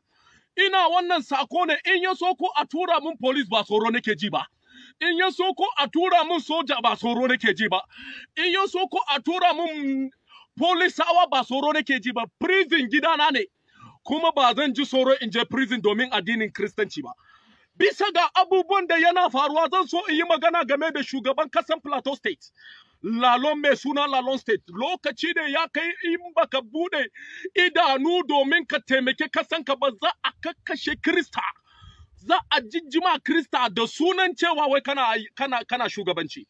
Ina wannan sako ne in ya so ko a tura min polis ba tsoro nake ji ba. In ya so ko a tura min soja ba tsoro nake ji ba. In ya so ko a tura min polisawa ba tsoro nake ji ba. Prison gidana ne. Kuma ba zan ji tsoro in je prison domin addinin Kiristanci ba. bisa ga abubuwan da yana faruwa zan so in yi magana game da shugaban kasan plateau state lalon mai suna lalon state lokaci ne ya kai in baka bude idanu domin ka taimaki kasanka ba za a kakkashe krista za a jijjima krista da sunan cewa wai kana, kana, kana shugabanci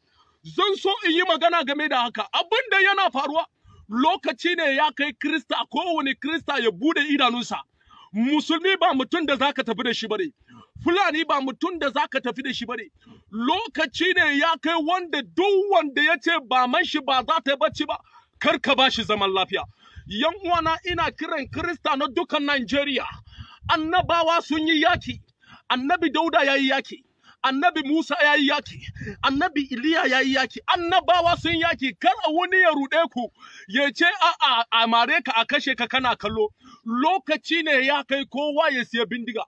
zan so in yi magana game da haka abin da yana faruwa lokaci ne ya kai krista kowane krista ya bude idanunsa musulmi ba mutum da zaka tafi da shi bane Fulani ba mutum da za ka tafi da shi ba ne, lokaci ne ya kai wanda duk wanda ya ce ba man shi ba za ta yi bacci ba, kar ka ba shi zaman lafiya. Yan uwana ina kiran Kirista na dukan Najeriya, annabawa sun yi yaki, annabi Dauda ya yi yaki, annabi Musa ya yi yaki, annabi Iliya ya yi yaki, annabawa sun yaki, kar a wani ya ruɗe ku, ya ce a a mare ka a kashe ka kana kallo, lokaci ne ya kai kowa ya siya bindiga.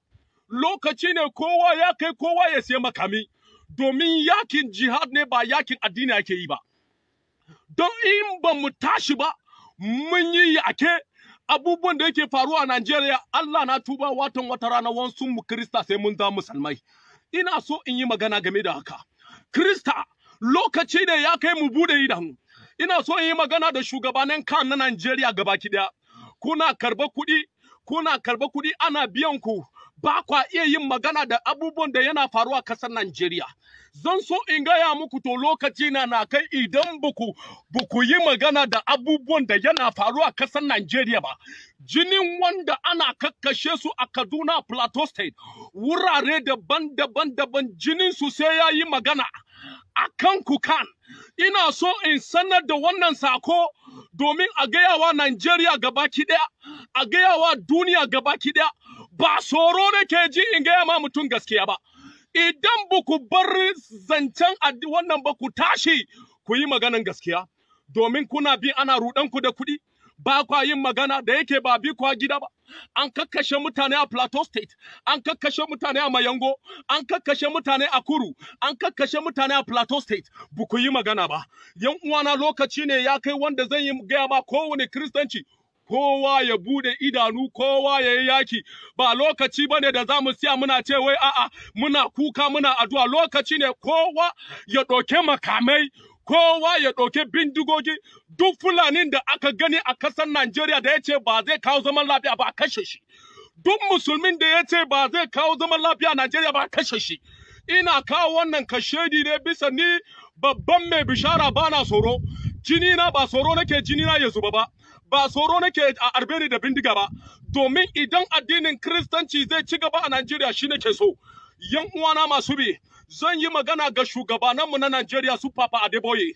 lokaci ne kowa ya kai kowa ya siya makami domin yakin jihad ne ba yakin addini ake yi ba don in ba mu tashi ba mun yi yake abubuwan da yake faruwa a Najeriya Allah na tuba watan wata rana wasu mu Krista sai mun za musulmai ina so in yi magana game da haka Krista lokaci ne ya kai mu bude idan. ina so in yi magana da shugabanin kan na Najeriya gabaki daya kuna karba kuɗi kuna karba kuɗi ana biyan ku ba kwa iya yin magana da abubuwan da yana faruwa kasar Najeriya. Zan so in gaya muku to lokaci na na kai idan buku buku yi magana da abubuwan da yana faruwa kasar Najeriya ba. Jinin wanda ana kakkashe su a Kaduna Plateau State wurare daban-daban daban jinin su sai ya yi magana. A kan ku ina so in sanar da wannan sako domin a gayawa Najeriya gabaki ɗaya, a gayawa duniya gabaki ɗaya, ba soro nake ji in gaya ma mutum gaskiya ba idan ba ku bar zancen wannan ba ku tashi ku yi maganan gaskiya domin kuna bi ana rudan ku da kuɗi ba kwa yin magana da yake ba bi kwa gida ba an kakkashe mutane a plateau state an kakkashe mutane a mayango an kakkashe mutane a kuru an kakkashe mutane a plateau state ba ku yi magana ba yan uwana lokaci ne ya kai wanda zan yi gaya ma kowane kristanci kowa ya bude idanu kowa ya yi yaki ba lokaci ba ne da zamu siya muna ce wai a'a muna kuka muna addu'a lokaci ne kowa ya ɗauke makamai kowa ya ɗauke bindigogi duk fulanin da aka gani a ƙasar Najeriya da ya ce ba zai kawo zaman lafiya ba kashe shi duk musulmin da ya ce ba zai kawo zaman lafiya a Najeriya ba kashe shi ina kawo wannan kashedi ne bisa ni babban mai bishara bana tsoro jini na ba tsoro nake jini na ya zuba ba ba tsoro nake a arbe da bindiga ba domin idan addinin kristanci zai ci gaba a Najeriya shi nake so yan uwana masu bi zan yi magana ga mu na Najeriya su Papa Adeboye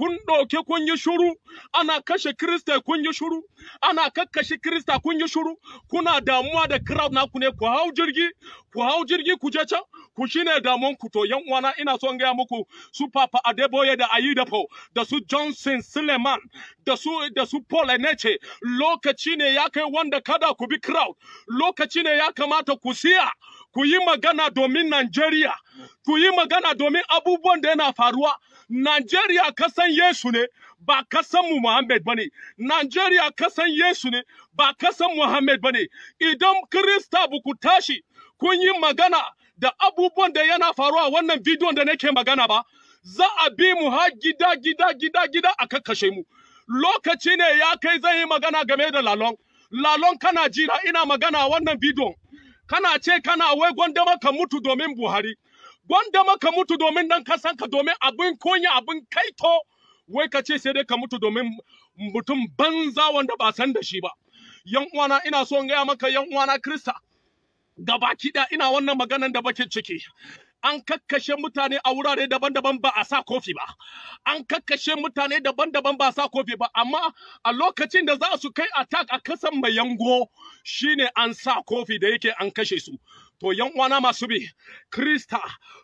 kun ɗauke kun yi shuru, ana kashe Kirista kun yi shuru, ana kakkashi Kirista kun yi shuru, kuna damuwa da crowd naku ne ku hau jirgi, ku hau jirgi ku je can, ku shi ne damuwan ku to yan uwana ina son gaya muku su Papa Adeboye da Ayidapo da su Johnson Suleiman da su da su Paul Eneche lokaci ne ya kai wanda kada ku bi crowd, lokaci ne ya kamata ku siya. ku yi magana domin Najeriya, ku yi magana domin abubuwan da yana faruwa. Najeriya kasan Yesu ne, ba kasan mu Muhammad bane. Najeriya kasan Yesu ne, ba kasan Muhammad bane. Idan Kirista buku tashi, kun yi magana da abubuwan da yana faruwa wannan bidiyon da nake magana ba, za a bi mu ha gida gida gida gida a kakkashe mu. Lokaci ne ya kai zan yi magana game da lalon. Lalon kana jira ina magana wannan bidiyon. kana ce kana wai gwandama ka mutu domin Buhari, gwandama ka mutu domin dan ka domin abin konya abin kaito, wai ka ce sai dai ka mutu domin mutum banza wanda ba san da shi ba. Yan uwana ina so in gaya maka yan uwana Krista, gabaki ɗaya ina wannan maganar da bakin ciki. an kakkashe mutane a wurare daban-daban ba a sa kofi ba an kakkashe mutane daban-daban ba a sa kofi ba amma a lokacin da za su kai attack a kasan mai yango shine an sa kofi da yake an kashe su to yan uwana masu bi krista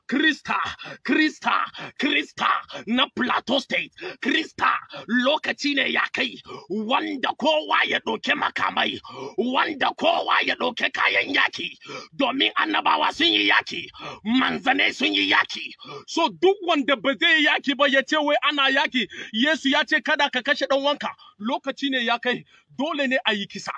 Krista, Krista, Krista na Plateau State, Krista lokaci ne ya kai wanda kowa ya ɗauke makamai, wanda kowa ya ɗauke kayan yaki, domin annabawa sun yi yaki, manzane sun yi yaki. So duk wanda ba zai yi yaki ba ya ce wai ana yaki, Yesu ya ce kada ka kashe ɗan wanka, lokaci ne ya kai dole ne a yi kisa,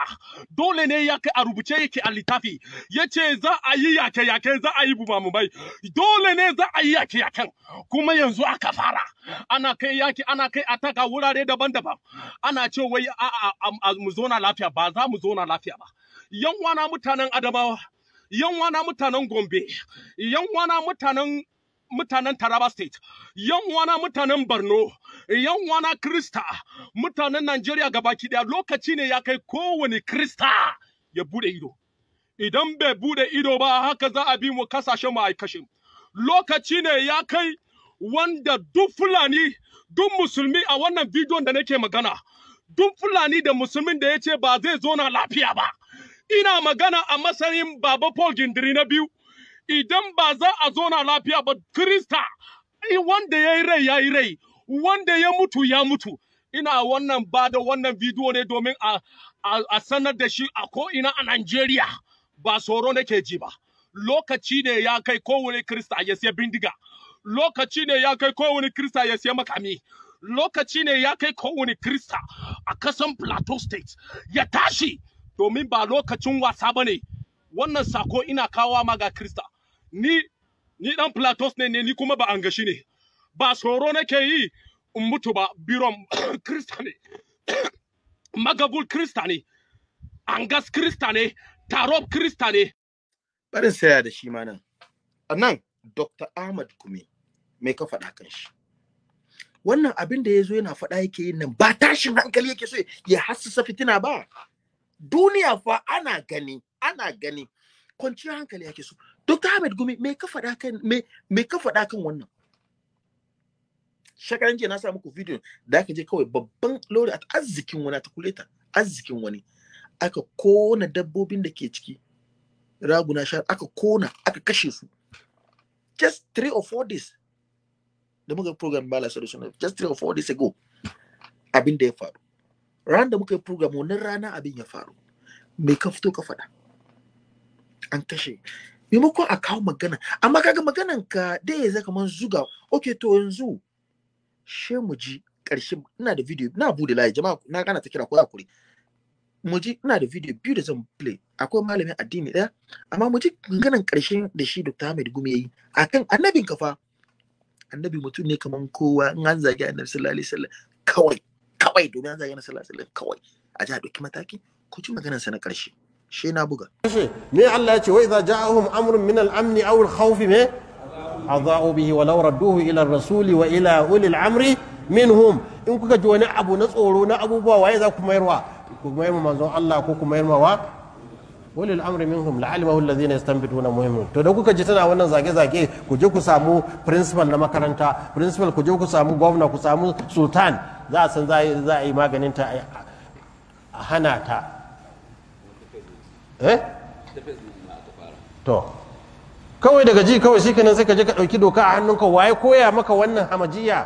dole ne ya kai a rubuce yake a littafi, ya ce za a yi yake-yake za a yi bai, dole dole ne za a yi yaki yakin kuma yanzu aka fara ana kai yaki ana kai ataka wurare daban-daban ana ce wai a mu zona lafiya ba za mu zona lafiya ba yan wana mutanen adamawa yan wana mutanen gombe yan wana mutanen mutanen Taraba State, yan wana mutanen Borno, yan wana Krista, mutanen Najeriya gabaki daya lokaci ne ya kai kowane Krista ya bude ido. Idan bai bude ido ba haka za a bi mu kasashen mu a kashe lokaci ne ya kai wanda duk Fulani, duk musulmi a wannan bidiyon da nake magana, duk Fulani da musulmin da ya ce ba zai zo na lafiya ba. Ina magana a matsayin Baba Paul Gindiri na biyu, idan ba za a zo na lafiya ba, Krista, wanda ya yi rai ya rai, wanda ya mutu ya mutu. Ina wannan ba da wannan bidiyo ne domin a sanar da shi a ko'ina a Najeriya, ba tsoro nake ji ba. lokaci ne ya kai kowane kirista ya siya bindiga, lokaci ne ya kai kowane kirista ya siya makami, lokaci ne ya kai kowane kirista a kasan Plateau State ya tashi domin ba lokacin wasa ba ne. Wannan sako ina kawo ma ga kirista. Ni, ni ɗan Plateau State ne, ni kuma ba an gashi ne. Ba tsoro nake yi in mutu ba, biron <coughs> kirista ne. <coughs> Magagul kirista ne, Angas kirista ne, Tarob kirista ne, barin saya da shi ma nan a nan dr ahmad kume mai ka faɗa kan shi wannan abin da ya zo yana faɗa yake yin nan ba tashin hankali yake so ya hassasa fitina ba duniya fa ana gani ana gani kwanciyar hankali yake so dr Ahmad gumi mai ka faɗa kan mai ka faɗa kan wannan shekaran jiya na sa muku video da aka je kawai babban lori a arzikin wani ta kuleta arzikin wani aka kona dabbobin da ke ciki raguna sha aka kona aka kashe su just three or four days da muka program bala solution just three or four days ago abin da ya faru ran da muka yi program wannan rana abin ya faru me ka fito ka faɗa an kashe maimakon a kawo magana amma kaga maganan ka da ya zai kamar zuga okay to yanzu she mu ji ƙarshe ina da video ina bude layi jama'a na kana ta kira ko kure mu ji ina da video biyu da zan play akwai malamin addini ɗaya amma mu ji ganin ƙarshen da shi Dr. Ahmed Gumi yayi akan annabin kafa annabi mutum ne kaman kowa in an zagi annabi sallallahu alaihi wasallam kawai kawai domin an zagi annabi sallallahu alaihi wasallam kawai a ji a ɗauki mataki ko ji maganar sa na karshe shi na buga ne Allah ya ce wa idza ja'ahum amrun min al-amn aw al-khawf me adha'u bihi wa law radduhu ila ar-rasuli wa ila ulil amri minhum in kuka ji wani abu na tsoro na abubuwa waye za ku mayarwa ku mayar ma manzon Allah ko ku mayar ma wa wani amri minhum la'alimahu alladhina yastanbituna muhimmin to da kuka ji tana wannan zage zage ku je ku samu principal na makaranta principal ku je ku samu gwamna ku samu sultan za a san za a yi maganin ta a hana ta eh to kawai daga ji kawai shi kenan sai ka je ka dauki doka a hannunka waye koya maka wannan hamajiya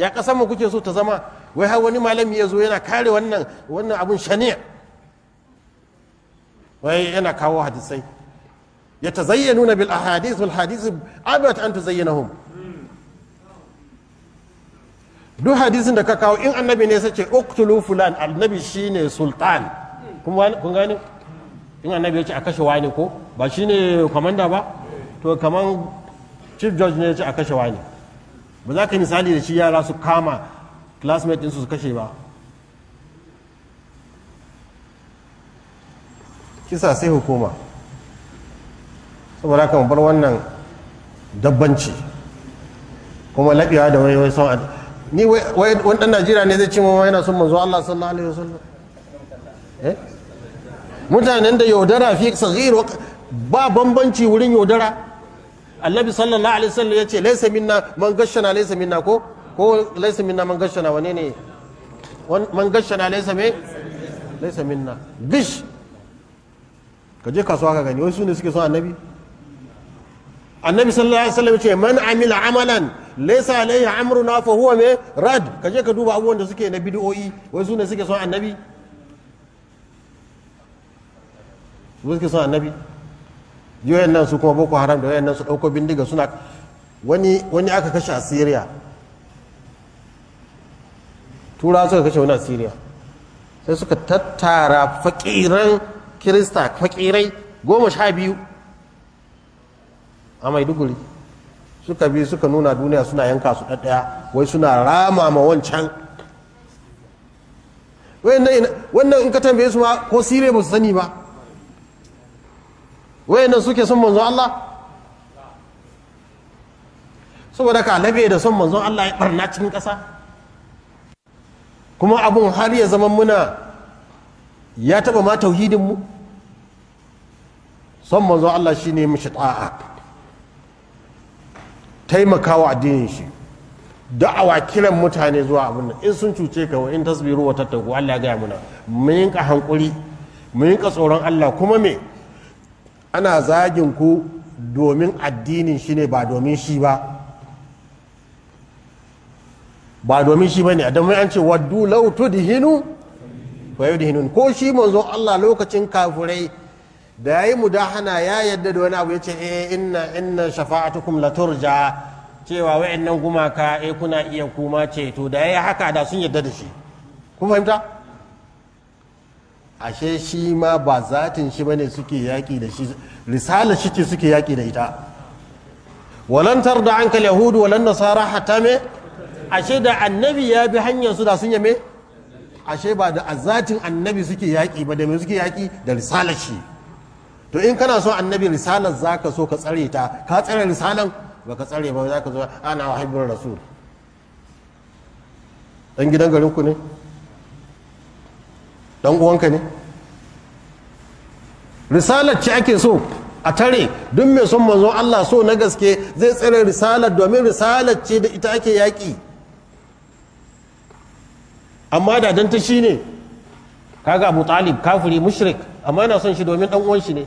ya kasan mu kuke so ta zama wai har wani malami ya zo yana kare wannan wannan abun shani wai yana kawo hadisai ya ta tazayyanu bil ahadith wal hadith abat an tuzayyanahum duk hadisin da ka kawo in annabi ne sace uktulu fulan annabi shine sultan kun gane in annabi ya ce a kashe wani ko ba shine komanda ba to kaman chief judge ne ya ce a kashe wani ba za ka misali da shi yara su kama classmate ɗinsu su kashe ba kisa sai hukuma saboda kan bar wannan dabbanci kuma laɓewa da wai wai son ni wai wani ɗan najeriya ne zai ce mawa yana son manzo allah sallallahu alaihi wasallam eh? mutanen da yaudara fi sagir ba bambanci wurin yaudara annabi sallallahu alaihi wasallam ya ce laisa minna man gashana laisa minna ko ko laisa minna man gashana wane ne man gashana laisa me laisa minna gish ka je kasuwa ka gani wasu ne suke son annabi annabi sallallahu alaihi wasallam ce man amila amalan Laisa alaihi amruna fa huwa me rad ka je ka duba abubuwan da suke na bid'o'i wasu ne suke son annabi su suke son annabi yoyin nan su kuma boko haram da yoyin nan su dauko bindiga suna wani aka kashe a siriya. tura suka kashe wani a sai suka tattara fakiran kirista fakirai goma sha biyu a maiduguri suka bi suka nuna duniya suna yanka su ɗaɗɗaya wai suna rama ma wancan wannan in ka tambaye su ma ko sire ba su sani ba wayannan suke son manzo Allah saboda ka labe da son manzon Allah ya barna cikin ƙasa kuma abun har ya zama muna ya taba ma tauhidin mu son manzo Allah shine mishi ta'a taimakawa addinin shi da'awa kiran mutane zuwa abin nan in sun cuce ka in tasbiru wa tattaku Allah ya gaya muna mu yinka hankuri mu yinka tsoron Allah kuma me ana zagin ku domin addinin shi ne ba domin shi ba ba domin shi bane adam mai an ce waddu law tudhinu da yudhinun ko shi manzo Allah lokacin kafurai da yayi mudahana ya yadda da wani abu yace eh inna inna shafa'atukum laturja cewa wa'annan gumaka eh kuna iya kuma ceto da yayi haka da sun yadda da shi kun fahimta ashe shi ma ba zatin shi bane suke yaƙi da shi risalar shi ce suke yaƙi da ita walantar da anka yahudu walan nasara hatta me ashe da annabi ya bi hanyar su da sun yame ashe ba da azatin annabi suke yaƙi ba da mai suke yaƙi da risalar shi to in kana so annabi risalar ka so ka tsare ta ka tsare ba ka tsare ba zaka zo ana wahibbin rasul ɗan gidan garin ku ne ɗan uwanka ne risalar ce ake so a tare duk mai son manzon Allah so na gaske zai tsare risalar domin risalar ce da ita ake yaƙi amma da dan ta shine kaga Abu Talib kafiri mushrik amma yana son shi domin dan uwan shi ne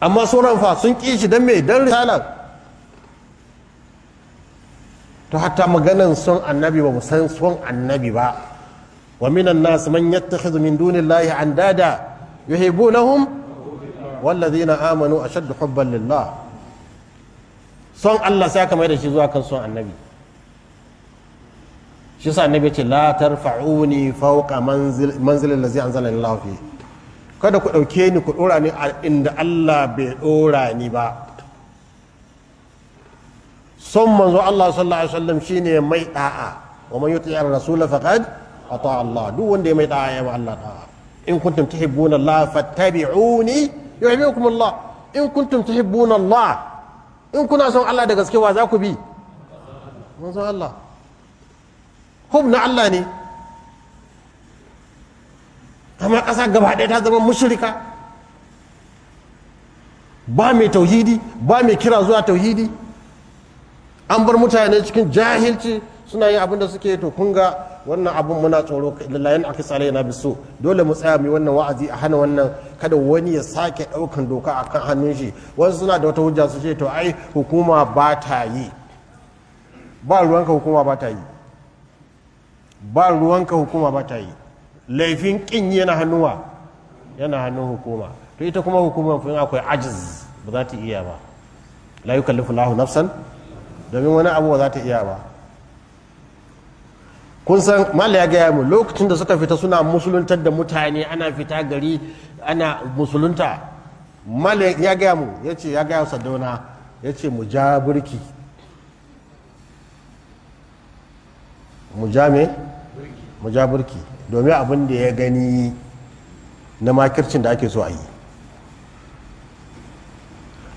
amma sauran fa sun ƙi shi dan me dan risala to hatta maganan son annabi ba mu san son annabi ba wa minan nas man yattakhidhu min dunillahi andada yuhibbunahum walladhina amanu ashaddu hubban lillah son Allah sai ka da shi zuwa kan son annabi shi sa annabi ce la tarfa'uni fawqa manzilin lazi anzalani Allah fi kada ku dauke ni ku dora ni a inda Allah bai dora ni ba son manzo Allah sallallahu alaihi wasallam shine mai da'a wa man yuti ar-rasul faqad ata Allah duk wanda mai da'a ya Allah da'a in kuntum tuhibbuna Allah fattabi'uni yuhibbukum Allah in kuntum tuhibbuna Allah in kuna son Allah da gaske wa za ku bi manzo Allah hub na Allah ne amma ƙasa gaba ɗaya ta zama mushrika ba mai tauhidi ba mai kira zuwa tauhidi an bar mutane cikin jahilci suna yin abin da suke to kun ga wannan abin muna tsoro lallayen aka tsare yana biso dole mu tsaya mai wannan wa'azi a hana wannan kada wani ya sake ɗaukan doka a kan hannun shi wasu suna da wata hujja su ce to ai hukuma ba ta yi ba ruwanka hukuma ba ta yi ba ruwanka hukuma ba ta yi laifin kin yana hannuwa yana hannun hukuma to ita kuma hukumar fi akwai ajiz ba za ta iya ba la yukallifu lahu nafsan domin wani abu ba za ta iya ba kun san mala ya gaya mu lokacin da suka fita suna musuluntar da mutane ana fita gari ana musulunta mala ya gaya mu ya ce ya gaya sadauna ya ce mu ja birki mu ja me majaburki domin abin da ya gani na makircin da ake so a yi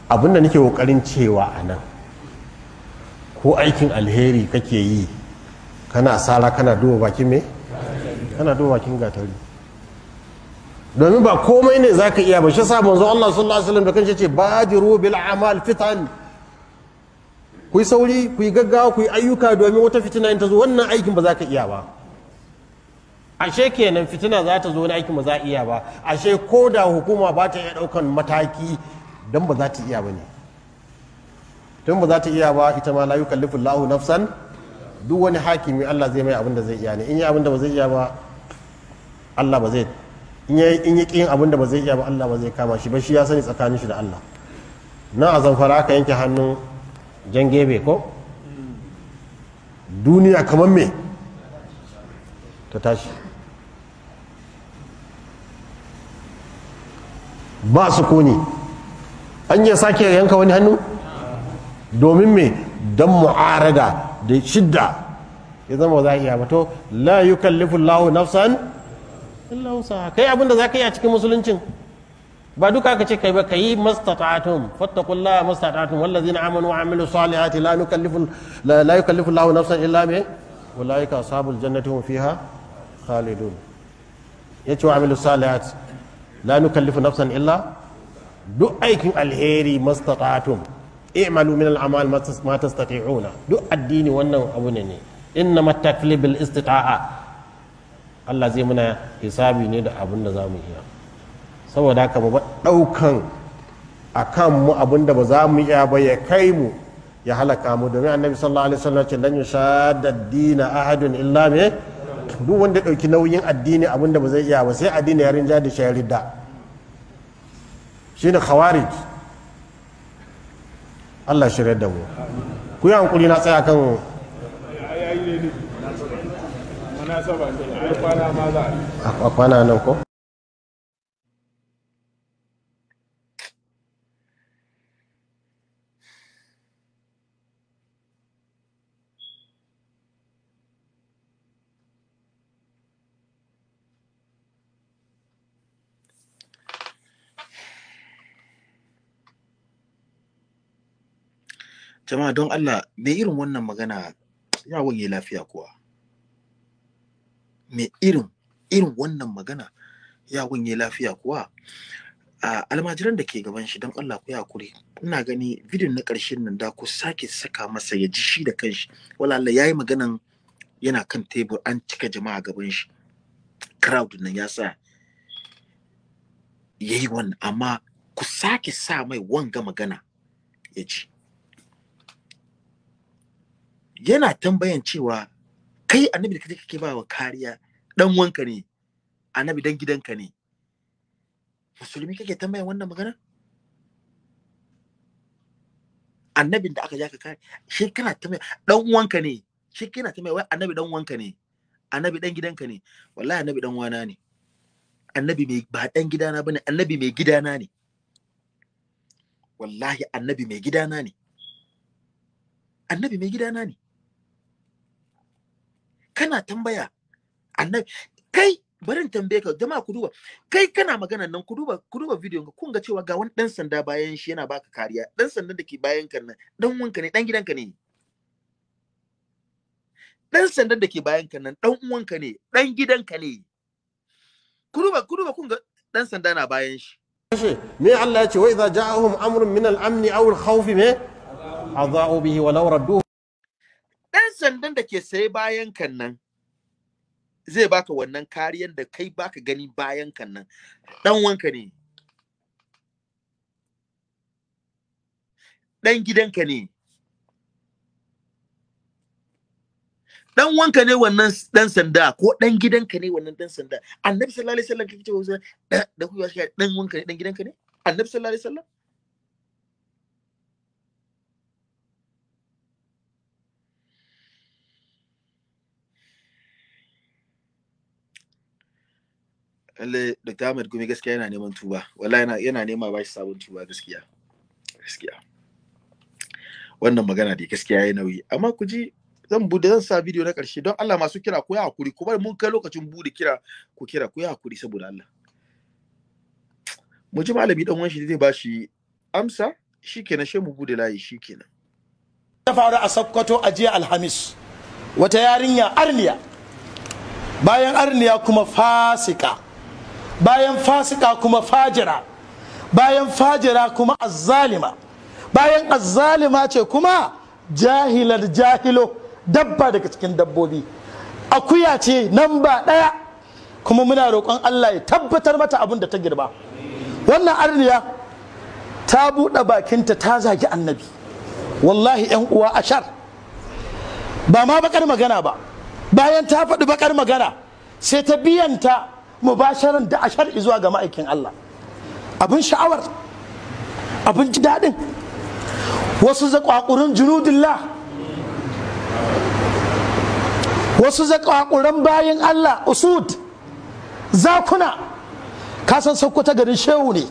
abin da nake kokarin cewa a nan ko aikin alheri kake yi kana sara kana duba bakin me kana duba bakin gatari domin ba komai ne zaka iya ba shi sabon zuwa Allah sallallahu alaihi wasallam da kanshi ce bajiru bil amal fitan ku yi sauri ku yi gaggawa ku yi ayyuka domin wata fitina in ta zo wannan aikin ba za ka iya ba ashe kenan fitina za ta zo na aiki ba za iya ba ashe ko da hukuma ba ta iya ɗaukan mataki don ba za ta iya ba ne tun ba za ta iya ba ita ma la kallifin la'ahu nafsan duk wani hakimi Allah zai mai abinda da zai iya ne in yi abinda da ba zai iya ba Allah ba zai in yi in yi ba zai iya ba Allah ba zai kama shi ba shi ya sani tsakanin shi da Allah na a zamfara aka yanke hannun jan gebe ko duniya kamar me ta tashi ba su sukuni an ya sake yanka wani hannu domin me don mu'arada da shidda ya zama za a iya mato la yi yukallifu Allahu nafsan kai abin za zaka yi a cikin musuluncin ba duka ka ce kai ba ka yi kai mastata'atum fattaqullaha mastata'atum zina amanu wa amilu salihati la yukallifu la yukallifu Allahu nafsan illa me ulaika ashabul sabul hum fiha khalidun yace wa amilu salihati la nukallifu nafsan illa duk aikin alheri mastaqatum i'malu min al'amal ma tastati'una duk addini wannan abu ne ne inna matakli bil istita'a Allah zai muna hisabi ne da abin da zamu iya saboda haka mu daukan akan mu abin da ba za mu iya ba ya kai mu ya halaka mu domin annabi sallallahu alaihi wasallam ya ce lan yushadda ad-din ahadun illa bi duk wanda ɗauki nauyin addini abinda ba zai iya ba sai addini ya rinja da shayar ridda ne khawarij Allah shirya da mu ku yi hankuli na tsaya kan a kwana nan ko jama'a don Allah me irin wannan magana ya wanye lafiya kuwa me irin irin wannan magana ya wanye lafiya kuwa a almajiran da ke gaban shi don Allah ku hakuri ina gani bidiyon na ƙarshen nan da ku sake saka masa ya ji shi da kanshi wala ya yi maganan yana kan tebur an cika jama'a gaban shi crowd nan ya sa yayi wannan amma ku sake sa mai wanga magana ya ji yana tambayan cewa kai annabi da kake kake ba wa kariya dan wanka ne annabi dan gidanka ne musulmi kake tambayan wannan magana annabin da aka ja ka kare shi kana tambaya dan wanka ne shi kana tambaya wai annabi dan wanka ne annabi dan gidanka ne wallahi annabi dan wana ne annabi mai ba dan gidana bane annabi mai gidana ne wallahi annabi mai gidana ne annabi mai gidana ne kana tambaya annabi kai barin tambaye ka jama'a ku duba kai kana magana nan ku duba ku duba bidiyon ka kun ga cewa ga wani dan sanda bayan shi yana baka kariya dan sandan da ke bayan ka nan dan uwanka ne dan gidanka ne dan sandan da ke bayan ka nan dan uwanka ne dan gidanka ne ku duba ku duba kun ga dan sanda na bayan shi me Allah ya ce wa idza ja'ahum amrun min al-amn aw al-khawf me adha'u bihi wa law radduhu ɗan sandan da ke saye bayan kan nan zai baka wannan kariyar da kai baka gani bayan kan nan ɗan wanka ne ɗan gidanka ne ɗan wanka ne wannan ɗan sanda ko ɗan gidanka ne wannan ɗan sanda annabi sallallahu alaihi wasallam kake cewa da kuwa shi ɗan wanka ne ɗan gidanka ne annabi sallallahu alaihi wasallam lalle Dr. Ahmed Gumi gaskiya yana neman tuba wallahi yana yana nema ba sabon tuba gaskiya gaskiya wannan magana dai gaskiya yayi nauyi amma ku ji zan bude zan sa bidiyo na karshe don Allah masu kira ku yi hakuri ku bar mun kai lokacin bude kira ku kira ku yi hakuri saboda Allah mu ji malami dan wanshi zai ba shi amsa shikenan sai mu bude layi shikenan ta faru a Sokoto a jiya Alhamis wata yarinya arniya bayan arniya kuma fasika bayan fasika kuma fajira bayan fajira kuma azzalima bayan azzalima ce kuma jahilar jahilo dabba daga cikin dabbobi akuya ce nan ba ɗaya kuma muna roƙon Allah ya tabbatar mata abin da ta girba wannan arniya ta buɗe bakinta ta zagi annabi wallahi yan uwa ashar ba ma bakar magana ba bayan ta faɗi bakar magana sai ta biyanta mubasharan da a ashar zuwa ga ma'aikin Allah abin sha'awar abin ji daɗin wasu zakwakurin junudillah wasu ƙwaƙurin bayan Allah usud zakuna kasan ta garin shehu ne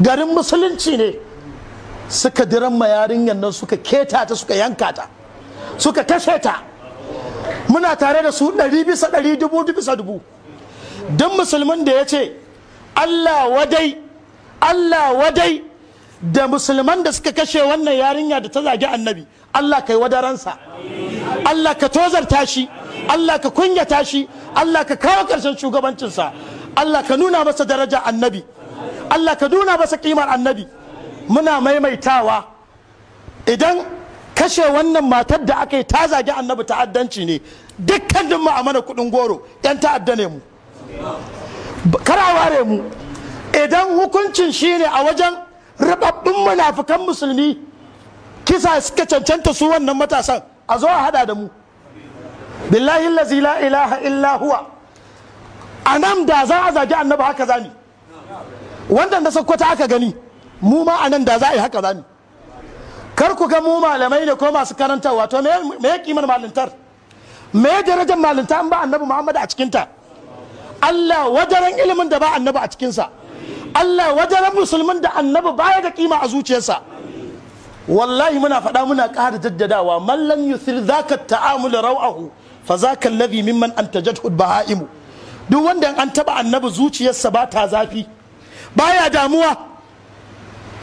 garin musulunci ne suka diran yarinyar nan suka keta ta suka yanka ta suka kashe ta muna tare da su ɗari bisa ɗari dubu dubu don musulmin da ya ce allah wadai allah wadai da musulman da suka kashe wannan yarinya da ta zagi annabi allah ka yi wadaransa allah ka tozarta shi allah ka kunyata shi allah ka kawo ƙarshen shugabancinsa allah ka nuna masa daraja annabi allah ka nuna masa ƙimar annabi muna maimaitawa idan kashe wannan matar da aka yi ta zagi annabi ta'addanci ne dukkan mu a mana kuɗin goro 'yan ta'adda ne mu kara ware mu idan hukuncin shi ne a wajen rababbin munafukan musulmi kisa suka cancanta su wannan matasan a zo a hada da mu billahi lazi la ilaha illa huwa a nan da za a zagi annabi haka zani wanda na sakkwata aka gani mu ma a nan da za a yi haka zani kar ku ga mu malamai ne ko masu karanta wato me ya kimar malintar me ya darajar malinta an ba annabi muhammad a cikinta Allah wajaran ilimin da ba annabi a cikinsa Allah wajaran musulmin da annabi baya da kima a zuciyarsa wallahi muna faɗa muna ƙara jaddadawa man lam yuthil zaka ta'amul rawahu fa zaka alladhi mimman antajathu bahaimu duk wanda an taba annabi zuciyarsa ba ta zafi baya damuwa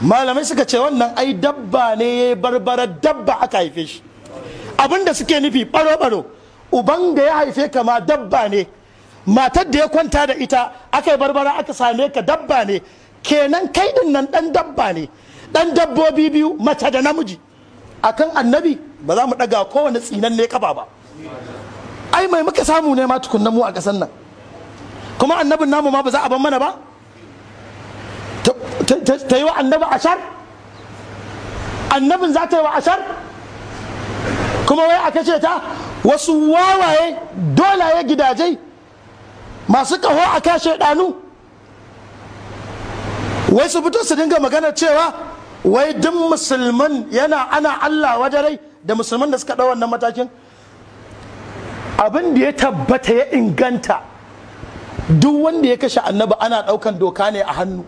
malamai suka ce wannan ai dabba ne barbara dabba aka haife shi abinda suke nufi baro-baro uban da ya haife ka ma dabba ne matar da ya kwanta da ita aka yi barbara aka same ka dabba ne kenan kai din nan dan dabba ne dan dabbobi biyu mace da namiji akan annabi ba za mu daga kowane tsinan ne kaba ba ai mai muka samu ne ma tukunna mu a kasan nan kuma annabin namu ma ba za a ban mana ba ta yi wa annabi ashar annabin za ta yi wa ashar kuma wai a kashe ta wasu wawaye dolaye gidaje masu kaho a kashe ɗanu wai su fito su dinga magana cewa wai duk musulman yana ana allah wajarai da musulman da suka ɗau wannan matakin abin da ya tabbata ya inganta duk wanda ya kashe annabi ana ɗaukan doka ne a hannu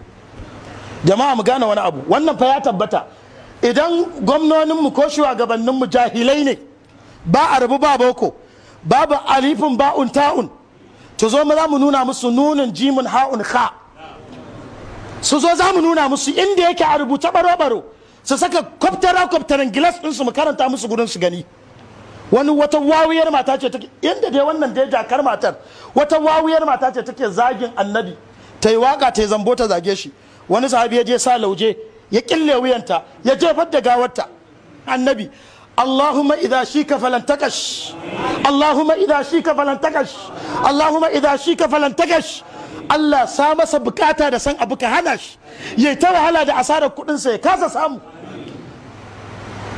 jama'a mu gane wani abu wannan fa ya tabbata idan gwamnoninmu ko shugabanninmu jahilai ne ba a rabu ba boko babu alifin ba'un ta'un to zo za mu nuna musu nunin jimin ha'un ha su zo za mu nuna musu inda yake a rubuta baro-baro su saka kwaftara kwabtaran gilas ɗinsu mu karanta musu gudun su gani wani wata wawiyar mata ce take inda dai wannan dai jakar matar wata wawiyar mata ce take zagin annabi ta yi waka ta yi zambo ta zage shi wani sahabi ya je sa lauje ya kille wuyanta ya jefar da gawarta annabi اللهم إذا شيك فلن تكش اللهم إذا شيك فلن تكش اللهم إذا Allah sa masa bukata da san abu ka hana shi yayi ta wahala da asarar kudinsa ya kasa samu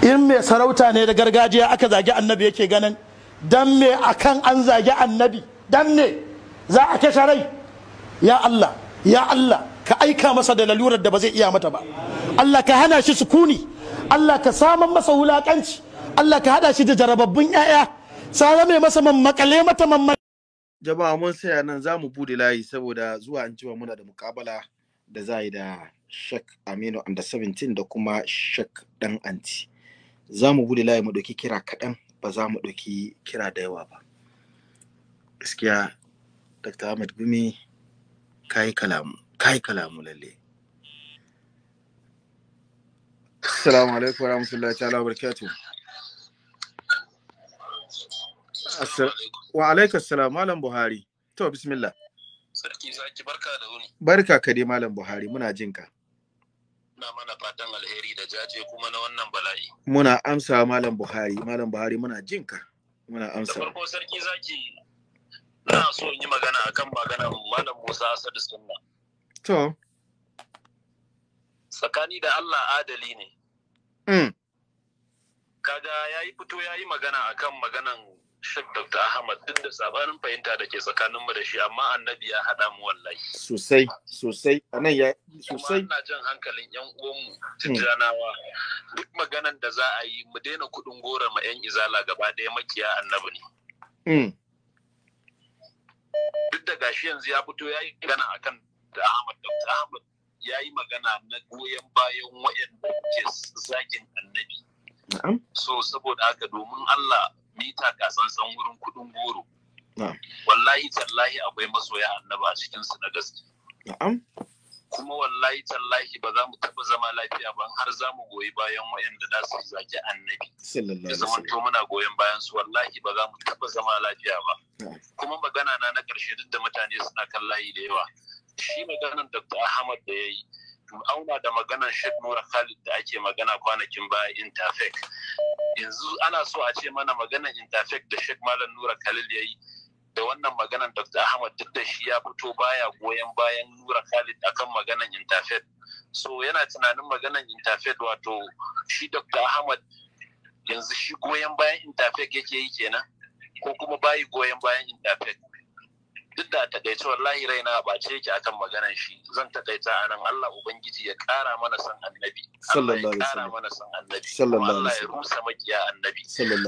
in mai sarauta ne da gargajiya aka zagi annabi yake ganin dan me akan an zagi annabi dan ne za a kashe rai ya Allah ya Allah ka aika masa da lalurar da ba zai iya mata ba Allah ka hana shi sukuni Allah ka saman masa wulakanci Allah ka hada shi da jarababbun ƴaƴa sara mai masa mammakale mata mammakale jama'a mun saya nan za mu bude layi saboda zuwa an jima muna da mukabala da za yi da shek aminu under 17 da kuma shek dan anti za mu bude layi mu ɗauki kira kaɗan ba za mu ɗauki kira da yawa ba gaskiya dr ahmed gumi kayi kalamu kayi kalamu lalle assalamu alaikum warahmatullahi ta'ala wa barakatuh Wa alaikas salam Malam Buhari. To bismillah. Sarki zaki barka da wuni. Barka ka dai Malam Buhari muna jin ka. Na mana fatan alheri da jaje kuma na wannan bala'i. Muna amsa Malam Buhari, Malam Buhari muna jin ka. Muna amsa. Da farko sarki zaki na so in yi magana akan magana Malam Musa Asad Sunna. To. Tsakani da Allah adali ne. Mm. Kaga Kaga yayi fito yayi magana akan maganan Sheikh Dr. Ahmad duk da sabanin fahimta da ke tsakanin mu da shi amma annabi ya haɗa mu wallahi. Sosai, sosai, anan ya sosai. Amma jan hankalin ƴan uwanmu hmm. Tijjanawa duk maganan da za a yi mu daina kuɗin gora ma ƴan izala gaba ɗaya makiya annabi ne. Hmm. Duk da gashi yanzu ya fito ya yi magana akan da Ahmad Dr. Ahmad ya yi magana na goyon bayan wayan da ke zagin annabi. So saboda haka domin Allah ni tsantsan wurin kuɗin goro wallahi tallahi akwai masoya annaba a cikin su na gaske kuma wallahi tallahi ba za mu taɓa zama lafiya ba har za mu goyi bayan wayanda za su zaki annabi ya zama to muna goyon bayan su wallahi ba za mu taɓa zama lafiya ba kuma magana na na karshe duk da mutane suna kan layi da yawa shi maganan dr ahmad da ya yi auna da maganar shek Nura Khalid da ake magana kwanakin baya Interfec yanzu ana so a ce mana maganar Interfec da shek Malam Nura Khalid ya yi da wannan maganar Dr. Ahmad duk da shi ya fito baya goyon bayan Nura Khalid akan maganar Interfec so yana tunanin maganar Interfec wato shi Dr. Ahmad yanzu shi goyon bayan Interfec yake yi kenan ko kuma bayi goyon bayan Interfec duk da takaice wallahi raina ba ce yake akan maganar shi zan takaita a nan Allah ubangiji ya ƙara mana san annabi Allah ya ƙara mana san annabi Allah ya rusa makiya annabi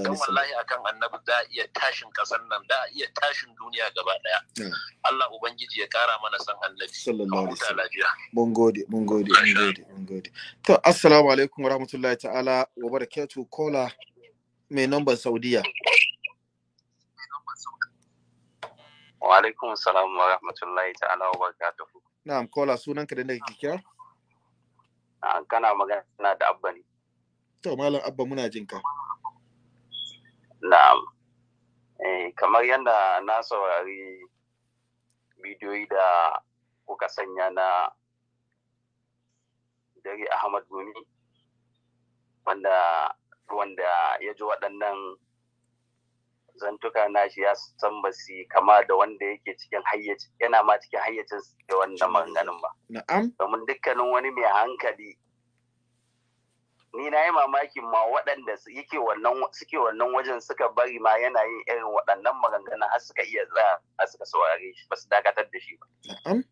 kan wallahi akan annabi da iya tashin ƙasar nan da iya tashin duniya gaba ɗaya Allah ubangiji ya ƙara mana san annabi sallallahu alaihi wasallam mun gode mun gode mun gode mun gode to assalamu alaikum warahmatullahi ta'ala wa barakatuh kola mai namban saudiya Wa alaikum salam wa rahmatullahi ta'ala wa barakatuhu. Na'am, kola sunan ka da nake kira? Ah, kana magana da Abba ne. To malam Abba muna jin ka. Na'am. Eh, kamar yadda na saurari bidiyoyi da kuka sanya na dare Ahmad Gumi wanda wanda ya ji waɗannan zantuka na shi ya san ba su kama da wanda yake cikin hayyaci yana ma cikin hayyacin da wanda maganganun ba. Na'am. Domin dukkanin wani mai hankali ni na yi mamakin ma waɗanda yake wannan suke wannan wajen suka bari ma yana yin irin waɗannan maganganun har suka iya tsaya har suka saurare shi ba su dakatar da shi ba. Na'am.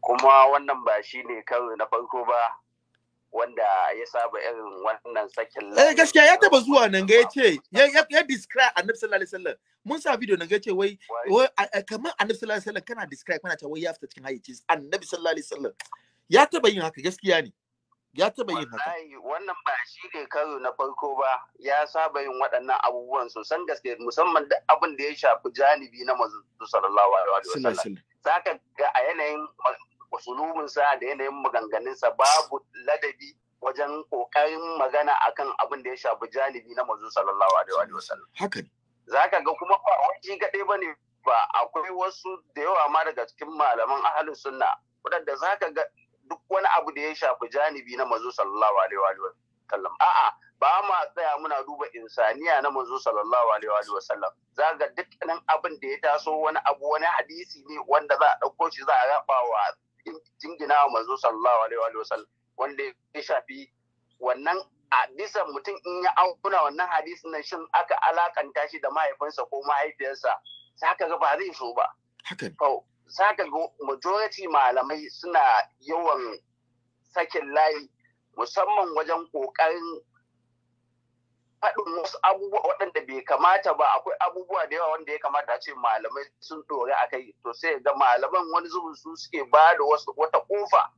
Kuma wannan ba shi ne karo na farko ba wanda ya saba irin wannan sakin eh, lafiya. gaskiya ya taba zuwa nan ga ya ce, ya describe Annabi sallallahu alaihi wasallam. Mun sa video nan ga ya ce wai kamar Annabi sallallahu alaihi wasallam kana describe kana cewa wai ya fita cikin hayyaci Annabi sallallahu alaihi wasallam. Ya taba yin haka gaskiya ne. Ya taba yin haka. wannan ba shi ne karo na farko ba. Ya saba yin waɗannan abubuwan sosan gaske musamman da abin da ya shafi janibi na manzo sallallahu alaihi wasallam. Zaka ga a yanayin usulubinsa da yanayin maganganunsa babu ladabi wajen kokarin magana akan abin da ya shafi janibi na manzo sallallahu alaihi wa sallam haka ka ga kuma ba waje ba ne ba akwai wasu da yawa ma daga cikin malaman ahalin sunna wadanda ka ga duk wani abu da ya shafi janibi na manzo sallallahu alaihi wa sallam a'a ba ma tsaya muna duba insaniya na manzo sallallahu alaihi wa sallam za ga dukkanin abin da ya taso wani abu wani hadisi ne wanda za a ɗauko shi za a raba wa jingina wa manzo sallallahu alaihi wa sallam wanda ya shafi wannan a bisa mutum in ya auna wannan hadisin nan shin aka alakanta shi da mahaifinsa ko mahaifiyarsa saka ga ba zai so ba saka ga majority malamai suna yawan sakin layi musamman wajen kokarin faɗin wasu abubuwa waɗanda bai kamata ba akwai abubuwa da yawa wanda ya kamata a ce malamai sun ɗori a kai to sai ga malaman wani zubin su suke ba da wata kofa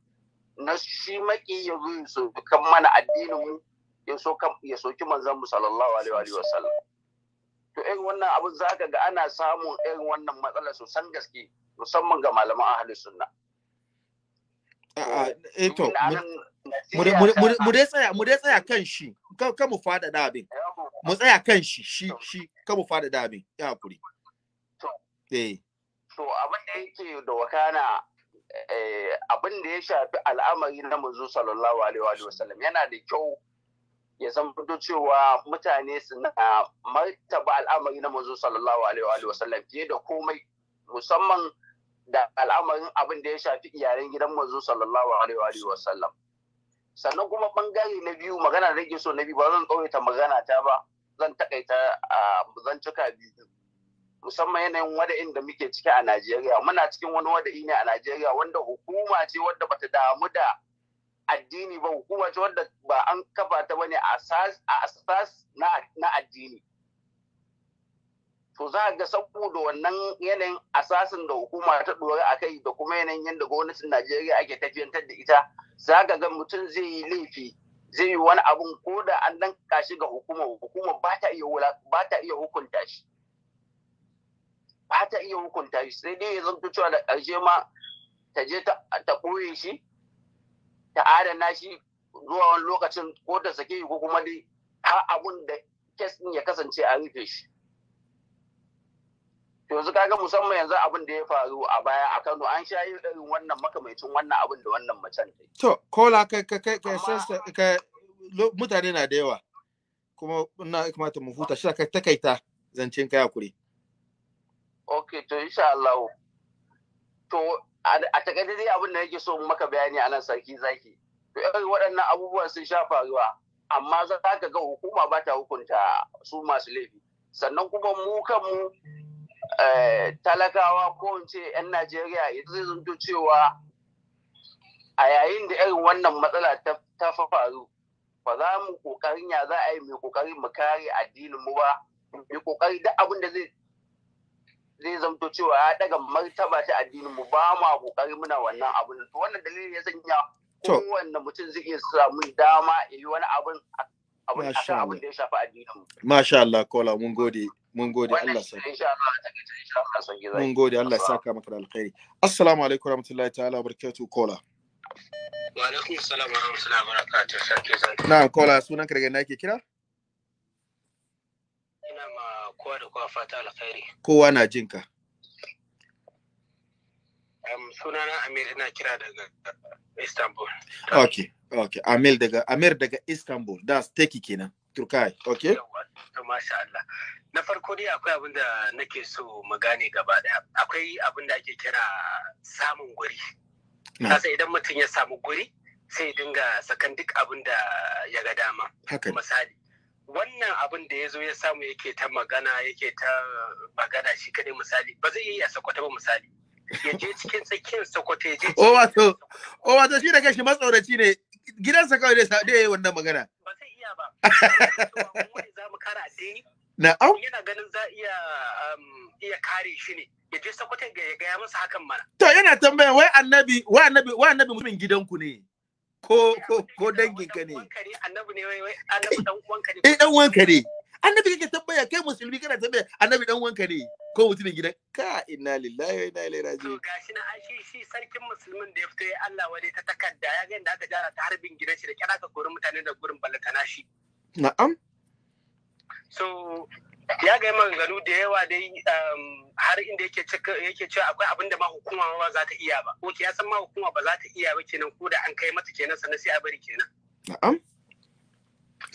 na shi maki ya zo ya so kan mana addinin mu ya ya soki manzon mu sallallahu alaihi wa sallam to irin wannan abu za ka ga ana samun irin wannan matsala san gaske musamman ga malaman ahli sunna a'a eh to mu dai tsaya mu dai tsaya kan shi kan mu fada da abin mu tsaya kan shi shi shi kan mu fada da abin ya hakuri eh to abin da yake da wakana Eh, abin da ya shafi al'amari na manzo sallallahu alaihi wa sallam yana da kyau ya zamto cewa mutane suna martaba al'amari na manzo sallallahu alaihi wa sallam fiye da komai musamman da al'amarin abin da ya shafi iyalan gidan manzo sallallahu alaihi wa sallam sannan kuma bangare na biyu magana da ke so na biyu ba zan tsawaita magana ta ba zan takaita ah, zan cika biyu musamman yanayin wada'in da muke ciki a Najeriya muna cikin wani wada'i ne a Najeriya wanda hukuma ce wadda bata damu da addini ba hukuma ce wadda ba an kafa ta bane a asas na addini to za ga saboda wannan yanayin asasin da hukuma ta dora a kai da kuma yanayin yadda gwamnatin Najeriya ake tafiyantar da ita za ga mutum zai yi laifi zai yi wani abun ko da an dan kashi ga hukuma hukuma ba ta iya hukunta shi ba ta iya hukunta shi sai dai ya zanto cewa da ƙarshe ma ta je ta ɓoye shi ta adana shi zuwa wani lokacin ko ta sake ko kuma dai har abun da kes ɗin ya kasance a rufe shi yanzu kaga musamman yanzu abin da ya faru a baya a Kano an sha yi irin wannan makamancin wannan abin da wannan macen ta to kola kai kai kai kai mutane na da yawa kuma ina kamata mu huta shi ka takaita zancen kai hakuri ok to insha Allah to a takaice dai abin da yake so maka bayani a nan sarki zaki to irin waɗannan abubuwan sun sha faruwa amma za ka ga hukuma ba ta hukunta su masu laifi sannan kuma mu kanmu eh, talakawa ko in ce 'yan Najeriya yanzu zai zanto cewa a yayin da irin wannan matsala ta faru ba za mu ƙoƙarin ya za a yi mai ƙoƙarin mu kare addinin mu ba mai ƙoƙari duk abin da zai zai zamto cewa ya daga martaba ta addinin mu ba mu kokari muna wannan abun to wannan dalilin ya sanya kowanne mutum zai iya samun dama ya yi wani abun abun da ya shafi addinin mu masha Allah kola mun gode mun gode Allah sa mun gode Allah ya saka maka da alkhairi assalamu alaikum warahmatullahi ta'ala barkatu kola wa alaikum assalam wa rahmatullahi wa barakatuh na'am kola sunan ka daga ina ke kira kowa da kowa fata alkhairi. Kowa na jin ka. Um, na Amir ina kira daga Istanbul. Ok, ok. Amir daga Amir daga Istanbul. Das teki kenan. Turkai, ok? Yawwa, masha Allah. Na farko ne akwai abin da nake so mu gane gaba da Akwai abin da ake kira samun guri. Kasa idan mutum ya samu guri sai dinga sakan duk abin da ya ga dama. Misali, wannan abin da ya zo ya samu yake ta magana yake ta magana shi kadai misali ba zai iya sokoto ba misali ya je cikin tsakiyar sokoto ya je o wato o wato shi da kashi matsauraci ne gidansa kawai ne, sa dai wannan magana ba zai iya ba <laughs> za mu kara addini au? Yana ganin za iya um, iya kare shi ne. Ya je Sokoto ga ya gaya masa hakan mana. To yana tambaya wai annabi wai annabi wai annabi mutumin gidanku ne. ko ko ko dangin ka ne dan ne eh dan ne annabi kake tambaya kai musulmi kana tambaya annabi dan wanka ne ko mutumin gidan ka inna lillahi wa inna ilaihi raji'un to gashi na shi shi sarkin musulmin da ya fito ya Allah wade ta takarda ya ga yadda aka jara ta harbin gidan shi da kira ka gurin mutane da gurin ballata na shi na'am so ya ga maganganu da yawa dai um, har inda yake yake cewa akwai abin da ma hukuma ba za ta iya ba ko ya san ma hukuma ba za ta iya ba kenan ko da an kai mata kenan sannan sai a bari kenan na'am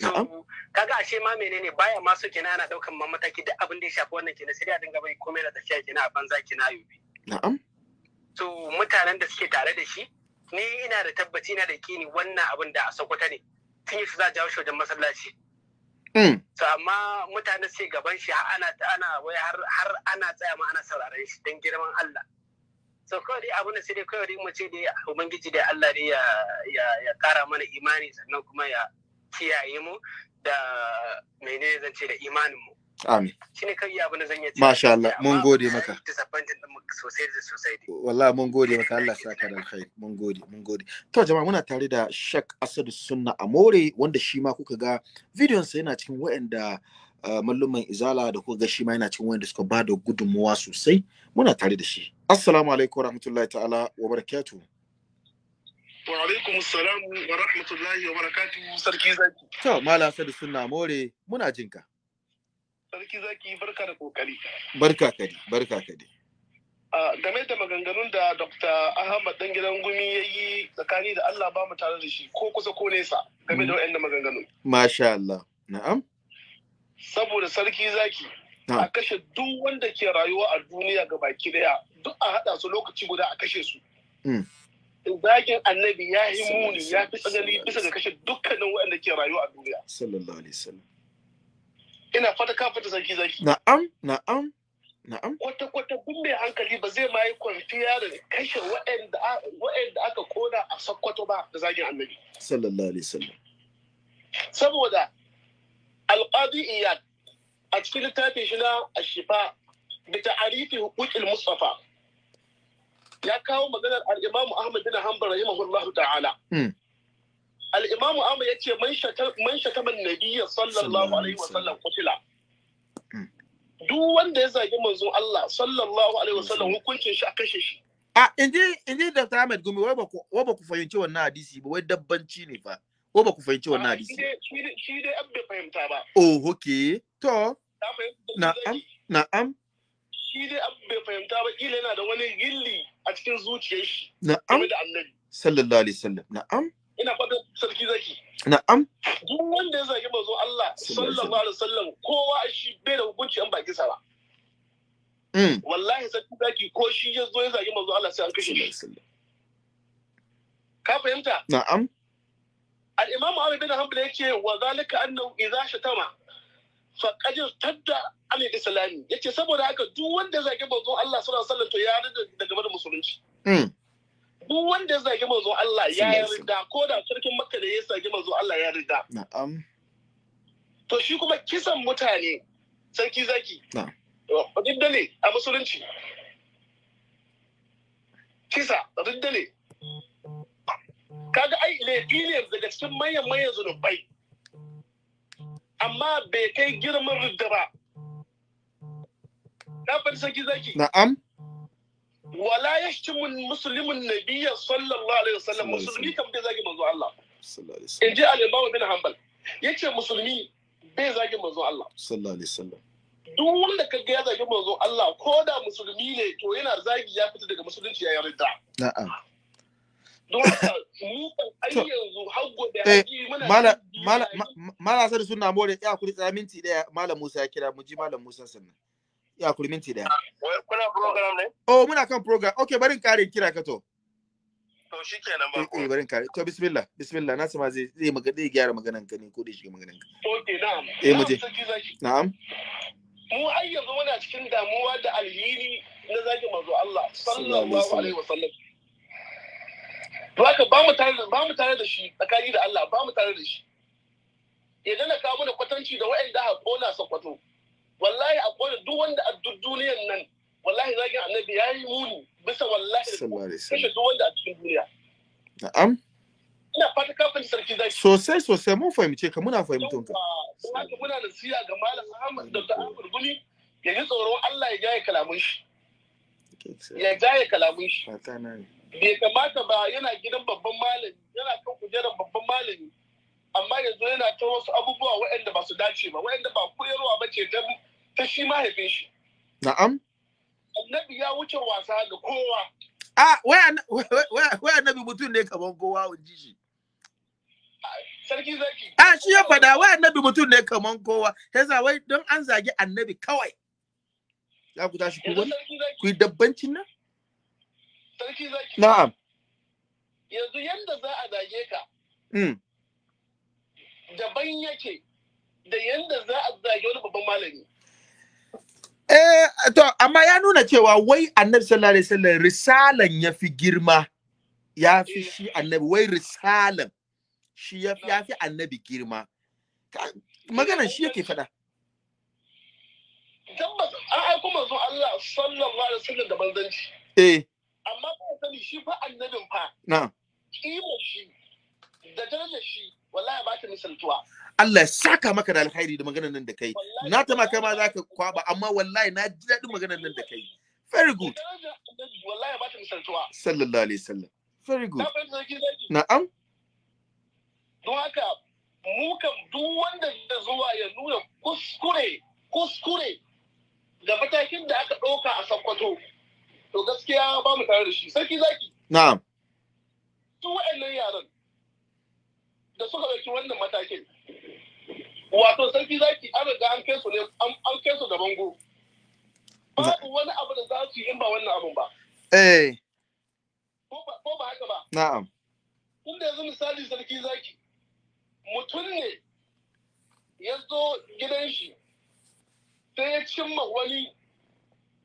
na'am kaga ashe ma menene baya ma so kenan ana daukan ma mataki duk abin da ya shafi wannan kenan sai dai a dinga bai komai da tafiya kenan a banza kenan yubi na'am to mutanen da suke tare da shi ni ina da tabbaci ina da kini wannan abin da a sokota ne sun yi su za a jawo shi wajen masallaci Hmm. to amma mutane sai gaban shi ana ana wai har ana tsaya ma ana sauraron shi don girman Allah so kawai dai abin da sai dai kawai dai mu ce dai ubangiji dai Allah dai ya ya kara mana imani sannan kuma ya kiyaye mu da menene zan ce da imanin mu Amin. Shine kai ya abin da zan yi. Masha Allah, mun gode maka. Disappointing sosai da sosai. Wallahi mun gode maka Allah ya saka da alkhairi. Mun gode, mun gode. To jama'a muna tare da Sheikh Asadu Sunna Amore wanda shi ma kuka ga bidiyon sa yana cikin waɗanda eh, malluman izala da kuka ga shi ma yana cikin waɗanda suka ba da gudunmuwa sosai. Muna tare da shi. Assalamu alaikum warahmatullahi ta'ala wa barakatuh. Wa alaikum salam wa rahmatullahi wa barakatuh sarki zaki. To Malam Asadu Sunna Amore muna jinka. sarki zaki barka da kokari barka kadi barka kadi game da maganganun da dr ahmad dan gidan gumi ya yi tsakani da allah ba mu tare da shi ko kusa ko nesa game da mm. wa'annan maganganun masha allah na'am saboda sarki zaki a kashe duk wanda ke rayuwa a duniya ga baki daya duk a haɗa su lokaci guda a kashe su mm. zagin annabi ya yi muni ya fi tsanani bisa ga kashe dukkanin waɗanda ke rayuwa a duniya sallallahu alaihi wasallam ina fata ka fata zaki zaki na'am na'am na'am kwata kwata bin mai hankali ba zai ma yi kwanciya da kashe waɗanda aka kona a sakkwato ba da zagin annabi sallallahu alaihi wasallam saboda alqadi iyad a cikin littafin shi na ashifa da ta'arifi hukukil mustafa ya kawo maganar al-imamu ahmad bin hanbal rahimahullahu ta'ala hmm. al'imamu amma ya ce man shataman nabiya sallallahu alaihi wasallam kutila hmm. duk wanda ya zagi manzon Allah sallallahu alaihi wasallam hukuncin shi a kashe shi a inji inji Dr. Ahmed Gumi wa ba ku fahimci wannan hadisi ba wai dabbanci ne fa Wa ba ku fahimci wannan hadisi shi dai an bai fahimta ba oh okay to na'am na'am shi dai an bai fahimta ba kila yana da wani gilli a cikin zuciyar shi na'am sallallahu alaihi wasallam na'am ina fatan sarki zaki na'am duk wanda ya zagi bazo Allah sallallahu alaihi wasallam kowa shi bai da hukunci an baki sa ba mm. wallahi sarki zaki ko shi ya zo ya zagi bazo Allah sai an kashe shi ka fahimta na'am al-imam Ahmad bin Hanbal yake wa zalika annahu idza shatama fa qad tadda al islami yace saboda haka duk wanda ya zagi bazo Allah sallallahu alaihi wasallam to ya rada da musulunci mm. duk wanda ya zagi manzo Allah ya yarda ko da sarkin Makka da ya zagi manzo Allah ya yarda na'am to shi kuma kisan mutane sarki zaki na'am riddale a musulunci kisa riddale kaga ai laifi ne daga cikin manyan manyan zunubai amma bai kai girman ridda ba na fadi sarki zaki na'am wala yashtimu musulmin nabiyya sallallahu alaihi wasallam musulmi kam bai zagi manzo Allah in al bin hanbal yace musulmi bai zagi manzo Allah sallallahu alaihi wasallam duk wanda ka ga ya zagi manzo Allah ko da musulmi ne to yana zagi ya fita daga musulunci ya yarda na'am don haka mu kan yanzu eh, muna mala mala mala sai more ya kuri daya malam Musa ya kira mu ji malam Musa sannan ya kuri minti daya kuna program ne oh muna kan program okay barin kare kira ka to to shikenan ba ko eh, eh, barin kare to bismillah bismillah na sama zai zai maga zai gyara maganan ka ne ko da shiga maganan ka okay na'am eh muje na'am mu ai yanzu muna cikin damuwa da alheri na zaki mazo Allah sallallahu alaihi wasallam Baka ba mu tare ba mu tare da shi tsakani da Allah ba mu tare da shi. Ya dana kawo da kwatanci da waɗanda ha kona sakwato. wallahi a kodin duk wanda a duk duniyan nan wallahi zagin annabi ya yi muni bisa wallahi kashe duk wanda a cikin duniya na'am ina fata kafin sarki zaki sosai sosai mun fahimce ka muna fahimtar ka kuma muna nasiha ga malam Ahmad da Ahmad Gumi ya ji tsoron Allah ya jaye kalamun shi ya jaye kalamun shi bai kamata ba yana gidan babban malami yana kan kujerar babban malami amma yanzu yana ta wasu abubuwa waɗanda ba su dace ba waɗanda ba koyarwa ba ce ta shi mahaifin shi na'am annabi ya wuce wasa ga kowa a wai annabi mutum ne kaman kowa A! shi sarki zaki a shi ya faɗa wai annabi mutum ne kaman kowa yasa wai don an zagi annabi kawai za ku tashi ku wani ku yi dabbancin nan sarki zaki na'am yanzu yanda za a zage ka hmm. daban yake da yanda za a zage wani babban malami Eh, to, amma ya nuna cewa wai annabi sallallahu alaihi wasallam risalan ya fi girma, ya fi eh. shi annabi, wai risalan shi ya fi annabi girma. Magana shi yake faɗa. Tabbas, an aiko manzon Allah sallallahu alaihi wasallam da manzanci. Eh. Amma ba sani shi fa annabin fa. Na. Kima shi, da darajar shi, wallahi ba ta misaltuwa Allah ya saka maka da alkhairi da maganar nan da kai na ta maka ma zaka kwaba amma wallahi na ji daɗin maganar nan da kai very good wallahi ba ta misaltuwa sallallahu alaihi wasallam very good na'am don haka mu kan duk wanda ya zuwa ya nuna kuskure kuskure da matakin da aka ɗauka a Sokoto to gaskiya ba mu tare da shi sarki zaki na'am su wa'annan yaran da suka ɗauki wannan matakin wato sarki zaki an riga an kai su ne an kai su da bango babu wani abu da za su yi in ba wannan abun ba eh ko ba haka ba na'am da yanzu misali sarki zaki mutum ne ya zo gidan shi sai ya cimma wani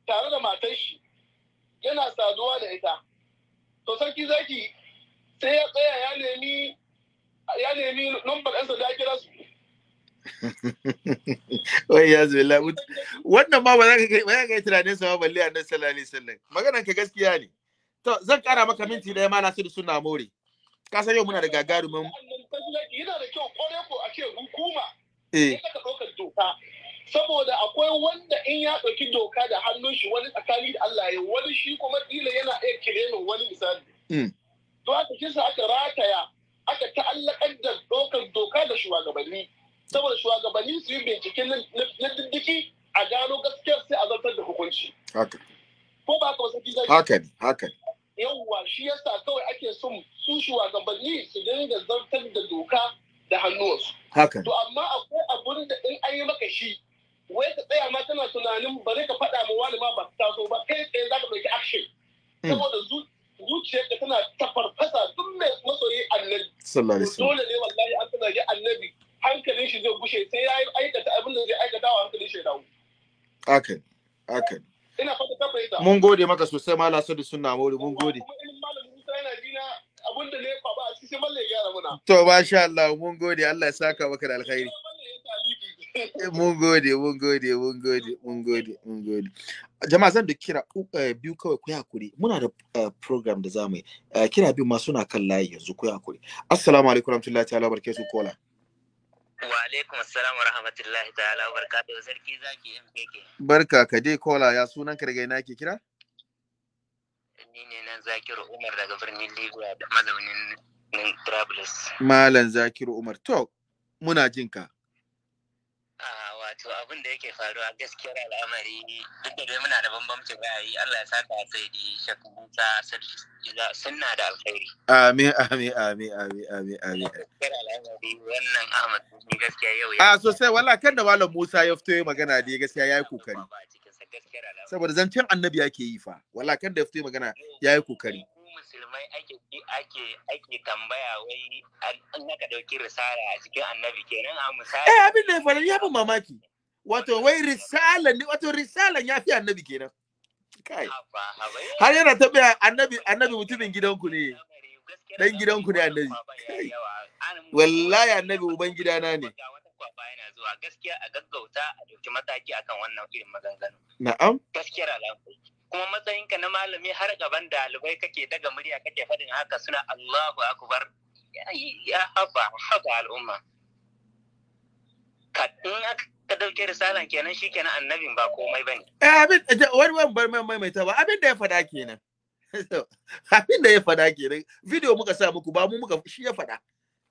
tare da matar shi yana saduwa da ita to sarki zaki sai ya tsaya ya nemi ya nemi numbar ɗansa da kira su wai ya zuwa labut wannan ma ba za ka kai tunanin sa ba balle annabi sallallahu alaihi wasallam maganar ka gaskiya ne to zan kara maka minti da ma da suna more ka san yau muna da gagarumin yana da kyau kore ko a ce hukuma eh ka ɗaukar doka saboda akwai wanda in ya ɗauki doka da hannun shi wani tsakani da Allah ya wani shi kuma ƙila yana iya kire wani misali. To haka shi sa aka rataya aka ta'allakar da dokar doka da shugabanni saboda shugabanni su yi bincike na diddiki a gano gaskiyar sai a zartar da hukunci. Ko ba ka wasu gizon Haka ne, haka ne. Yawwa shi yasa kawai ake son su shugabanni su dinga zartar da doka da hannuwansu. Haka. To amma akwai abun da in an yi maka shi wai ta tsaya ma tana tunanin bari ka faɗa ma wani ma ba ta taso ba kai tsaye za ka ɗauki action. Hmm. Saboda zuciyar da tana farfasa duk mai masoyi annabi Sallallahu alaihi dole ne wallahi an tana ya annabi hankalin shi zai gushe sai ya yi aikata abin da zai aikata wa hankalin shi dawo akan akan ina fata ta mun gode maka sosai mala da suna mauri mun gode abin da ne ba a cikin malle gyara muna to masha Allah mun gode Allah ya saka maka da alkhairi <laughs> mun gode mun gode mun gode mun gode mun gode jama'a zan da kira eh, biyu kawai ku hakuri muna da eh, program da zamu yi eh, kira biyu ma suna kan layi yanzu ku hakuri assalamu alaikum warahmatullahi ta'ala barkatu kola wa alaikum assalam wa rahmatullahi ta'ala barkatu sarki zaki mkk barka ka dai kola ya sunan ka daga ina ke kira ni ne nan zakiru umar daga birnin libya da mazaunin Trablus. malam zakiru umar to muna jinka wato abin da yake faruwa gaskiyar al'amari duk da dai muna da bambamcin ra'ayi Allah ya saka sai di shakku ta sunna da alkhairi amin amin amin amin amin amin wannan Ahmad ne gaskiya yau ya a ah, sosai wala kan da malam Musa ya fito magana dai gaskiya yayi kokari saboda zancen annabi yake yi fa wala kan da ya fito magana yayi kokari musulmai ake ake ake tambaya wai an naka dauki risala a cikin annabi kenan a misali eh abin da faran ya ban mamaki wato wai risala ne wato risala ya fi annabi kenan kai har yana tabbaya annabi annabi mutumin gidanku ne dan gidanku ne annabi wallahi annabi uban gidana ne yana zuwa gaskiya a gaggauta a dauki mataki akan wannan irin maganganu na'am gaskiya al'amari kuma matsayinka na malami har gaban dalibai kake daga murya kake faɗin haka suna Allahu akbar ya haba haba al'umma ka in aka dauke risalan kenan shikenan annabin ba komai bane eh abin wani wani bar mai mai ba abin da ya faɗa kenan <laughs> abin da ya faɗa kenan video muka sa muku ba mu muka shi ya faɗa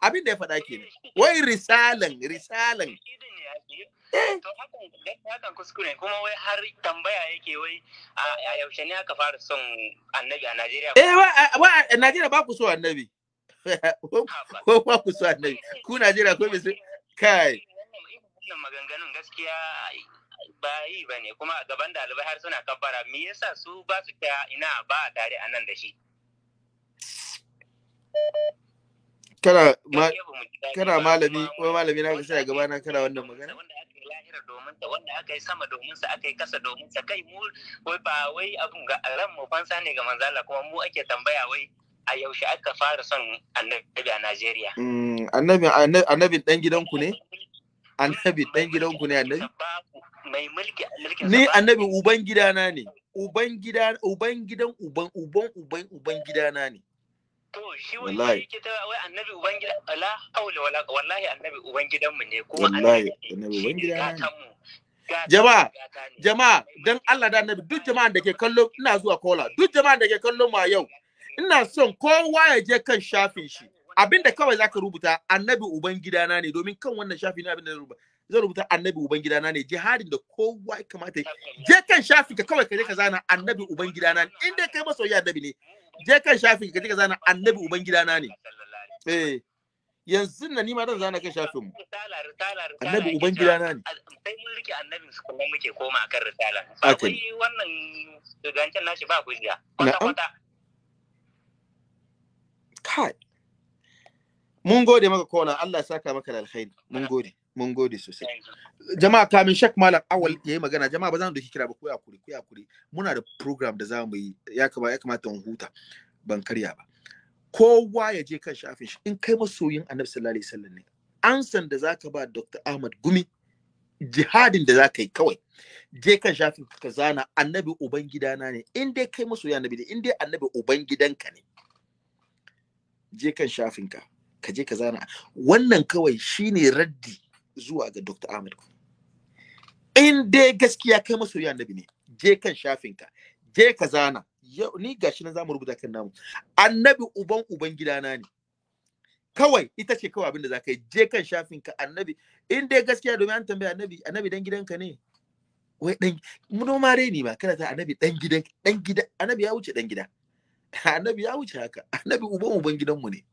abin da ya faɗa kenan wai risalan risalan Eh. to hakan gaskiya kuskure kuma wai har tambaya yake wai a yaushe ne aka fara son annabi a Najeriya eh wa a Najeriya ba ku so annabi <laughs> ah, ko ba ku so annabi ku Najeriya ko bai kai wannan maganganun gaskiya ba yi ba ne kuma a gaban dalibai har suna kabbara me yasa su ba su ta ina ba a tare a nan da shi kana malami malami na kusa a gabana kana wannan magana lahira domin ta wanda aka yi sama domin sa aka yi kasa domin sa kai mu wai ba wai abun ga ran mu fansa ne ga manzo Allah kuma mu ake tambaya wai a yaushe aka fara son annabi a Najeriya. Mm, annabi annabi dan gidanku ne? Annabi dan gidanku ne annabi? Mai mulki mulkin Ni annabi uban gidana ne. Uban gida uban gidan uban uban uban uban gidana ne. to shi wani yake ta wai annabi ubangida la haula wala wallahi annabi ubangidan mu ne kuma annabi ubangida jama'a jama'a dan Allah da annabi duk jama'a da ke kallo ina zuwa kola duk jama'a da ke kallo ma yau ina son kowa ya je kan shafin shi abinda kawai zaka rubuta annabi ubangidana ne domin kan wannan shafi ne abinda rubuta zan rubuta annabi ubangidana ne jihadin da kowa ya kamata je kan shafin ka kawai ka je ka zana annabi ubangidana in dai kai masoyi annabi ne je kan shafin ka je zana annabi na ne eh yanzu na ma dan zana kan shafin mu annabi na ne sai mun rike annabi su kuma muke koma akan risala akwai wannan gancan nashi ba hujja kwata kwata kai mun gode maka kona Allah ya saka maka da alkhairi mun gode mun gode sosai jama'a kamin shek malam awal yayi magana jama'a ba za mu doki kira ba ku yakuri ya yakuri muna da program da za mu yi ya kamata ya kamata mu huta ban karya ba kowa ya je kan shafin shi in kai masoyin annabi sallallahu alaihi wasallam ne ansan da zaka ba dr ahmad gumi jihadin da zaka yi kawai je kan shafin ka zana annabi ubangidana ne in dai kai masoyin annabi ne in dai annabi ubangidanka ne je kan shafin ka ka je ka zana wannan kawai shine raddi zuwa ga Dr. Ahmed Kufu. In dai gaskiya kai masoyi annabi ne, je kan shafinka, je ka zana. Yau ni gashi nan zamu rubuta kan namu. Annabi uban uban gidana ne. Kawai ita ce kawai abin da za ka yi, je kan shafinka annabi. In dai gaskiya domin an tambaya annabi, annabi dan gidanka ne. Wai dan noma dai ne ba kana ta annabi dan gidan dan gida annabi ya wuce dan gida. Annabi ya wuce haka, annabi uban uban gidanmu ne.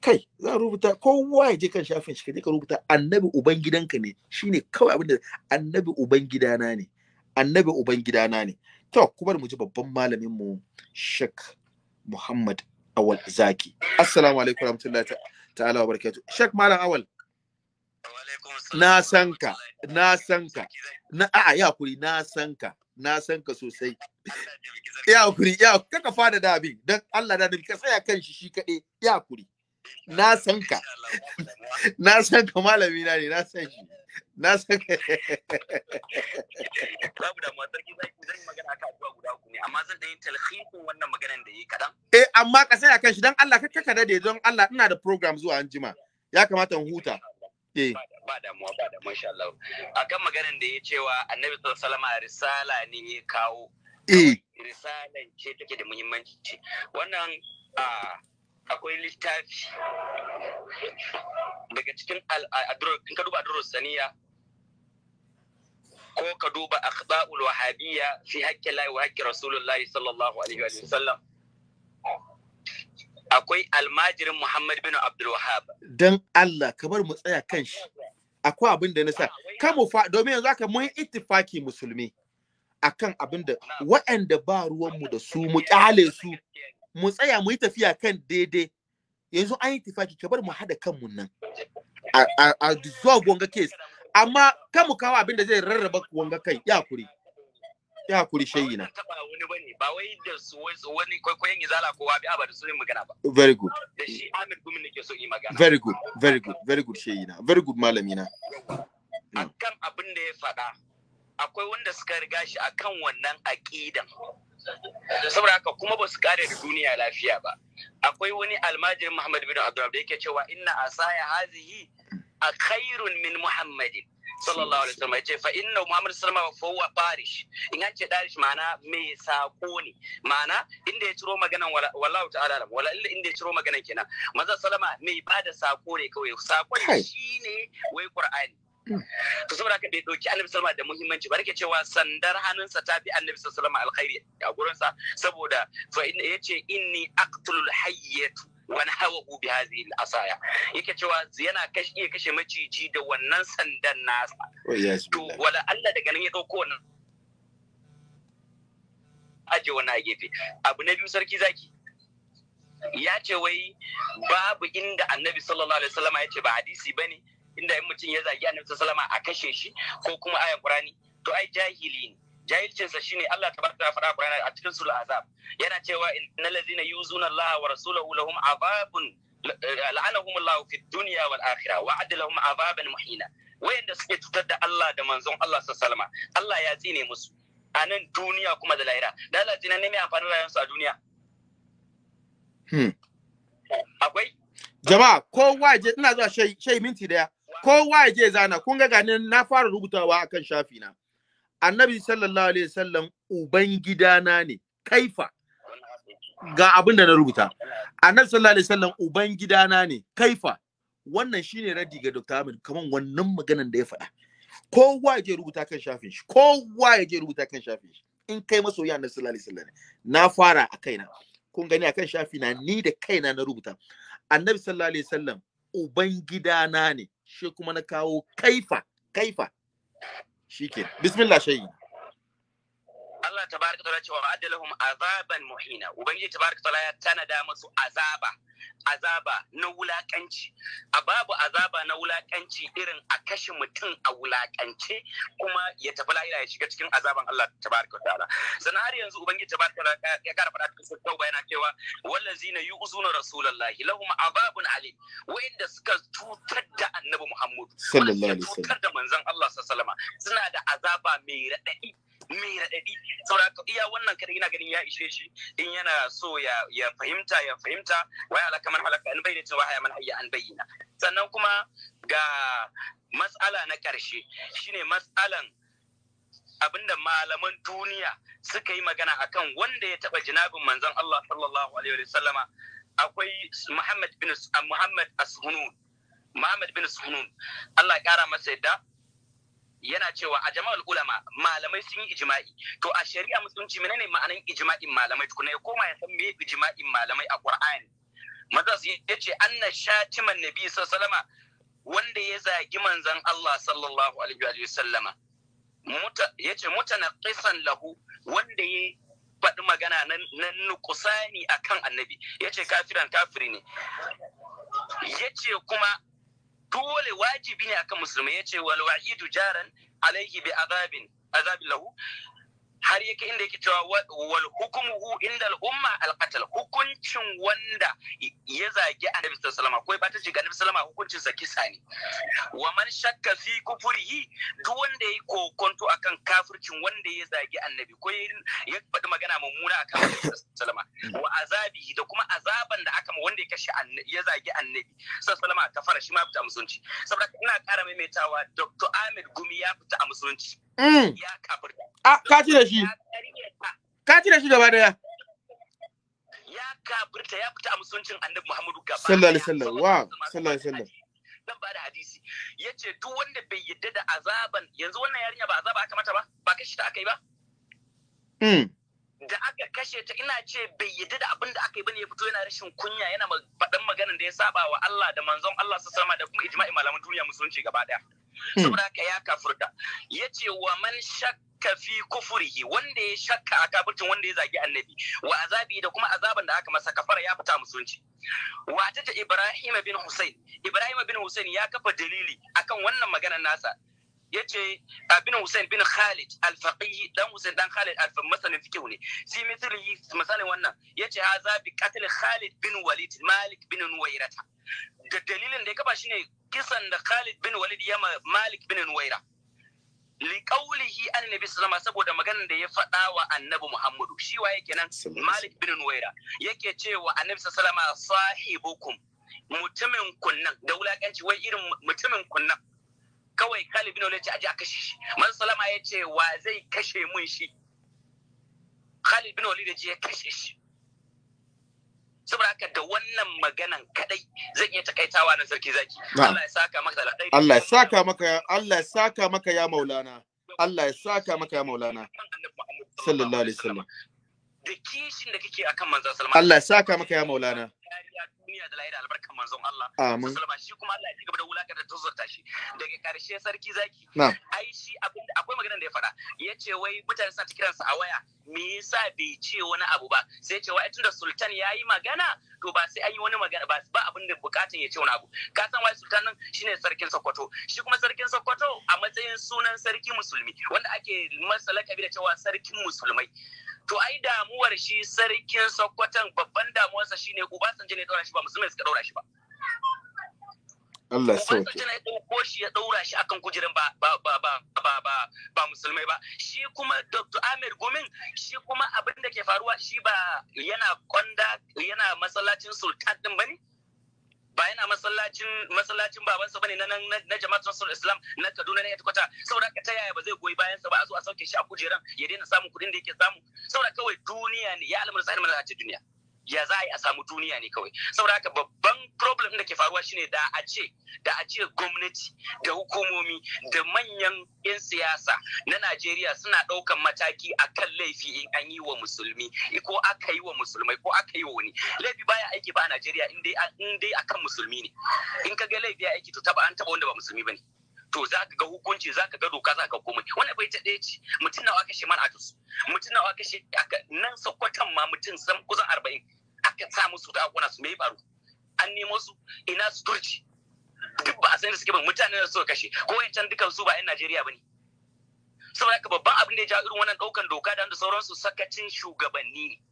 kai za a rubuta kowa ya je kan shafin shi ka rubuta annabi ubangidanka ne shine kawai abin da annabi ubangidana ne annabi ubangidana ne to kuma da mu ji babban malamin mu Sheikh Muhammad Awal Zaki assalamu alaikum warahmatullahi ta'ala wa barakatuh Sheikh Malam Awal na san ka na san ka na a'a ya kuri na san ka na san ka sosai ya kuri ya kaka fada da abin dan Allah da ka tsaya kan shi shi kade ya kuri na san ka na san ka malami na ne na san shi na san ka <laughs> babu da matar ki zai zai magana ka zuwa guda uku ne amma zan da yin talhihin wannan maganan da yi kadan eh amma ka sai akan shi dan Allah ka kada da don Allah ina da program zuwa anjima ya kamata in huta eh ba damuwa ba da masha Allah akan maganan da ya cewa annabi sallallahu alaihi wasallam risala ne ya kawo eh risalan ce take da muhimmanci wannan ah, akwai littafi daga cikin in ka duba adurus saniya ko ka duba akhda'ul wahabiyya fi haƙƙi lai wa haƙƙi Rasulullah sallallahu alaihi wa sallam akwai almajirin Muhammad bin Abdul Wahab dan Allah kamar mu tsaya kan shi akwai abin da nasa kamu fa domin yanzu aka mun ittifaki musulmi akan abin da waɗanda ba ruwanmu da su mu kyale su mu tsaya mu yi tafiya kan daidai yanzu an yi tafaki ka bar mu haɗa kanmu nan a dissolve wanga case amma kan mu kawo abin da zai rarraba wanga kai ya kuri ya kuri shayi na ba wai da su wani kwaikwayon izala ko wabi abada su yin magana ba very good da shi Ahmed Gumi nake so yi magana very good very good very good shayi na very good malami na akan abin da ya faɗa akwai wanda suka riga shi akan wannan aqidan saboda haka kuma ba su kare da duniya lafiya ba akwai wani almajirin muhammad bin abdullahi da yake cewa inna asaya hazihi a khairun min muhammadin sallallahu alaihi wasallam yace fa inna muhammad wasallam fa huwa farish in an ce darish ma'ana mai sako ne ma'ana inda ya ciro maganan wallahu ta'ala alam wala illa inda ya ciro maganan kenan maza sallama mai bada sako ne kawai sako shine wai qur'ani Mm. to saboda haka bai dauki annabi sallama da muhimmanci ba ke cewa sandar hannunsa ta bi annabi sallama alkhairi a gurinsa saboda fa yace inni aqtulul hayyatu wani hawa bi al asaya yake cewa yana kashi iya kashe maciji da wannan sandan nasa oh, to wala Allah daga nan ya dauko wannan aje wani a gefe abu na biyu sarki zaki ya ce wai babu inda annabi sallallahu alaihi wasallam ya ce ba hadisi bane inda in mutum ya zagi annabi sallama a kashe shi ko kuma ayan qur'ani to ai jahili ne jahilcinsa shine Allah ta ta fara Qur'ani a cikin sura azab yana cewa innal ladzina yuzuna Allah wa rasulahu lahum azabun la'anahum Allah fi dunya wal akhirah wa adalahum azaban muhina wayanda suke cutar da Allah da manzon Allah sallallahu Allah ya tsine musu a nan duniya kuma da lahira da Allah tsina ne mai amfanin rayuwarsu a duniya hmm. akwai jama'a kowa je ina zuwa shai minti daya kowa ya ke zana kun ga ganin na fara rubutawa akan shafi na annabi sallallahu alaihi wasallam uban gidana ne kaifa ga abin da na rubuta annabi sallallahu alaihi wasallam uban gidana ne kaifa wannan shine radi ga Dr. Amin kaman wannan maganan da ya faɗa kowa ya ke rubuta kan shafin shi kowa ya ke rubuta kan shafin shi in kai masoyi annabi sallallahu alaihi wasallam na fara a kaina kun gani akan shafi na ni da kaina na rubuta annabi sallallahu alaihi wasallam uban gidana ne shi kuma na kawo kaifa kaifa shike bismillah shayi Allah tabaraka ta'ala cewa wa'adda lahum azaban muhina ubangiji tabaraka ta'ala ya tanada musu azaba azaba na wulakanci a babu azaba na wulakanci irin a kashe mutum a wulakance kuma ya tafi lahira ya shiga cikin azaban Allah tabaraka ta'ala sannan har yanzu ubangiji tabaraka ta'ala ya kara fada cikin tauba yana cewa wallazina yu'zuna rasulullahi lahum azabun Ali, wayanda suka cutar da annabi Muhammad sallallahu alaihi wasallam da manzon Allah sallallahu suna da azaba mai raɗaɗi mai raɗaɗi saboda iya wannan kada ina ganin ya ishe shi in yana so ya fahimta ya fahimta wai ala kamar halaka an bayyana cewa haya man hayya an bayyana sannan kuma ga matsala na ƙarshe shine matsalan abinda malaman duniya suka yi magana akan wanda ya taɓa jinabin manzon Allah sallallahu alaihi wa sallama akwai Muhammad bin Muhammad Asnun Muhammad bin Sunun Allah ya kara masa yadda yana cewa a jama'ar ulama malamai sun yi ijima'i. to a shari'a musulunci ne ma'anan ijima'in malamai tukuna ya koma ya san me ijima'in malamai a ƙur'ani? maza su yace anna shatiman nabi sallama wanda ya zagi manzan Allah sallallahu alaihi wa sallama muta yace mutanaqisan lahu wanda ya faɗi magana na nukusani akan annabi yace kafiran kafiri ne yace kuma dole wajibi ne akan musulmai yace wal tujaran jaran alaihi bi azabin azabin lahu har yake inda yake cewa wal hukumuhu inda al'umma alqatal hukuncin wanda ya zagi annabi sallallahu alaihi wasallam bata ce ga annabi sallallahu hukuncin sa kisa ne wa man shakka fi kufrihi duk wanda yayi kokonto akan kafircin wanda ya zagi annabi ko ya faɗi magana mummuna akan annabi sallallahu alaihi wasallam wa azabihi da kuma azaban da aka ma wanda ya kashe ya zagi annabi sallallahu alaihi wasallam kafara shi ma fita musulunci saboda ina ƙara maimaitawa dr ahmed gumi ya fita a musulunci Mm. A ka cire shi. Ka cire shi gaba daya. Ya kaburta ya fita a musuncin Annabi Muhammadu gaba. Sallallahu alaihi wasallam. Wa sallallahu alaihi wasallam. Zan bada hadisi. Yace duk wanda bai yadda da azaban yanzu wannan yarinya ba azaba aka mata ba ba kashe ta aka yi ba. Mm. Da aka kashe ta ina ce bai yadda da abin da aka yi bane ya fito yana rashin kunya yana faɗan maganar da ya saba wa Allah da manzon Allah sallallahu alaihi wasallam da kuma ijma'i malaman duniya musulunci gaba daya. Hmm. saboda haka ya kafurta ce wa man shakka fi kufurihi wanda ya shakka a kafircin wanda ya zagi annabi wa azabi da kuma azaban da aka masa kafara ya fita musulunci Wa ta Ibrahim bin Hussein Ibrahim bin Hussein ya kafa dalili akan wannan maganar nasa Ya yace ah, bin Hussein bin Khalid al dan Hussein dan Khalid al masanin fiqh ne si misali misalin wannan ce haza bi qatl Khalid bin Walid Malik bin Nuwairata Da dalilin da ya kafa shine kisan da Khalid bin Walid ya ma Malik bin Nuwaira liƙaulihi an nabi sallama saboda maganar da ya faɗa wa annabi muhammadu shi wa yake nan malik bin nuwaira yake cewa annabi sallama sahibukum mutumin kunnan da wulakanci wai irin mutumin kunnan kawai khalid bin ya ce aje a kashe shi man sallama ya wa zai kashe mun shi khalid bin Walid ya kashe shi saboda haka da wannan maganan kadai zan iya takaitawa na sarki zaki Allah ya saka maka da Allah ya saka maka Allah ya saka maka ya maulana Allah ya saka maka ya maulana sallallahu alaihi wasallam da kishin da kake akan manzo sallallahu alaihi wasallam Allah ya saka maka ya maulana kariya duniya da lahira albarkan manzon Allah sallama shi kuma Allah ya cigaba da wulakar da tuzurta shi daga karshe sarki zaki ai shi akwai maganar da ya faɗa yace wai mutane suna ta sa a waya me yasa bai ce wani abu ba sai ce wai tunda sultan yayi magana to ba sai an yi wani magana ba ba abin da bukatun ya ce wani abu ka san wai sultan nan shine sarkin Sokoto shi kuma sarkin Sokoto a matsayin sunan sarki musulmi wanda ake masa lakabi da cewa sarkin musulmai to ai damuwar shi sarkin Sokoton babban damuwarsa shine uba Obasanjo ne daura shi ba musulmai suka daura shi ba Allah sauke. Obasanjo ne ɗauko shi ya daura shi akan kujerin ba ba ba ba ba ba ba musulmai ba. Shi kuma Dr. Amir Gumin shi kuma abin da ke faruwa shi ba yana konda yana masallacin sultan din bane? ba yana masallacin masallacin babansa bane na na jama'atul nasrul islam na Kaduna na Etikwata saboda ka ta yaya ba zai goyi bayan sa ba a zo a sauke shi a kujeran ya daina samun kuɗin da yake samu saboda kawai duniya ne ya almar sai mun a duniya ya za a yi a samu duniya ne kawai saboda haka babban problem da ke faruwa shine da a ce da a ce gwamnati da hukumomi da manyan 'yan siyasa na Najeriya suna ɗaukan mataki akan laifi in an yi wa musulmi ko aka yi wa musulmai ko aka yi wa wani laifi baya aiki ba a Najeriya in dai akan musulmi ne in ka ga laifi ya aiki to taba an taba wanda ba musulmi ba ne. to za ka ga hukunci za ka ga doka za ka komai wani bai ta ɗaya ce mutum nawa kashe man atus mutum nawa kashe nan sokotan ma mutum sam kusan arba'in aka sa musu da su mai faru an nemo su ina su turci duk ba a san da suke ba mutanen da suka kashe ko can dukan su ba yan Najeriya ne. saboda haka babban abin da ya ja irin wannan daukan doka da sauransu sakacin shugabanni ne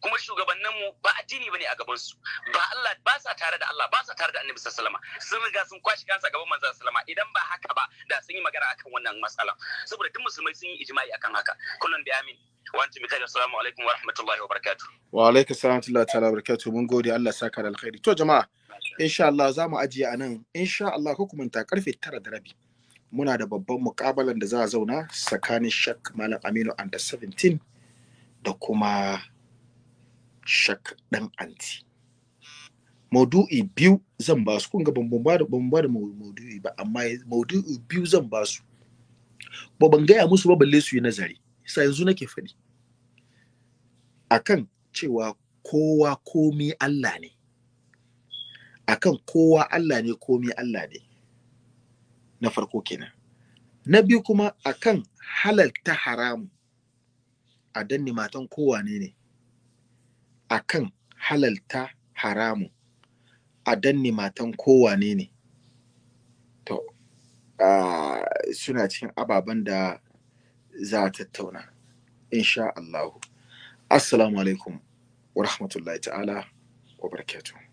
kuma shugabanninmu ba addini bane a gaban su ba Allah ba sa tare da Allah ba sa tare da Annabi sallallahu alaihi wasallam sun riga sun kwashi kansa gaban manzon sallallahu alaihi idan ba haka ba da sun yi magana akan wannan matsala saboda duk musulmai sun yi ijma'i akan haka kullun bi amin wa antum bi khair assalamu alaikum wa rahmatullahi wa barakatuh wa alaikum assalam wa ta'ala barakatuh mun gode Allah saka da alkhairi to jama'a insha Allah za mu ajiye anan insha Allah ku ta karfe 9 da rabi muna da babban mukabalan da za a zauna tsakanin Sheikh Malam Aminu under 17 da kuma shak ɗan anti maudu'i biyu zan ba su ga ban ba da maudu'i ba amma maudu'i biyu zan ba su ba ban gaya musu ba balle su yi nazari sa yanzu nake faɗi akan cewa kowa komi Allah ne akan kowa Allah ne komi Allah ne na farko kenan na biyu kuma akan halalta haramu a danne matan kowa ne ne Akan kan halalta haramu a danne matan kowane ne to suna cikin ababen da za a tattauna insha Allahu assalamu alaikum wa rahmatullahi ta'ala wa barakatuh